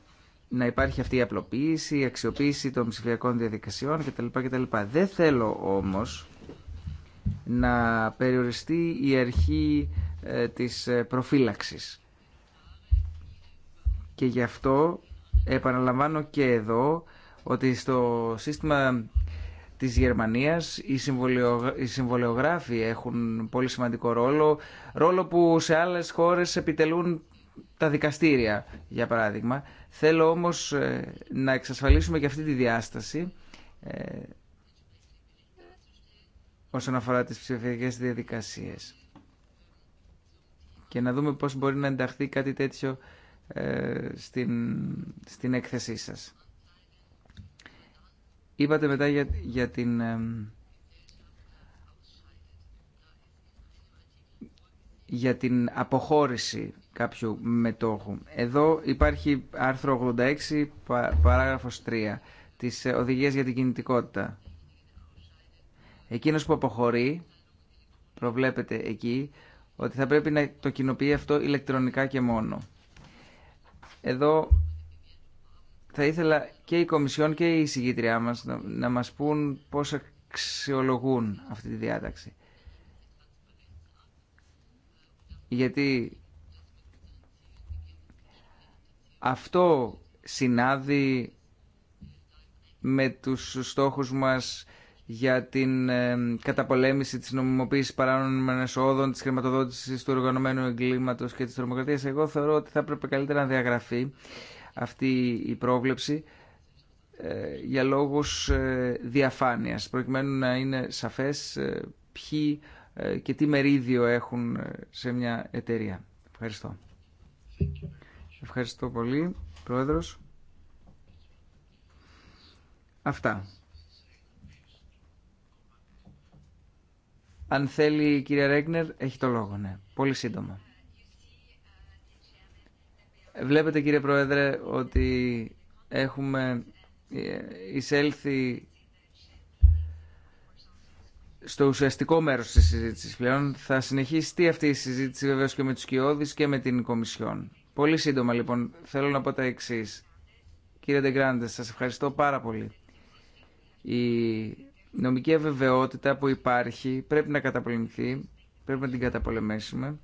να υπάρχει αυτή η απλοποίηση, η αξιοποίηση των ψηφιακών διαδικασιών κτλ. κτλ. Δεν θέλω όμως να περιοριστεί η αρχή ε, της ε, προφύλαξης. Και γι' αυτό Επαναλαμβάνω και εδώ ότι στο σύστημα της Γερμανίας οι συμβολεογράφοι έχουν πολύ σημαντικό ρόλο, ρόλο που σε άλλες χώρες επιτελούν τα δικαστήρια, για παράδειγμα. Θέλω όμως ε, να εξασφαλίσουμε και αυτή τη διάσταση ε, όσον αφορά τις ψηφιακές διαδικασίες και να δούμε πώς μπορεί να ενταχθεί κάτι τέτοιο ε, στην, στην έκθεσή σας. Είπατε μετά για, για την... Ε, για την αποχώρηση κάποιου μετόχου. Εδώ υπάρχει άρθρο 86, παράγραφος 3, της Οδηγίας για την Κινητικότητα. Εκείνος που αποχωρεί, προβλέπεται εκεί, ότι θα πρέπει να το κοινοποιεί αυτό ηλεκτρονικά και μόνο. Εδώ θα ήθελα και η Κομισιόν και η εισηγήτριά μας να, να μας πούν πώς αξιολογούν αυτή τη διάταξη. Γιατί αυτό συνάδει με τους στόχους μας για την καταπολέμηση της νομιμοποίησης παράνομων εσόδων, της χρηματοδότησης του οργανωμένου εγκλήματος και της τρομοκρατίας. Εγώ θεωρώ ότι θα έπρεπε καλύτερα να διαγραφεί αυτή η πρόβλεψη ε, για λόγους ε, διαφάνειας, προκειμένου να είναι σαφές ε, ποιοι και τι μερίδιο έχουν σε μια εταιρεία. Ευχαριστώ. Ευχαριστώ πολύ, Πρόεδρος. Αυτά. Αν θέλει η κυρία Ρέγνερ, έχει το λόγο, ναι. Πολύ σύντομα. Βλέπετε κύριε Πρόεδρε ότι έχουμε εισέλθει στο ουσιαστικό μέρος της συζήτησης πλέον. Θα συνεχίσει αυτή η συζήτηση βεβαίως και με τους Κιώδης και με την Κομισιόν. Πολύ σύντομα λοιπόν θέλω να πω τα εξής. Κύριε Ντεγκράντε, σας ευχαριστώ πάρα πολύ. Η νομική αβεβαιότητα που υπάρχει πρέπει να καταπολεμηθεί, πρέπει να την καταπολεμήσουμε.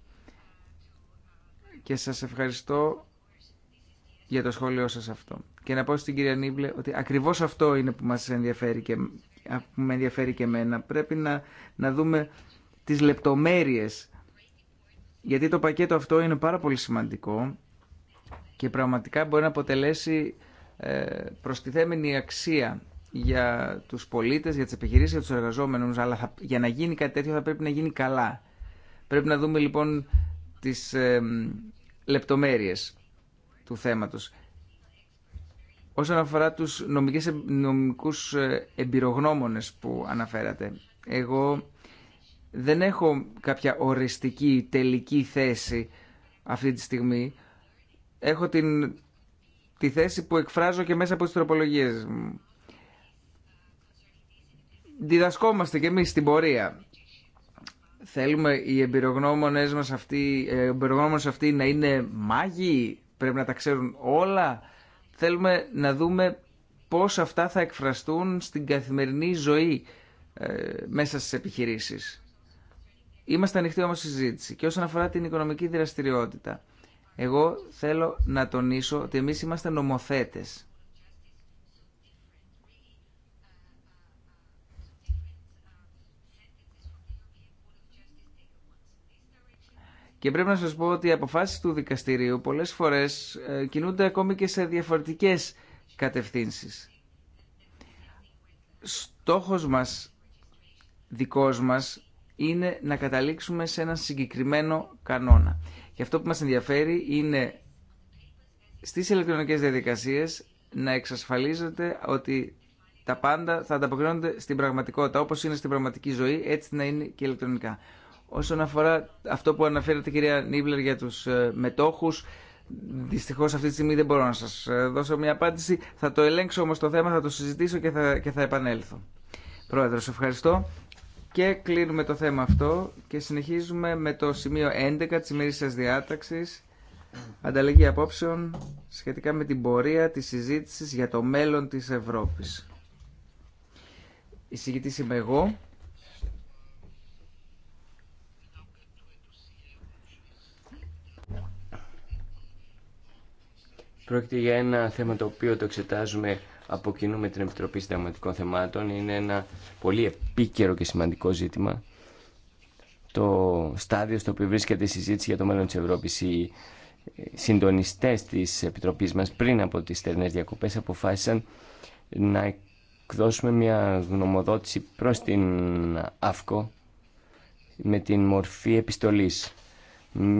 Και σας ευχαριστώ για το σχόλιο σας αυτό. Και να πω στην κυρία Νίμπλε ότι ακριβώς αυτό είναι που μας ενδιαφέρει και που με ενδιαφέρει και εμένα. Πρέπει να, να δούμε τις λεπτομέρειες. Γιατί το πακέτο αυτό είναι πάρα πολύ σημαντικό και πραγματικά μπορεί να αποτελέσει ε, προστιθέμενη αξία για τους πολίτες, για τις επιχειρήσεις, για τους εργαζόμενους, αλλά θα, για να γίνει κάτι τέτοιο θα πρέπει να γίνει καλά. Πρέπει να δούμε λοιπόν τις ε, λεπτομέρειες του θέματος. Όσον αφορά τους νομικές, νομικούς ε, εμπειρογνώμονες που αναφέρατε, εγώ δεν έχω κάποια οριστική τελική θέση αυτή τη στιγμή. Έχω την, τη θέση που εκφράζω και μέσα από τις τροπολογίες μου διδασκόμαστε και εμείς στην πορεία. Θέλουμε οι εμπειρογνώμονες μας αυτοί, ε, οι εμπειρογνώμονες αυτοί να είναι μάγοι, πρέπει να τα ξέρουν όλα. Θέλουμε να δούμε πώς αυτά θα εκφραστούν στην καθημερινή ζωή ε, μέσα στις επιχειρήσεις. Είμαστε ανοιχτοί όμως στη συζήτηση και όσον αφορά την οικονομική δραστηριότητα. Εγώ θέλω να τονίσω ότι εμείς είμαστε νομοθέτες. Και πρέπει να σας πω ότι οι αποφάσεις του δικαστηρίου πολλές φορές ε, κινούνται ακόμη και σε διαφορετικές κατευθύνσεις. Στόχος μας, δικός μας, είναι να καταλήξουμε σε ένα συγκεκριμένο κανόνα. Και αυτό που μας ενδιαφέρει είναι στις ηλεκτρονικές διαδικασίες να εξασφαλίζεται ότι τα πάντα θα ανταποκρίνονται στην πραγματικότητα, όπως είναι στην πραγματική ζωή, έτσι να είναι και ηλεκτρονικά. Όσον αφορά αυτό που αναφέρατε κυρία Νίμπλερ για τους ε, μετόχους, δυστυχώς αυτή τη στιγμή δεν μπορώ να σας ε, δώσω μια απάντηση. Θα το ελέγξω όμως το θέμα, θα το συζητήσω και θα, και θα επανέλθω. Πρόεδρος, ευχαριστώ. Και κλείνουμε το θέμα αυτό και συνεχίζουμε με το σημείο 11 της ημερήσιας διάταξης. Ανταλλαγή απόψεων σχετικά με την πορεία της συζήτησης για το μέλλον της Ευρώπης. Η είμαι εγώ. Πρόκειται για ένα θέμα το οποίο το εξετάζουμε από κοινού με την Επιτροπή Συνταγματικών Θεμάτων. Είναι ένα πολύ επίκαιρο και σημαντικό ζήτημα. Το στάδιο στο οποίο βρίσκεται η συζήτηση για το μέλλον της Ευρώπη. Οι ε, συντονιστέ τη επιτροπή μα πριν από τι τερινές διακοπέ, αποφάσισαν να εκδώσουμε μια γνωμοδότηση προ την ΑΦΚΟ με την μορφή επιστολής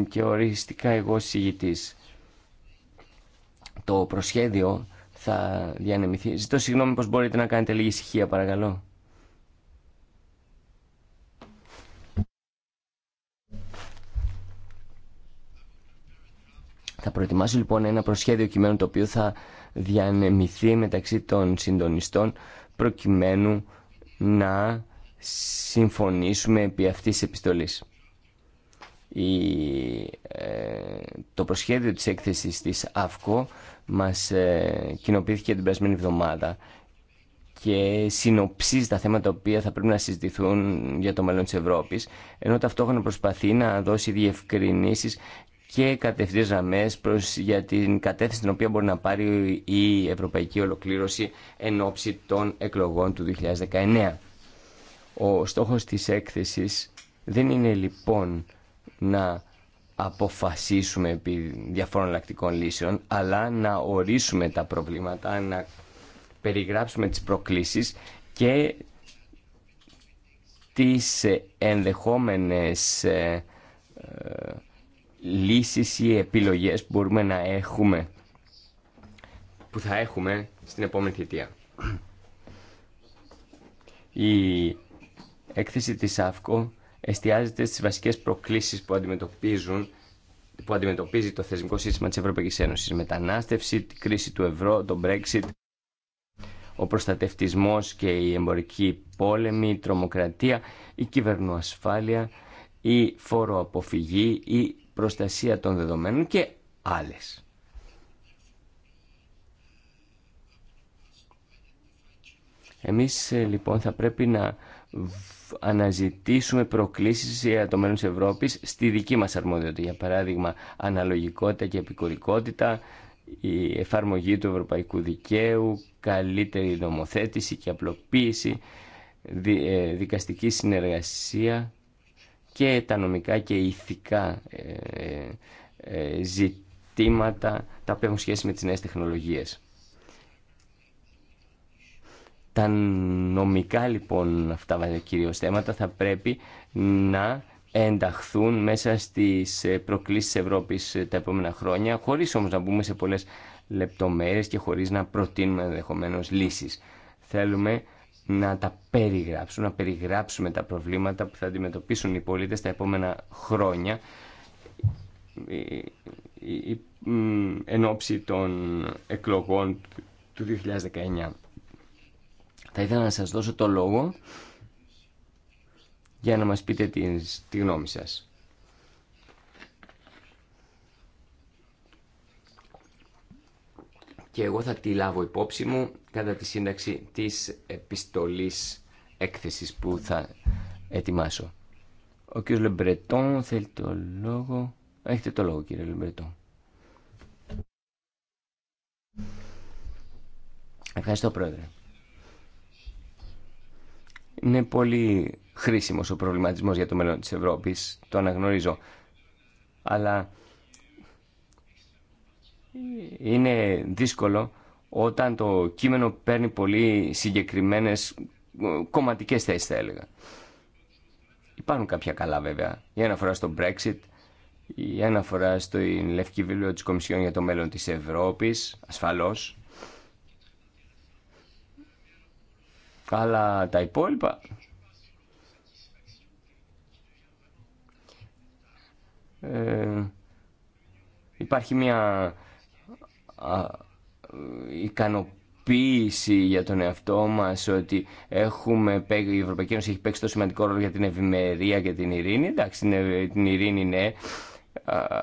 και οριστικά εγώ συγητής το προσχέδιο θα διανεμηθεί. Ζητώ συγγνώμη πως μπορείτε να κάνετε λίγη ησυχία παρακαλώ. Θα προετοιμάσω λοιπόν ένα προσχέδιο κειμένου το οποίο θα διανεμηθεί μεταξύ των συντονιστών προκειμένου να συμφωνήσουμε επί αυτής της επιστολής. Η, ε, το προσχέδιο της έκθεσης της ΑΦΚΟ μας ε, κοινοποιήθηκε την περασμένη εβδομάδα και συνοψίζει τα θέματα τα οποία θα πρέπει να συζητηθούν για το μέλλον της Ευρώπης ενώ ταυτόχρονα προσπαθεί να δώσει διευκρινήσεις και κατευθείαν γραμμέ για την κατεύθυνση την οποία μπορεί να πάρει η ευρωπαϊκή ολοκλήρωση εν ώψη των εκλογών του 2019. Ο στόχος της έκθεσης δεν είναι λοιπόν να αποφασίσουμε επί διαφόρων λακτικών λύσεων, αλλά να ορίσουμε τα προβλήματα, να περιγράψουμε τις προκλήσεις και τις ενδεχόμενες ε, ε, λύσεις ή επιλογές που μπορούμε να έχουμε που θα έχουμε στην επόμενη θητεία. Η έκθεση της ΑΦΚΟ εστιάζεται στις βασικές προκλήσεις που, αντιμετωπίζουν, που αντιμετωπίζει το θεσμικό σύστημα της Ευρωπαϊκής Ένωσης. Μετανάστευση, την κρίση του ευρώ, το Brexit, ο προστατευτισμός και η εμπορική πόλεμη, η τρομοκρατία, η κυβερνοασφάλεια, η φοροαποφυγή, η προστασία των δεδομένων και άλλες. Εμείς ε, λοιπόν θα πρέπει να αναζητήσουμε προκλήσεις για το μέλλον της Ευρώπης στη δική μας αρμοδιότητα. Για παράδειγμα, αναλογικότητα και επικουρικότητα, η εφαρμογή του ευρωπαϊκού δικαίου, καλύτερη νομοθέτηση και απλοποίηση, ε, δικαστική συνεργασία και τα νομικά και ηθικά ε, ε, ζητήματα τα οποία έχουν σχέση με τις νέες τεχνολογίες. Τα νομικά λοιπόν αυτά κυρίως θέματα θα πρέπει να ενταχθούν μέσα στις προκλήσεις της Ευρώπης τα επόμενα χρόνια, χωρίς όμως να μπούμε σε πολλές λεπτομέρειες και χωρίς να προτείνουμε ενδεχομένω λύσεις. Θέλουμε να τα περιγράψουμε, να περιγράψουμε τα προβλήματα που θα αντιμετωπίσουν οι πολίτες τα επόμενα χρόνια εν ώψη των εκλογών του 2019. Θα ήθελα να σας δώσω το λόγο για να μας πείτε τη, τη γνώμη σας. Και εγώ θα τη λάβω υπόψη μου κατά τη σύνταξη της επιστολής έκθεσης που θα ετοιμάσω. Ο κύριος Λεμπρετών θέλει το λόγο. Έχετε το λόγο κύριε Λεμπρετών. Ευχαριστώ πρόεδρε. Είναι πολύ χρήσιμο ο προβληματισμός για το μέλλον της Ευρώπης, το αναγνωρίζω. Αλλά είναι δύσκολο όταν το κείμενο παίρνει πολύ συγκεκριμένε ε, κομματικές θέσει θα έλεγα. Υπάρχουν κάποια καλά βέβαια. Η αναφορά στο Brexit, η αναφορά στο Λευκή Βίβλιο της Κομισιόν για το μέλλον της Ευρώπης, ασφαλώς. Αλλά τα υπόλοιπα... Ε, υπάρχει μια ικανοποίηση για τον εαυτό μας ότι έχουμε, η Ευρωπαϊκή Ένωση έχει παίξει το σημαντικό ρόλο για την ευημερία και την ειρήνη. Εντάξει, την ειρήνη ναι,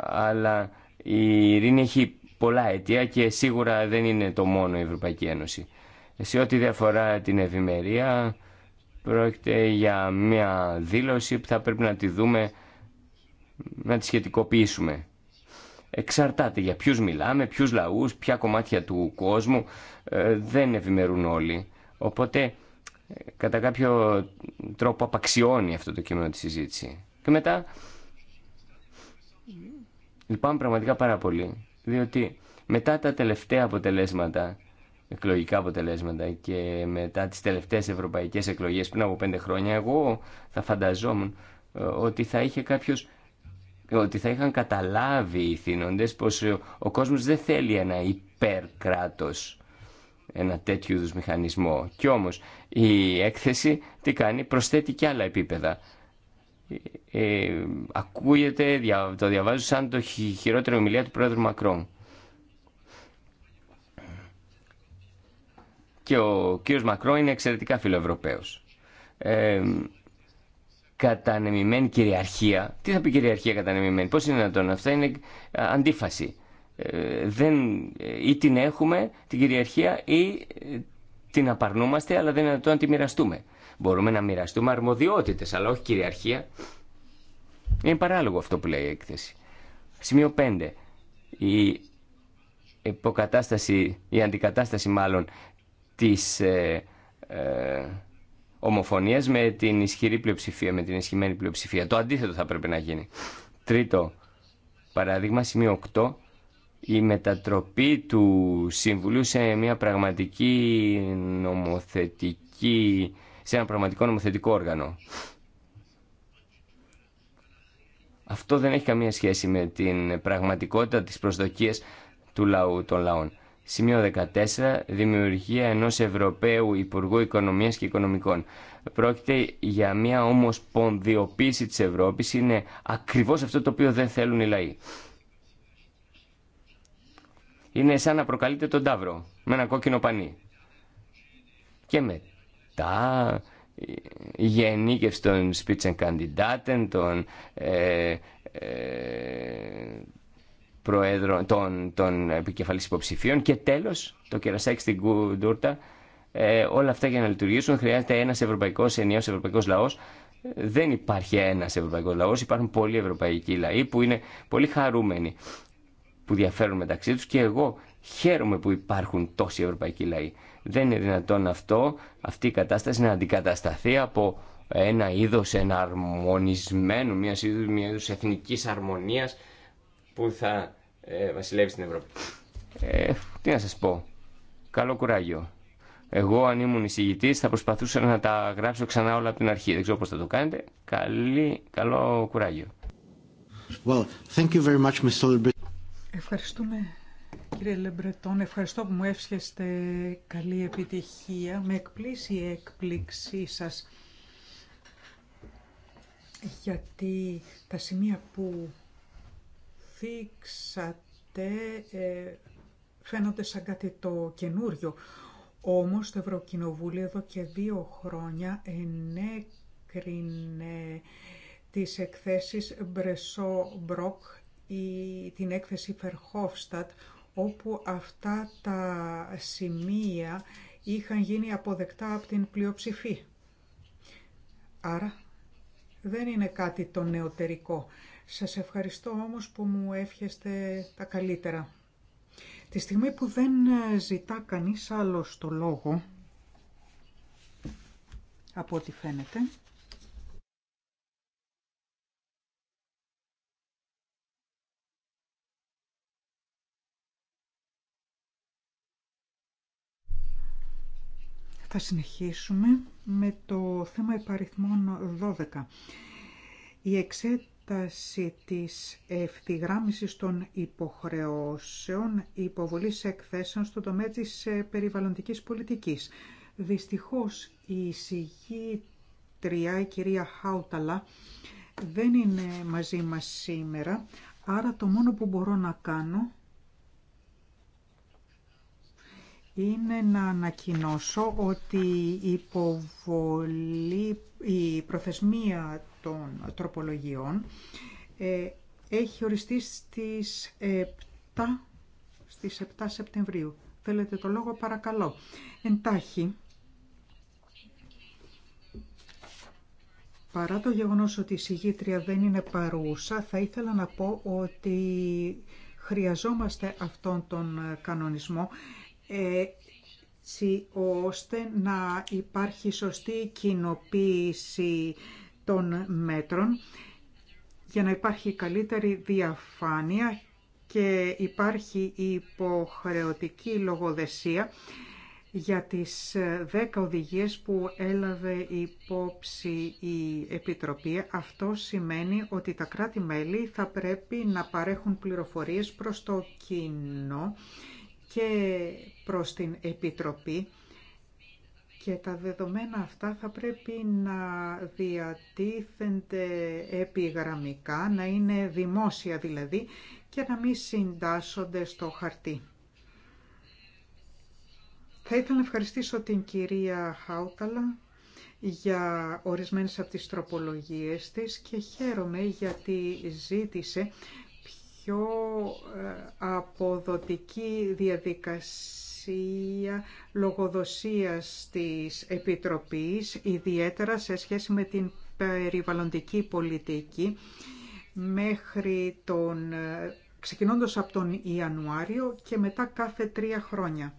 αλλά η ειρήνη έχει πολλά αιτία και σίγουρα δεν είναι το μόνο η Ευρωπαϊκή Ένωση. Σε ό,τι διαφορά την ευημερία, πρόκειται για μια δήλωση που θα πρέπει να τη δούμε, να τη σχετικοποιήσουμε. Εξαρτάται για ποιους μιλάμε, ποιους λαούς, ποια κομμάτια του κόσμου ε, δεν ευημερούν όλοι. Οπότε, κατά κάποιο τρόπο απαξιώνει αυτό το κείμενο τη συζήτηση. Και μετά, λυπάμαι πραγματικά πάρα πολύ, διότι μετά τα τελευταία αποτελέσματα εκλογικά αποτελέσματα και μετά τις τελευταίες ευρωπαϊκές εκλογές πριν από πέντε χρόνια εγώ θα φανταζόμουν ε, ότι θα είχε κάποιος ότι θα είχαν καταλάβει οι θύνοντες πως ε, ο κόσμος δεν θέλει ένα υπερκράτος ένα τέτοιου είδους μηχανισμό κι όμως η έκθεση τι κάνει προσθέτει και άλλα επίπεδα ε, ε ακούγεται, το διαβάζω σαν το χειρότερο ομιλία του πρόεδρου Μακρόν και ο κύριος Μακρό είναι εξαιρετικά φιλοευρωπαίος. Ε, κατανεμημένη κυριαρχία. Τι θα πει κυριαρχία κατανεμημένη, πώς είναι να τον αυτά είναι αντίφαση. Ε, δεν, ε, ή την έχουμε την κυριαρχία ή ε, την απαρνούμαστε αλλά δεν είναι δυνατόν να τη μοιραστούμε. Μπορούμε να μοιραστούμε αρμοδιότητες αλλά όχι κυριαρχία. Είναι παράλογο αυτό που λέει η έκθεση. Σημείο 5. Η υποκατάσταση, η αντικατάσταση μάλλον τις ε, ε με την ισχυρή πλειοψηφία, με την ισχυμένη πλειοψηφία. Το αντίθετο θα πρέπει να γίνει. Τρίτο παράδειγμα, σημείο 8, η μετατροπή του Συμβουλίου σε μια πραγματική νομοθετική, σε ένα πραγματικό νομοθετικό όργανο. Αυτό δεν έχει καμία σχέση με την πραγματικότητα της προσδοκίας του λαού των λαών. Σημείο 14. Δημιουργία ενός Ευρωπαίου Υπουργού Οικονομίας και Οικονομικών. Πρόκειται για μια πονδιοποίηση της Ευρώπης. Είναι ακριβώς αυτό το οποίο δεν θέλουν οι λαοί. Είναι σαν να προκαλείτε τον Ταύρο με ένα κόκκινο πανί. Και μετά η γενίκευση των Spitzenkandidaten, των ε, ε, προέδρων, των, των επικεφαλής υποψηφίων και τέλο, το κερασάκι στην κούρτα ε, όλα αυτά για να λειτουργήσουν χρειάζεται ένα ευρωπαϊκό, ενιαίο ευρωπαϊκό λαό. δεν υπάρχει ένα ευρωπαϊκό λαό, υπάρχουν πολλοί ευρωπαϊκοί λαοί που είναι πολύ χαρούμενοι που διαφέρουν μεταξύ του και εγώ χαίρομαι που υπάρχουν τόσοι ευρωπαϊκοί λαοί δεν είναι δυνατόν αυτό αυτή η κατάσταση να αντικατασταθεί από ένα είδο εναρμονισμένου, μια είδους εθνική αρμονία που θα ε, βασιλεύει στην Ευρώπη. Ε, τι να σας πω. Καλό κουράγιο. Εγώ αν ήμουν εισηγητής θα προσπαθούσα να τα γράψω ξανά όλα από την αρχή. Δεν ξέρω πώς θα το κάνετε. Καλή, καλό κουράγιο. Well, thank you very much, Mr. Ευχαριστούμε κύριε Λεμπρετών. Ευχαριστώ που μου εύσχεστε καλή επιτυχία. Με εκπλήσει η έκπληξή σας γιατί τα σημεία που θίξατε ε, φαίνονται σαν κάτι το καινούριο. Όμως το Ευρωκοινοβούλιο εδώ και δύο χρόνια ενέκρινε τις εκθέσεις Μπρεσό Μπροκ ή την έκθεση Φερχόφστατ όπου αυτά τα σημεία είχαν γίνει αποδεκτά από την πλειοψηφή. Άρα δεν είναι κάτι το νεωτερικό. Σας ευχαριστώ όμως που μου εύχεστε τα καλύτερα. Τη στιγμή που δεν ε, ζητά κανείς άλλο το λόγο, από ό,τι φαίνεται, θα συνεχίσουμε με το θέμα υπαριθμών 12. Η εξέταση εξέταση της ευθυγράμμισης των υποχρεώσεων υποβολής εκθέσεων στον τομέα της ε, περιβαλλοντικής πολιτικής. Δυστυχώς η συγγήτρια, η κυρία Χάουταλα, δεν είναι μαζί μας σήμερα, άρα το μόνο που μπορώ να κάνω είναι να ανακοινώσω ότι η, υποβολή, η προθεσμία των τροπολογιών ε, έχει οριστεί στις 7, στις 7 Σεπτεμβρίου. Θέλετε το λόγο παρακαλώ. Εντάχει, παρά το γεγονός ότι η συγγήτρια δεν είναι παρούσα, θα ήθελα να πω ότι χρειαζόμαστε αυτόν τον κανονισμό ε, ώστε να υπάρχει σωστή κοινοποίηση των μέτρων για να υπάρχει καλύτερη διαφάνεια και υπάρχει υποχρεωτική λογοδεσία για τις 10 οδηγίες που έλαβε υπόψη η Επιτροπή. Αυτό σημαίνει ότι τα κράτη-μέλη θα πρέπει να παρέχουν πληροφορίες προς το κοινό και προς την Επιτροπή και τα δεδομένα αυτά θα πρέπει να διατίθενται επιγραμμικά, να είναι δημόσια δηλαδή και να μην συντάσσονται στο χαρτί. Θα ήθελα να ευχαριστήσω την κυρία Χάουταλα για ορισμένες από τις τροπολογίες της και χαίρομαι γιατί ζήτησε πιο ε, αποδοτική διαδικασία διαδικασία λογοδοσίας της Επιτροπής, ιδιαίτερα σε σχέση με την περιβαλλοντική πολιτική, μέχρι τον, ξεκινώντας από τον Ιανουάριο και μετά κάθε τρία χρόνια.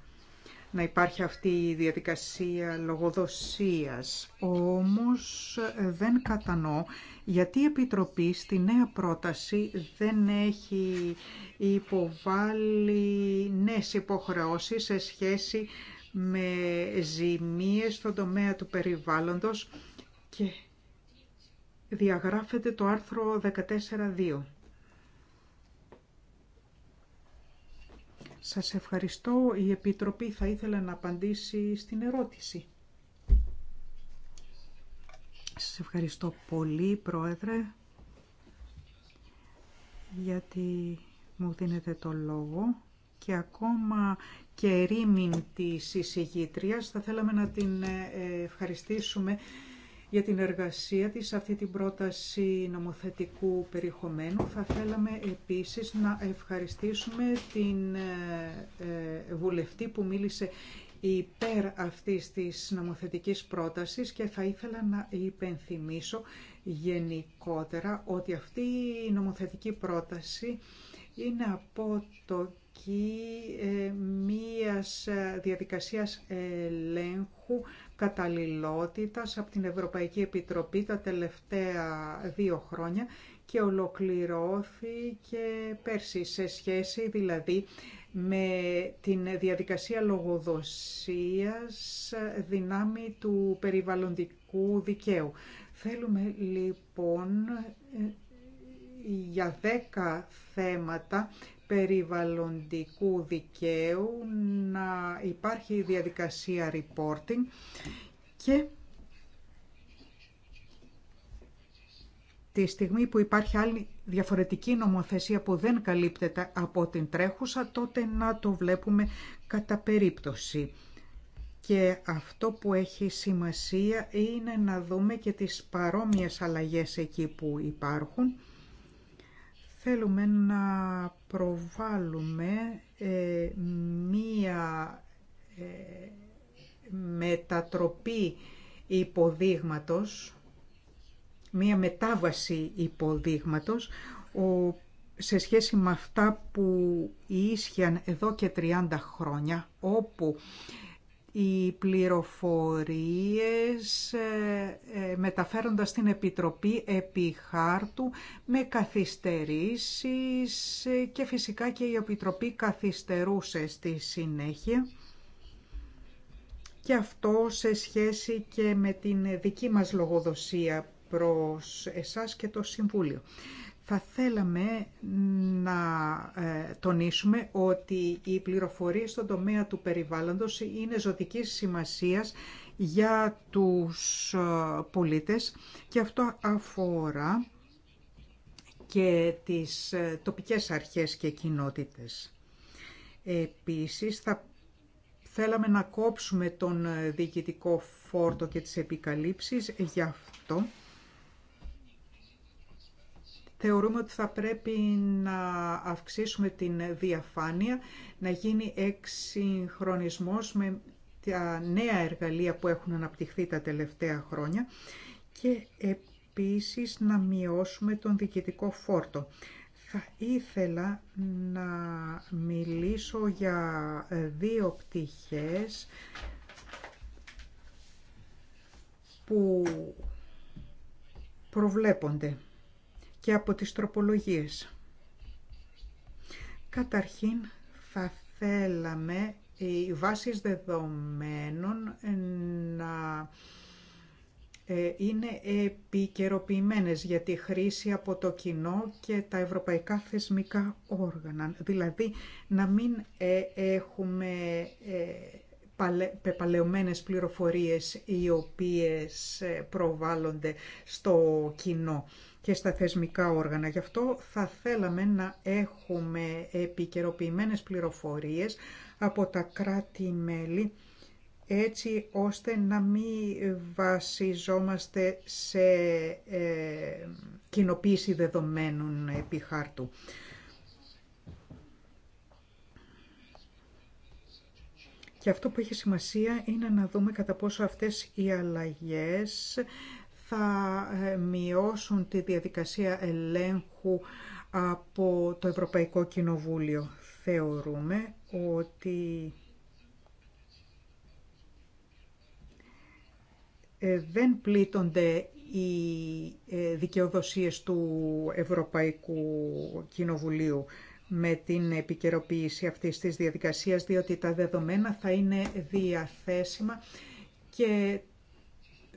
Να υπάρχει αυτή η διαδικασία λογοδοσίας. Όμως δεν κατανοώ γιατί η Επιτροπή στη νέα πρόταση δεν έχει υποβάλει νέες υποχρεώσεις σε σχέση με ζημίες στον τομέα του περιβάλλοντος και διαγράφεται το άρθρο 14.2. Σας ευχαριστώ. Η Επιτροπή θα ήθελε να απαντήσει στην ερώτηση. Σας ευχαριστώ πολύ, Πρόεδρε, γιατί μου δίνετε το λόγο και ακόμα και ρήμην της εισηγήτριας θα θέλαμε να την ε, ευχαριστήσουμε για την εργασία της αυτή την πρόταση νομοθετικού περιεχομένου. Θα θέλαμε επίσης να ευχαριστήσουμε την ε, ε, βουλευτή που μίλησε υπέρ αυτής της νομοθετικής πρότασης και θα ήθελα να υπενθυμίσω γενικότερα ότι αυτή η νομοθετική πρόταση είναι από το ε, μίας ε, διαδικασίας ελέγχου καταλληλότητας από την Ευρωπαϊκή Επιτροπή τα τελευταία δύο χρόνια και ολοκληρώθηκε πέρσι σε σχέση δηλαδή με την διαδικασία λογοδοσίας δυνάμει του περιβαλλοντικού δικαίου. Θέλουμε λοιπόν για 10 θέματα περιβαλλοντικού δικαίου να υπάρχει διαδικασία reporting και Τη στιγμή που υπάρχει άλλη διαφορετική νομοθεσία που δεν καλύπτεται από την τρέχουσα, τότε να το βλέπουμε κατά περίπτωση. Και αυτό που έχει σημασία είναι να δούμε και τις παρόμοιες αλλαγές εκεί που υπάρχουν. Θέλουμε να προβάλλουμε ε, μία ε, μετατροπή υποδείγματος μία μετάβαση υποδείγματος σε σχέση με αυτά που ίσχυαν εδώ και 30 χρόνια, όπου οι πληροφορίες ε, ε, μεταφέροντας την Επιτροπή επί χάρτου με καθυστερήσεις ε, και φυσικά και η Επιτροπή καθυστερούσε στη συνέχεια. Και αυτό σε σχέση και με την δική μας λογοδοσία προς εσάς και το Συμβούλιο. Θα θέλαμε να ε, τονίσουμε ότι οι πληροφορία στον τομέα του περιβάλλοντος είναι ζωτικής σημασίας για τους ε, πολίτες και αυτό αφορά και τις ε, τοπικές αρχές και κοινότητες. Επίσης, θα θέλαμε να κόψουμε τον διοικητικό φόρτο και τις επικαλύψεις, γι' αυτό θεωρούμε ότι θα πρέπει να αυξήσουμε την διαφάνεια, να γίνει εξυγχρονισμός με τα νέα εργαλεία που έχουν αναπτυχθεί τα τελευταία χρόνια και επίσης να μειώσουμε τον διοικητικό φόρτο. Θα ήθελα να μιλήσω για δύο πτυχές που προβλέπονται και από τις τροπολογίες. Καταρχήν θα θέλαμε οι βάσεις δεδομένων να ε, είναι επικαιροποιημένε για τη χρήση από το κοινό και τα ευρωπαϊκά θεσμικά όργανα. Δηλαδή να μην ε, έχουμε ε, πεπαλαιωμένες πληροφορίες οι οποίες προβάλλονται στο κοινό και στα θεσμικά όργανα. Γι' αυτό θα θέλαμε να έχουμε επικαιροποιημένες πληροφορίες από τα κράτη-μέλη έτσι ώστε να μην βασιζόμαστε σε ε, κοινοποίηση δεδομένων επί χάρτου. Και αυτό που έχει σημασία είναι να δούμε κατά πόσο αυτές οι αλλαγές θα ε, μειώσουν τη διαδικασία ελέγχου από το Ευρωπαϊκό Κοινοβούλιο. Θεωρούμε ότι ε, δεν πλήττονται οι ε, δικαιοδοσίες του Ευρωπαϊκού Κοινοβουλίου με την επικαιροποίηση αυτής της διαδικασίας, διότι τα δεδομένα θα είναι διαθέσιμα και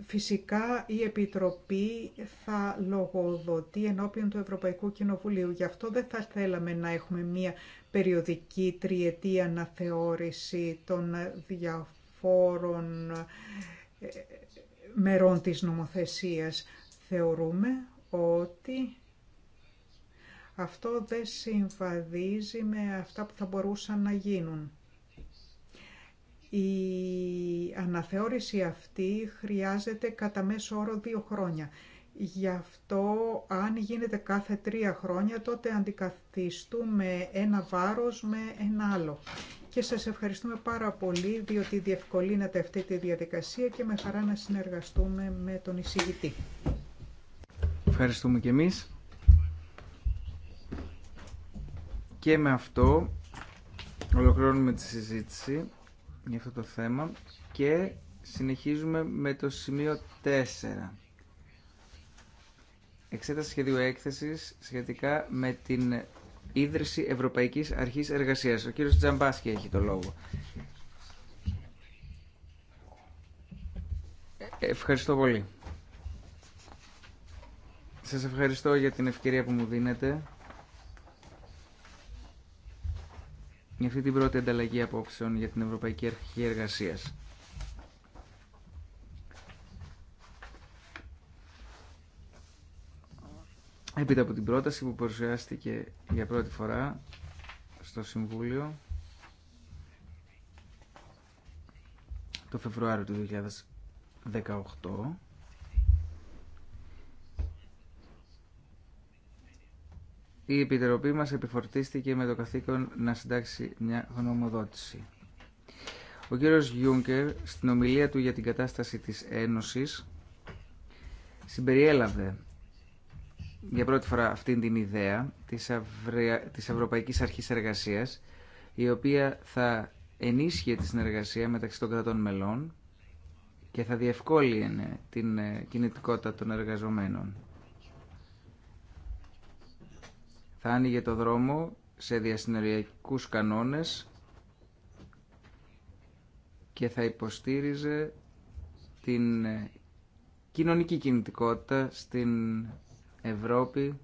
Φυσικά η Επιτροπή θα λογοδοτεί ενώπιον του Ευρωπαϊκού Κοινοβουλίου. Γι' αυτό δεν θα θέλαμε να έχουμε μία περιοδική τριετή αναθεώρηση των διαφόρων ε, μερών της νομοθεσίας. Θεωρούμε ότι αυτό δεν συμβαδίζει με αυτά που θα μπορούσαν να γίνουν. Η αναθεώρηση αυτή χρειάζεται κατά μέσο όρο δύο χρόνια. Γι' αυτό αν γίνεται κάθε τρία χρόνια τότε αντικαθιστούμε ένα βάρος με ένα άλλο. Και σας ευχαριστούμε πάρα πολύ διότι διευκολύνεται αυτή τη διαδικασία και με χαρά να συνεργαστούμε με τον εισηγητή. Ευχαριστούμε και εμείς. Και με αυτό ολοκληρώνουμε τη συζήτηση για αυτό το θέμα και συνεχίζουμε με το σημείο 4. Εξέταση σχεδίου έκθεσης σχετικά με την ίδρυση Ευρωπαϊκής Αρχής Εργασίας. Ο κύριος Τζαμπάσκη έχει το λόγο. Ευχαριστώ πολύ. Σας ευχαριστώ για την ευκαιρία που μου δίνετε για αυτή την πρώτη ανταλλαγή απόψεων για την Ευρωπαϊκή Αρχή Εργασία. Έπειτα από την πρόταση που παρουσιάστηκε για πρώτη φορά στο Συμβούλιο το Φεβρουάριο του 2018 η Επιτροπή μας επιφορτίστηκε με το καθήκον να συντάξει μια γνωμοδότηση. Ο κύριος Γιούγκερ στην ομιλία του για την κατάσταση της Ένωσης συμπεριέλαβε για πρώτη φορά αυτήν την ιδέα της, της Ευρωπαϊκής Αρχής Εργασίας η οποία θα ενίσχυε τη συνεργασία μεταξύ των κρατών μελών και θα διευκόλυνε την ε, κινητικότητα των εργαζομένων. θα άνοιγε το δρόμο σε διασυνοριακούς κανόνες και θα υποστήριζε την ε, κοινωνική κινητικότητα στην Ευρώπη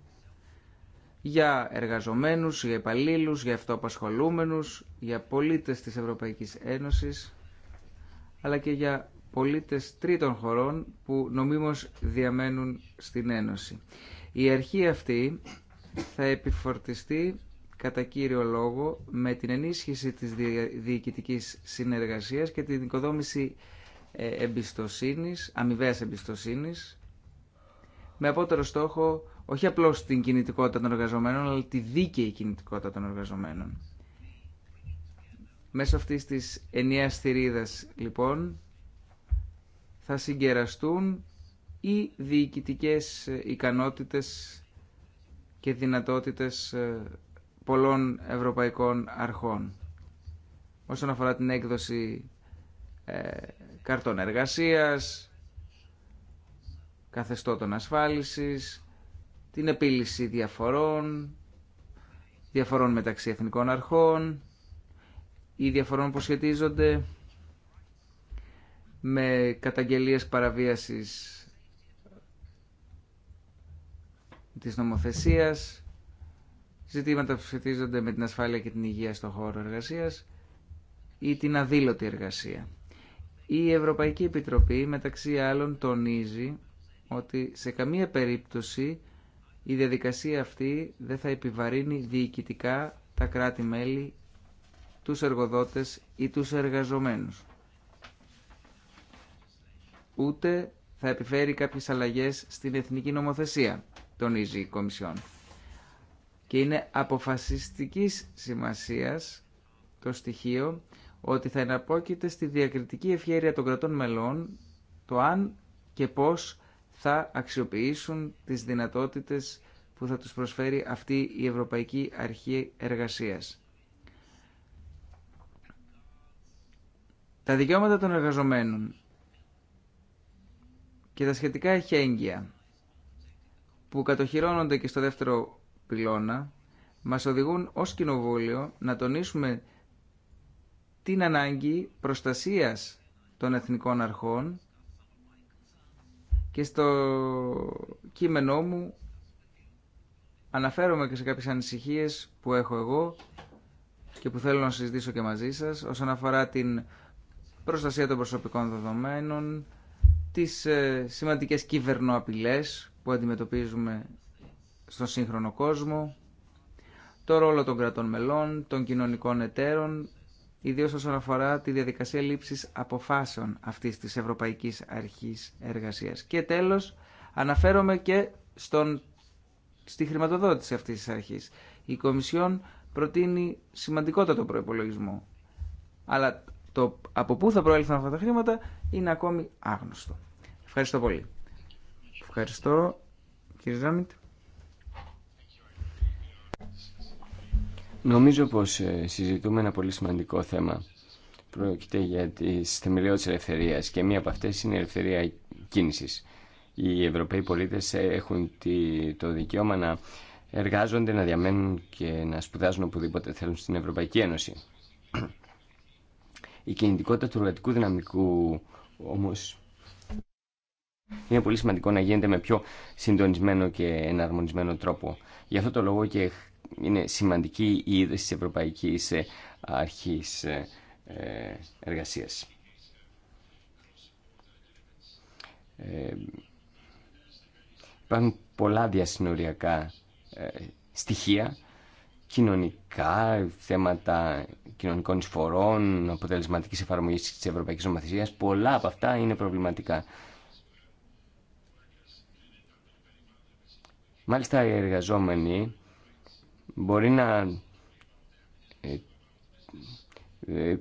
για εργαζομένους, για υπαλλήλους, για αυτοαπασχολούμενους, για πολίτες της Ευρωπαϊκής Ένωσης, αλλά και για πολίτες τρίτων χωρών που νομίμως διαμένουν στην Ένωση. Η αρχή αυτή θα επιφορτιστεί κατά κύριο λόγο με την ενίσχυση της διοικητικής συνεργασίας και την οικοδόμηση ε, εμπιστοσύνης, αμοιβαίας εμπιστοσύνης, με απότερο στόχο όχι απλώς την κινητικότητα των εργαζομένων, αλλά τη δίκαιη κινητικότητα των εργαζομένων. Μέσω αυτής της ενιαίας θηρίδας, λοιπόν, θα συγκεραστούν οι διοικητικές ε, ικανότητες και δυνατότητες ε, πολλών ευρωπαϊκών αρχών. Όσον αφορά την έκδοση ε, καρτών εργασίας, καθεστώτων ασφάλισης, την επίλυση διαφορών, διαφορών μεταξύ εθνικών αρχών ή διαφορών που σχετίζονται με καταγγελίες παραβίασης της νομοθεσίας, ζητήματα που σχετίζονται με την ασφάλεια και την υγεία στον χώρο εργασίας ή την αδήλωτη εργασία. Η Ευρωπαϊκή Επιτροπή μεταξύ άλλων τονίζει ότι σε καμία περίπτωση η διαδικασία αυτή δεν θα επιβαρύνει διοικητικά τα κράτη-μέλη, τους εργοδότες ή τους εργαζομένους. Ούτε θα επιφέρει κάποιες αλλαγές στην εθνική νομοθεσία τονίζει η Κομισιόν. Και είναι αποφασιστικής σημασίας το στοιχείο ότι θα εναπόκειται στη διακριτική ευχαίρεια των κρατών μελών το αν και πώς θα αξιοποιήσουν τις δυνατότητες που θα τους προσφέρει αυτή η Ευρωπαϊκή Αρχή Εργασίας. Τα δικαιώματα των εργαζομένων και τα σχετικά εχέγγυα που κατοχυρώνονται και στο δεύτερο πυλώνα μας οδηγούν ως κοινοβούλιο να τονίσουμε την ανάγκη προστασίας των εθνικών αρχών και στο κείμενό μου αναφέρομαι και σε κάποιες ανησυχίες που έχω εγώ και που θέλω να συζητήσω και μαζί σας όσον αφορά την προστασία των προσωπικών δεδομένων, τις ε, σημαντικές κυβερνοαπειλές που αντιμετωπίζουμε στον σύγχρονο κόσμο, το ρόλο των κρατών μελών, των κοινωνικών εταίρων, ιδίως όσον αφορά τη διαδικασία λήψης αποφάσεων αυτής της Ευρωπαϊκής Αρχής Εργασίας. Και τέλος, αναφέρομαι και στον, στη χρηματοδότηση αυτής της αρχής. Η Κομισιόν προτείνει σημαντικότατο προπολογισμό. Αλλά το από πού θα προέλθουν αυτά τα χρήματα είναι ακόμη άγνωστο. Ευχαριστώ πολύ. Ευχαριστώ, κύριε Ζάμιτ. Νομίζω πως ε, συζητούμε ένα πολύ σημαντικό θέμα. Πρόκειται για τις θεμελιώδεις ελευθερίας και μία από αυτές είναι η ελευθερία κίνησης. Οι Ευρωπαίοι πολίτες έχουν το δικαίωμα να εργάζονται, να διαμένουν και να σπουδάζουν οπουδήποτε θέλουν στην Ευρωπαϊκή Ένωση. Η κινητικότητα του εργατικού δυναμικού όμως είναι πολύ σημαντικό να γίνεται με πιο συντονισμένο και εναρμονισμένο τρόπο. Γι' αυτό το λόγο και είναι σημαντική η είδηση της Ευρωπαϊκής ε, Αρχής ε, ε, Εργασίας. Ε, υπάρχουν πολλά διασυνοριακά στοιχεία, κοινωνικά, θέματα κοινωνικών εισφορών, αποτελεσματικής εφαρμογής της Ευρωπαϊκής Ομαθησίας. Πολλά από αυτά είναι προβληματικά. Μάλιστα οι εργαζόμενοι μπορεί να ε, ε, ε,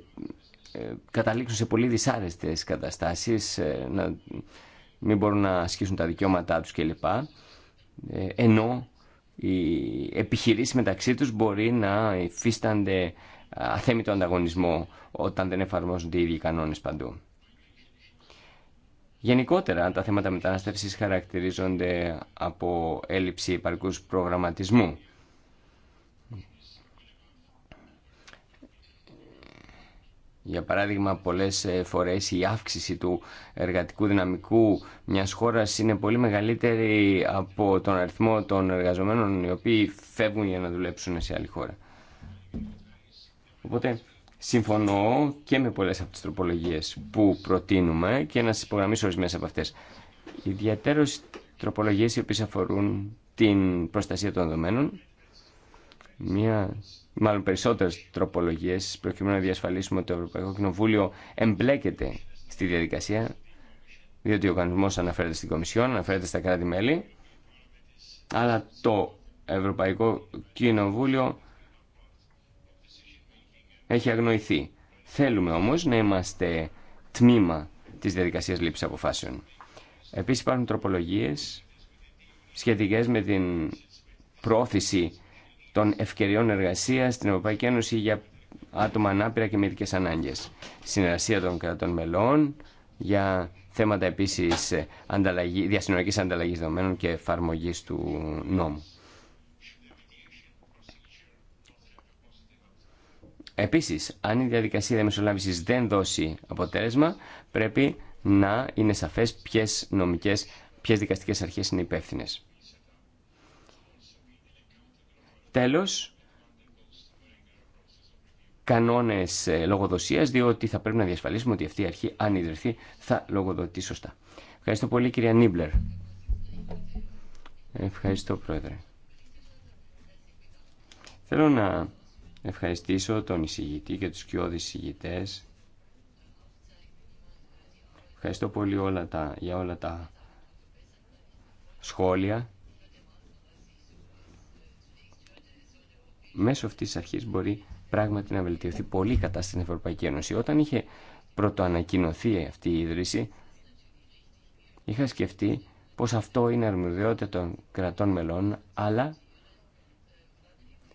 καταλήξουν σε πολύ δυσάρεστες καταστάσεις, να μην μπορούν να ασκήσουν τα δικαιώματά τους κλπ. Ενώ οι επιχειρήσεις μεταξύ τους μπορεί να υφίστανται αθέμητο ανταγωνισμό όταν δεν εφαρμόζονται οι ίδιοι κανόνες παντού. Γενικότερα, τα θέματα μετανάστευσης χαρακτηρίζονται από έλλειψη υπαρκού προγραμματισμού. Για παράδειγμα, πολλές ε, φορές η αύξηση του εργατικού δυναμικού μιας χώρας είναι πολύ μεγαλύτερη από τον αριθμό των εργαζομένων οι οποίοι φεύγουν για να δουλέψουν σε άλλη χώρα. Οπότε, Συμφωνώ και με πολλές από τις τροπολογίες που προτείνουμε και να σας υπογραμμίσω ορισμένε από αυτές. Ιδιαίτερω τροπολογίες οι οποίες αφορούν την προστασία των δεδομένων, μία, μάλλον περισσότερες τροπολογίες προκειμένου να διασφαλίσουμε ότι το Ευρωπαϊκό Κοινοβούλιο εμπλέκεται στη διαδικασία, διότι ο οργανισμός αναφέρεται στην Κομισιόν, αναφέρεται στα κράτη-μέλη, αλλά το Ευρωπαϊκό Κοινοβούλιο έχει αγνοηθεί. Θέλουμε όμως να είμαστε τμήμα της διαδικασίας λήψης αποφάσεων. Επίσης υπάρχουν τροπολογίες σχετικές με την πρόθεση των ευκαιριών εργασία στην Ευρωπαϊκή Ένωση για άτομα ανάπηρα και ειδικές ανάγκες. Συνεργασία των κρατών μελών για θέματα επίσης ανταλλαγή, διασυνορικής ανταλλαγής δεδομένων και εφαρμογή του νόμου. Επίση, αν η διαδικασία διαμεσολάβηση δεν δώσει αποτέλεσμα, πρέπει να είναι σαφέ ποιε νομικές, ποιες δικαστικές αρχές είναι υπεύθυνε. Τέλος, κανόνες ε, λογοδοσίας, διότι θα πρέπει να διασφαλίσουμε ότι αυτή η αρχή, αν ιδρυθεί, θα λογοδοτεί σωστά. Ευχαριστώ πολύ, κυρία Νίμπλερ. Ευχαριστώ, Πρόεδρε. Θέλω να ευχαριστήσω τον εισηγητή και τους κοιόδης εισηγητές. Ευχαριστώ πολύ όλα τα, για όλα τα σχόλια. Μέσω αυτής της αρχής μπορεί πράγματι να βελτιωθεί πολύ κατά στην Ευρωπαϊκή Ένωση. Όταν είχε πρωτοανακοινωθεί αυτή η ίδρυση, είχα σκεφτεί πως αυτό είναι αρμοδιότητα των κρατών μελών, αλλά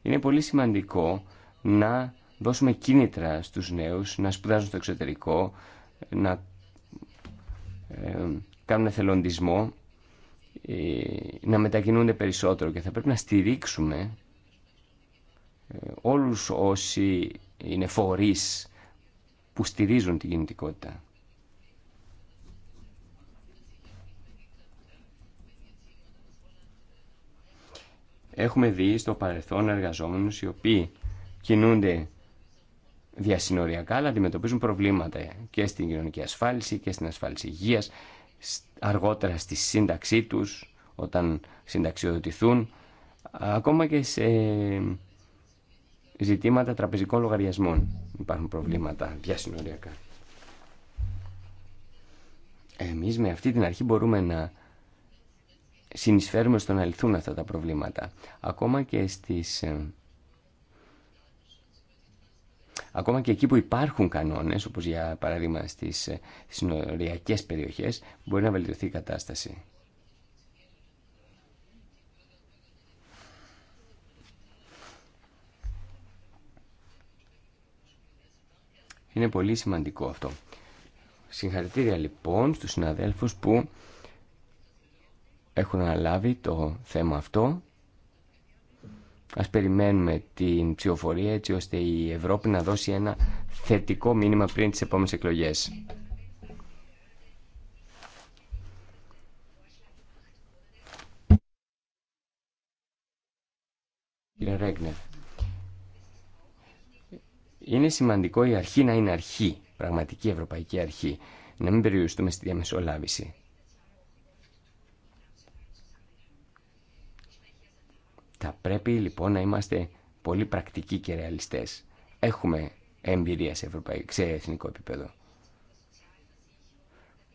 είναι πολύ σημαντικό να δώσουμε κίνητρα στους νέους να σπουδάζουν στο εξωτερικό, να ε, κάνουν εθελοντισμό, ε, να μετακινούνται περισσότερο και θα πρέπει να στηρίξουμε ε, όλους όσοι είναι φορείς που στηρίζουν την κινητικότητα. Έχουμε δει στο παρελθόν εργαζόμενους οι οποίοι κινούνται διασυνοριακά, αλλά αντιμετωπίζουν προβλήματα και στην κοινωνική ασφάλιση και στην ασφάλιση υγείας, αργότερα στη σύνταξή τους, όταν συνταξιοδοτηθούν, ακόμα και σε ζητήματα τραπεζικών λογαριασμών υπάρχουν προβλήματα διασυνοριακά. Εμείς με αυτή την αρχή μπορούμε να συνεισφέρουμε στο να λυθούν αυτά τα προβλήματα. Ακόμα και στις ε, Ακόμα και εκεί που υπάρχουν κανόνες, όπως για παράδειγμα στις ε, συνοριακέ περιοχές, μπορεί να βελτιωθεί η κατάσταση. Είναι πολύ σημαντικό αυτό. Συγχαρητήρια λοιπόν στους συναδέλφους που έχουν αναλάβει το θέμα αυτό Ας περιμένουμε την ψηφοφορία έτσι ώστε η Ευρώπη να δώσει ένα θετικό μήνυμα πριν τις επόμενες εκλογές. Κύριε Ρέγνερ, είναι σημαντικό η αρχή να είναι αρχή, πραγματική ευρωπαϊκή αρχή, να μην περιοριστούμε στη διαμεσολάβηση. Θα πρέπει λοιπόν να είμαστε πολύ πρακτικοί και ρεαλιστές. Έχουμε εμπειρία σε, ευρωπαϊκό, εθνικό επίπεδο.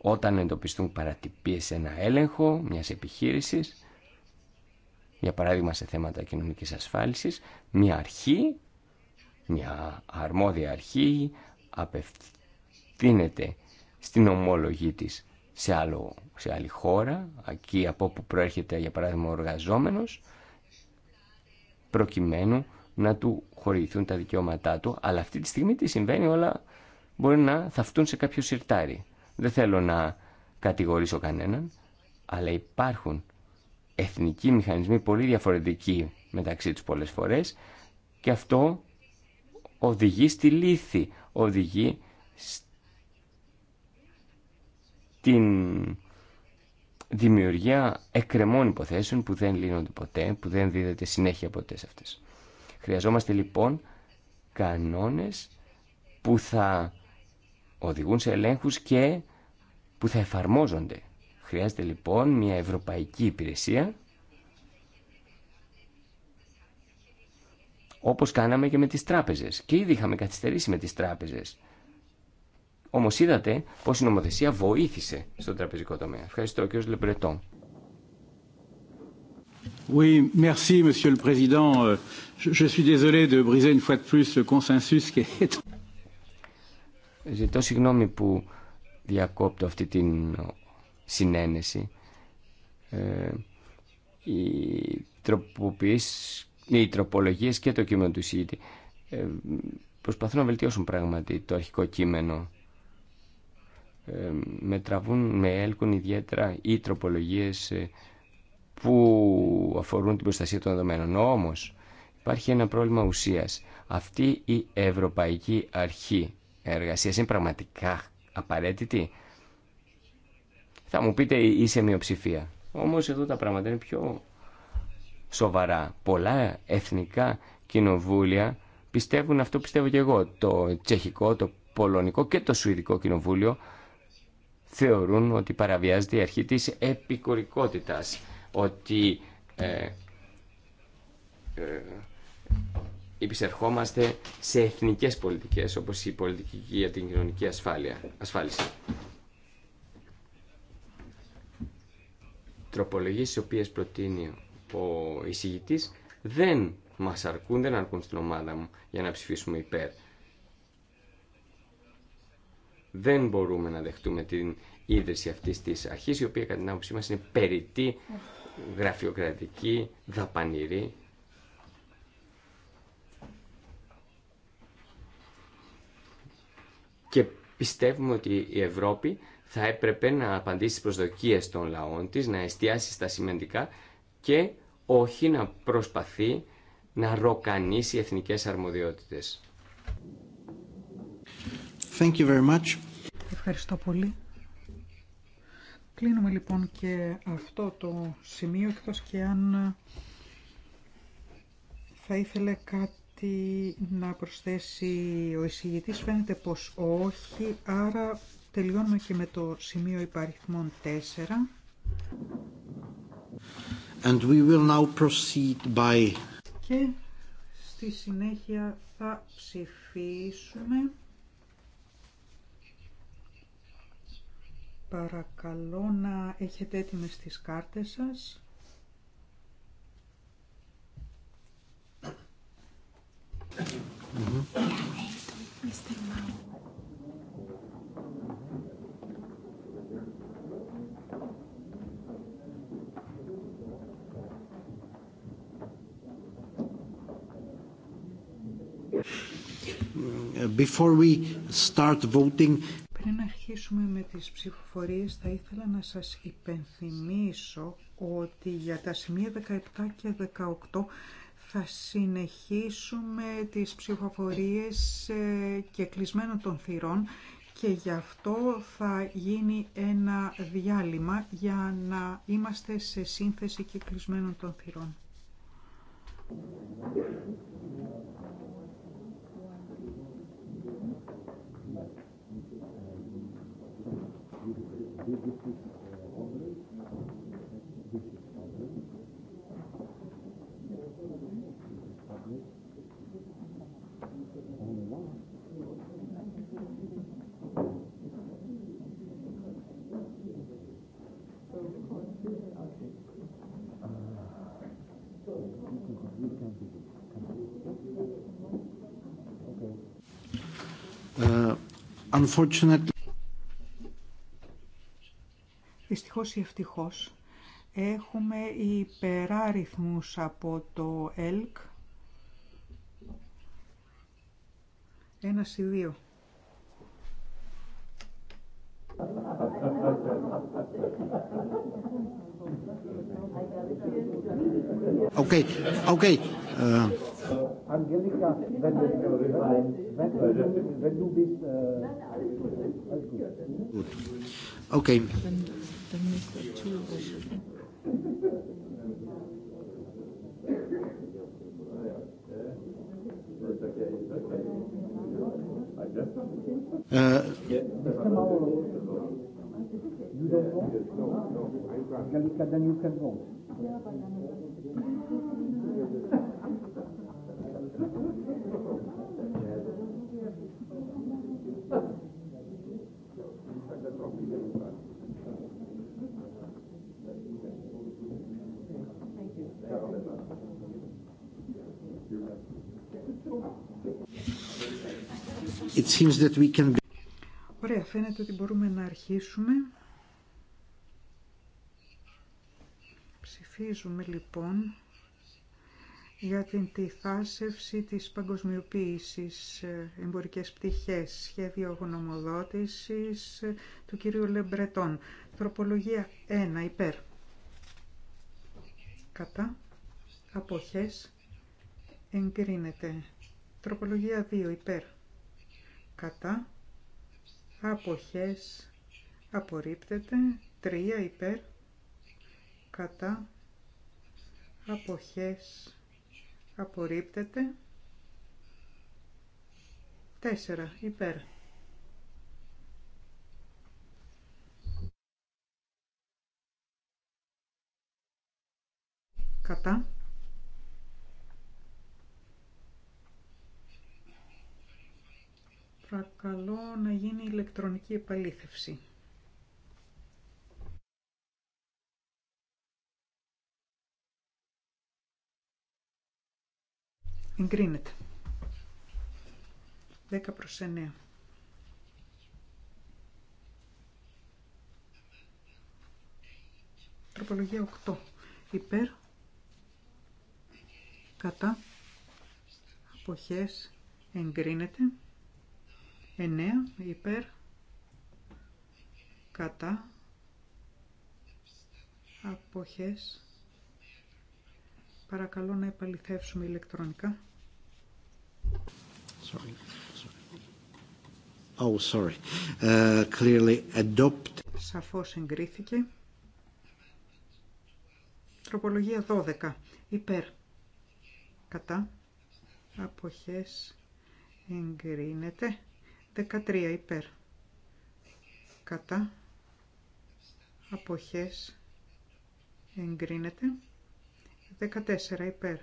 Όταν εντοπιστούν παρατυπίες σε ένα έλεγχο μιας επιχείρησης, για παράδειγμα σε θέματα κοινωνικής ασφάλισης, μια αρχή, μια αρμόδια αρχή απευθύνεται στην ομόλογή της σε, άλλο, σε άλλη χώρα, εκεί από όπου προέρχεται για παράδειγμα ο προκειμένου να του χορηγηθούν τα δικαιώματά του, αλλά αυτή τη στιγμή τι συμβαίνει όλα μπορεί να θαυτούν σε κάποιο σιρτάρι. Δεν θέλω να κατηγορήσω κανέναν, αλλά υπάρχουν εθνικοί μηχανισμοί πολύ διαφορετικοί μεταξύ τους πολλές φορές και αυτό οδηγεί στη λύθη, οδηγεί στην δημιουργία εκκρεμών υποθέσεων που δεν λύνονται ποτέ, που δεν δίδεται συνέχεια ποτέ σε αυτές. Χρειαζόμαστε λοιπόν κανόνες που θα οδηγούν σε ελέγχους και που θα εφαρμόζονται. Χρειάζεται λοιπόν μια ευρωπαϊκή υπηρεσία όπως κάναμε και με τις τράπεζες. Και ήδη είχαμε καθυστερήσει με τις τράπεζες. Όμω είδατε πω η νομοθεσία βοήθησε στον τραπεζικό τομέα. Ευχαριστώ, κ. Λεμπρετό. Oui, merci, Monsieur le Président. Je, suis désolé de briser une fois de plus le consensus qui est. (laughs) Ζητώ συγγνώμη που διακόπτω αυτή την συνένεση. Ε, οι, οι τροπολογίες και το κείμενο του ΣΥΓΙΤΗ ε, προσπαθούν να βελτιώσουν πράγματι το αρχικό κείμενο με τραβούν, με έλκουν ιδιαίτερα οι τροπολογίες ε, που αφορούν την προστασία των δεδομένων. Όμως υπάρχει ένα πρόβλημα ουσίας. Αυτή η Ευρωπαϊκή Αρχή Εργασίας είναι πραγματικά απαραίτητη. Θα μου πείτε ε, είσαι μειοψηφία. Όμως εδώ τα πράγματα είναι πιο σοβαρά. Πολλά εθνικά κοινοβούλια πιστεύουν αυτό πιστεύω και εγώ. Το τσεχικό, το πολωνικό και το σουηδικό κοινοβούλιο θεωρούν ότι παραβιάζεται η αρχή της επικορικότητας, ότι ε, ε, υπησερχόμαστε σε εθνικές πολιτικές, όπως η πολιτική για την κοινωνική ασφάλεια, ασφάλιση. Τροπολογίες οι οποίες προτείνει ο εισηγητής δεν μας αρκούν, δεν αρκούν στην ομάδα μου για να ψηφίσουμε υπέρ δεν μπορούμε να δεχτούμε την ίδρυση αυτής της αρχής, η οποία κατά την άποψή μας είναι περιττή, γραφειοκρατική, δαπανηρή. Και πιστεύουμε ότι η Ευρώπη θα έπρεπε να απαντήσει στις προσδοκίες των λαών της, να εστιάσει στα σημαντικά και όχι να προσπαθεί να ροκανίσει εθνικές αρμοδιότητες. Thank you very much. Ευχαριστώ πολύ. Κλείνουμε λοιπόν και αυτό το σημείο, εκτός και αν θα ήθελε κάτι να προσθέσει ο εισηγητής, φαίνεται πως όχι, άρα τελειώνουμε και με το σημείο υπαριθμών 4. And we will now proceed by... Και στη συνέχεια θα ψηφίσουμε Παρακαλώ να έχετε έτοιμες τις κάρτες σας. Before we start voting, πριν αρχίσουμε με τις ψηφοφορίες θα ήθελα να σας υπενθυμίσω ότι για τα σημεία 17 και 18 θα συνεχίσουμε τις ψηφοφορίες ε, και κλεισμένων των θυρών και γι' αυτό θα γίνει ένα διάλειμμα για να είμαστε σε σύνθεση και κλεισμένων των θυρών. Unfortunately δυστυχώς ή ευτυχώς έχουμε υπεράριθμους από το ΕΛΚ ένα ή δύο. ΟΚ ΟΚ You don't too No, Then you It seems that we can... Ωραία, φαίνεται ότι μπορούμε να αρχίσουμε. Ψηφίζουμε λοιπόν για την τυθάσευση της παγκοσμιοποίησης, ε, εμπορικές πτυχές, σχέδιο γνωμοδότησης ε, του κυρίου Λεμπρετών. Τροπολογία 1, υπέρ. Κατά, αποχές, εγκρίνεται. Τροπολογία 2 υπέρ. Κατά. Αποχές. Απορρίπτεται. 3 υπέρ. Κατά. Αποχές. Απορρίπτεται. 4 υπέρ. Κατά. Παρακαλώ να γίνει ηλεκτρονική επαλήθευση. Εγκρίνεται. 10 προς 9. Τροπολογία 8. Υπέρ. Κατά. Αποχές. Εγκρίνεται. 9 υπέρ κατά αποχές παρακαλώ να επαληθεύσουμε ηλεκτρονικά sorry, sorry. Oh, sorry. Uh, clearly adopt. Σαφώς εγκρίθηκε. Τροπολογία 12. Υπέρ. Κατά. Αποχές εγκρίνεται. 13 υπέρ. Κατά. Αποχές. Εγκρίνεται. 14 υπέρ.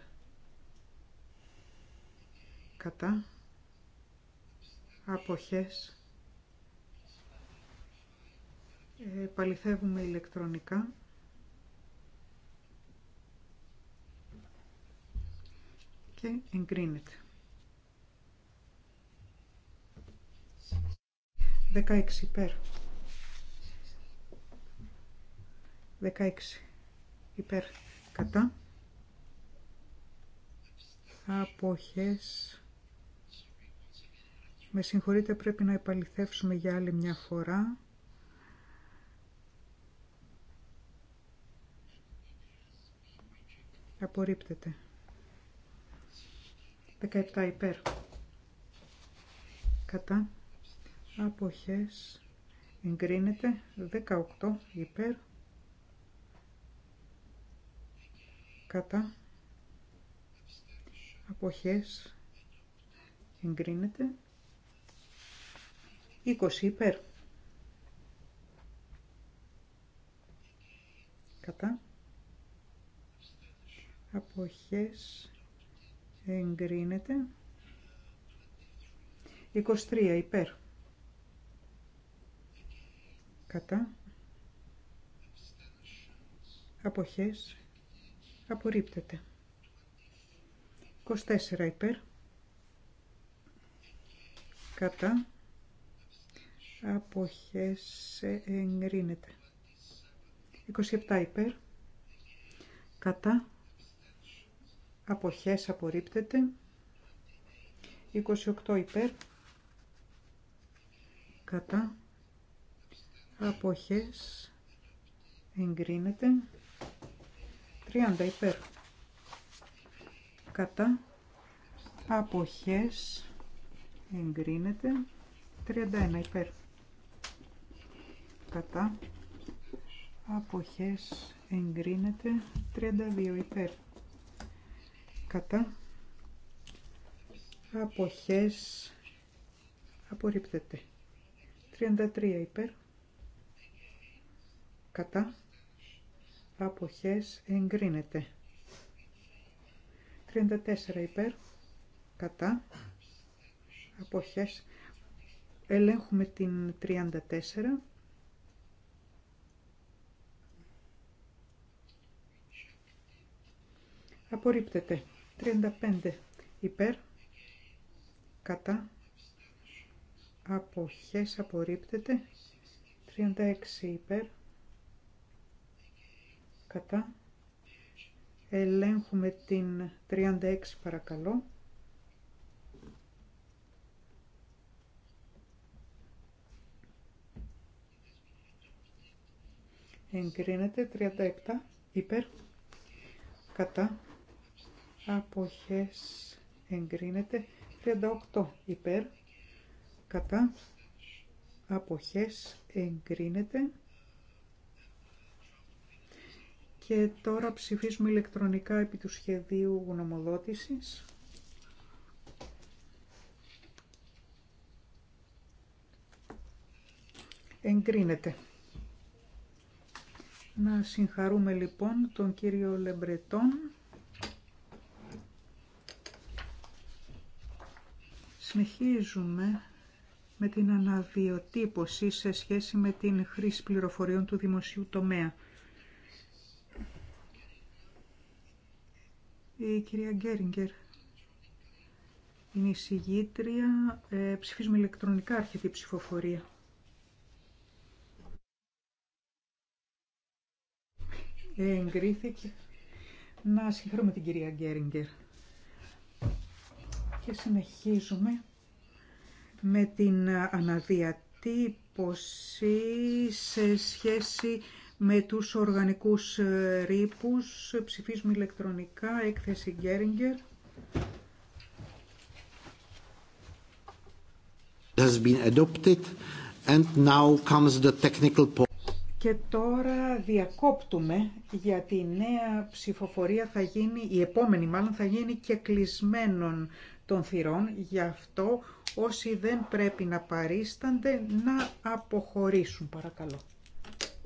Κατά. Αποχές. Ε, παληθεύουμε ηλεκτρονικά. και εγκρίνεται. 16 υπέρ. 16 υπέρ κατά. Αποχές. Με συγχωρείτε πρέπει να επαληθεύσουμε για άλλη μια φορά. Απορρίπτεται. 17 υπέρ. Κατά αποχές εγκρίνεται 18 υπέρ κατά αποχές εγκρίνεται 20 υπέρ κατά αποχές εγκρίνεται 23 υπέρ κατά αποχές απορρίπτεται 24 υπέρ κατά αποχές ε, εγκρίνεται 27 υπέρ κατά αποχές απορρίπτεται 28 υπέρ κατά αποχές εγκρίνεται 30 υπέρ κατά αποχές εγκρίνεται 31 υπέρ κατά αποχές εγκρίνεται 32 υπέρ κατά αποχές απορρίπτεται 33 υπέρ κατά αποχές εγκρίνεται 34 υπέρ κατά αποχές ελέγχουμε την 34 απορρίπτεται 35 υπέρ κατά αποχές απορρίπτεται 36 υπέρ κατά. Ελέγχουμε την 36 παρακαλώ. Εγκρίνεται 37 υπέρ κατά αποχές εγκρίνεται 38 υπέρ κατά αποχές εγκρίνεται Και τώρα ψηφίζουμε ηλεκτρονικά επί του σχεδίου γνωμοδότησης. Εγκρίνεται. Να συγχαρούμε λοιπόν τον κύριο Λεμπρετόν. Συνεχίζουμε με την αναδιοτύπωση σε σχέση με την χρήση πληροφοριών του δημοσίου τομέα. Η κυρία Γκέριγκερ είναι η συγγήτρια. Ε, ψηφίζουμε ηλεκτρονικά αρχιτεί ψηφοφορία. Ε, εγκρίθηκε. Να συγχαρούμε την κυρία Γκέριγκερ. Και συνεχίζουμε με την αναδιατύπωση σε σχέση με τους οργανικούς ε, ρήπους. Ε, ψηφίζουμε ηλεκτρονικά, έκθεση Γκέριγκερ. adopted and now comes the και τώρα διακόπτουμε γιατί η νέα ψηφοφορία θα γίνει, η επόμενη μάλλον θα γίνει και κλεισμένων των θυρών. Γι' αυτό όσοι δεν πρέπει να παρίστανται να αποχωρήσουν παρακαλώ.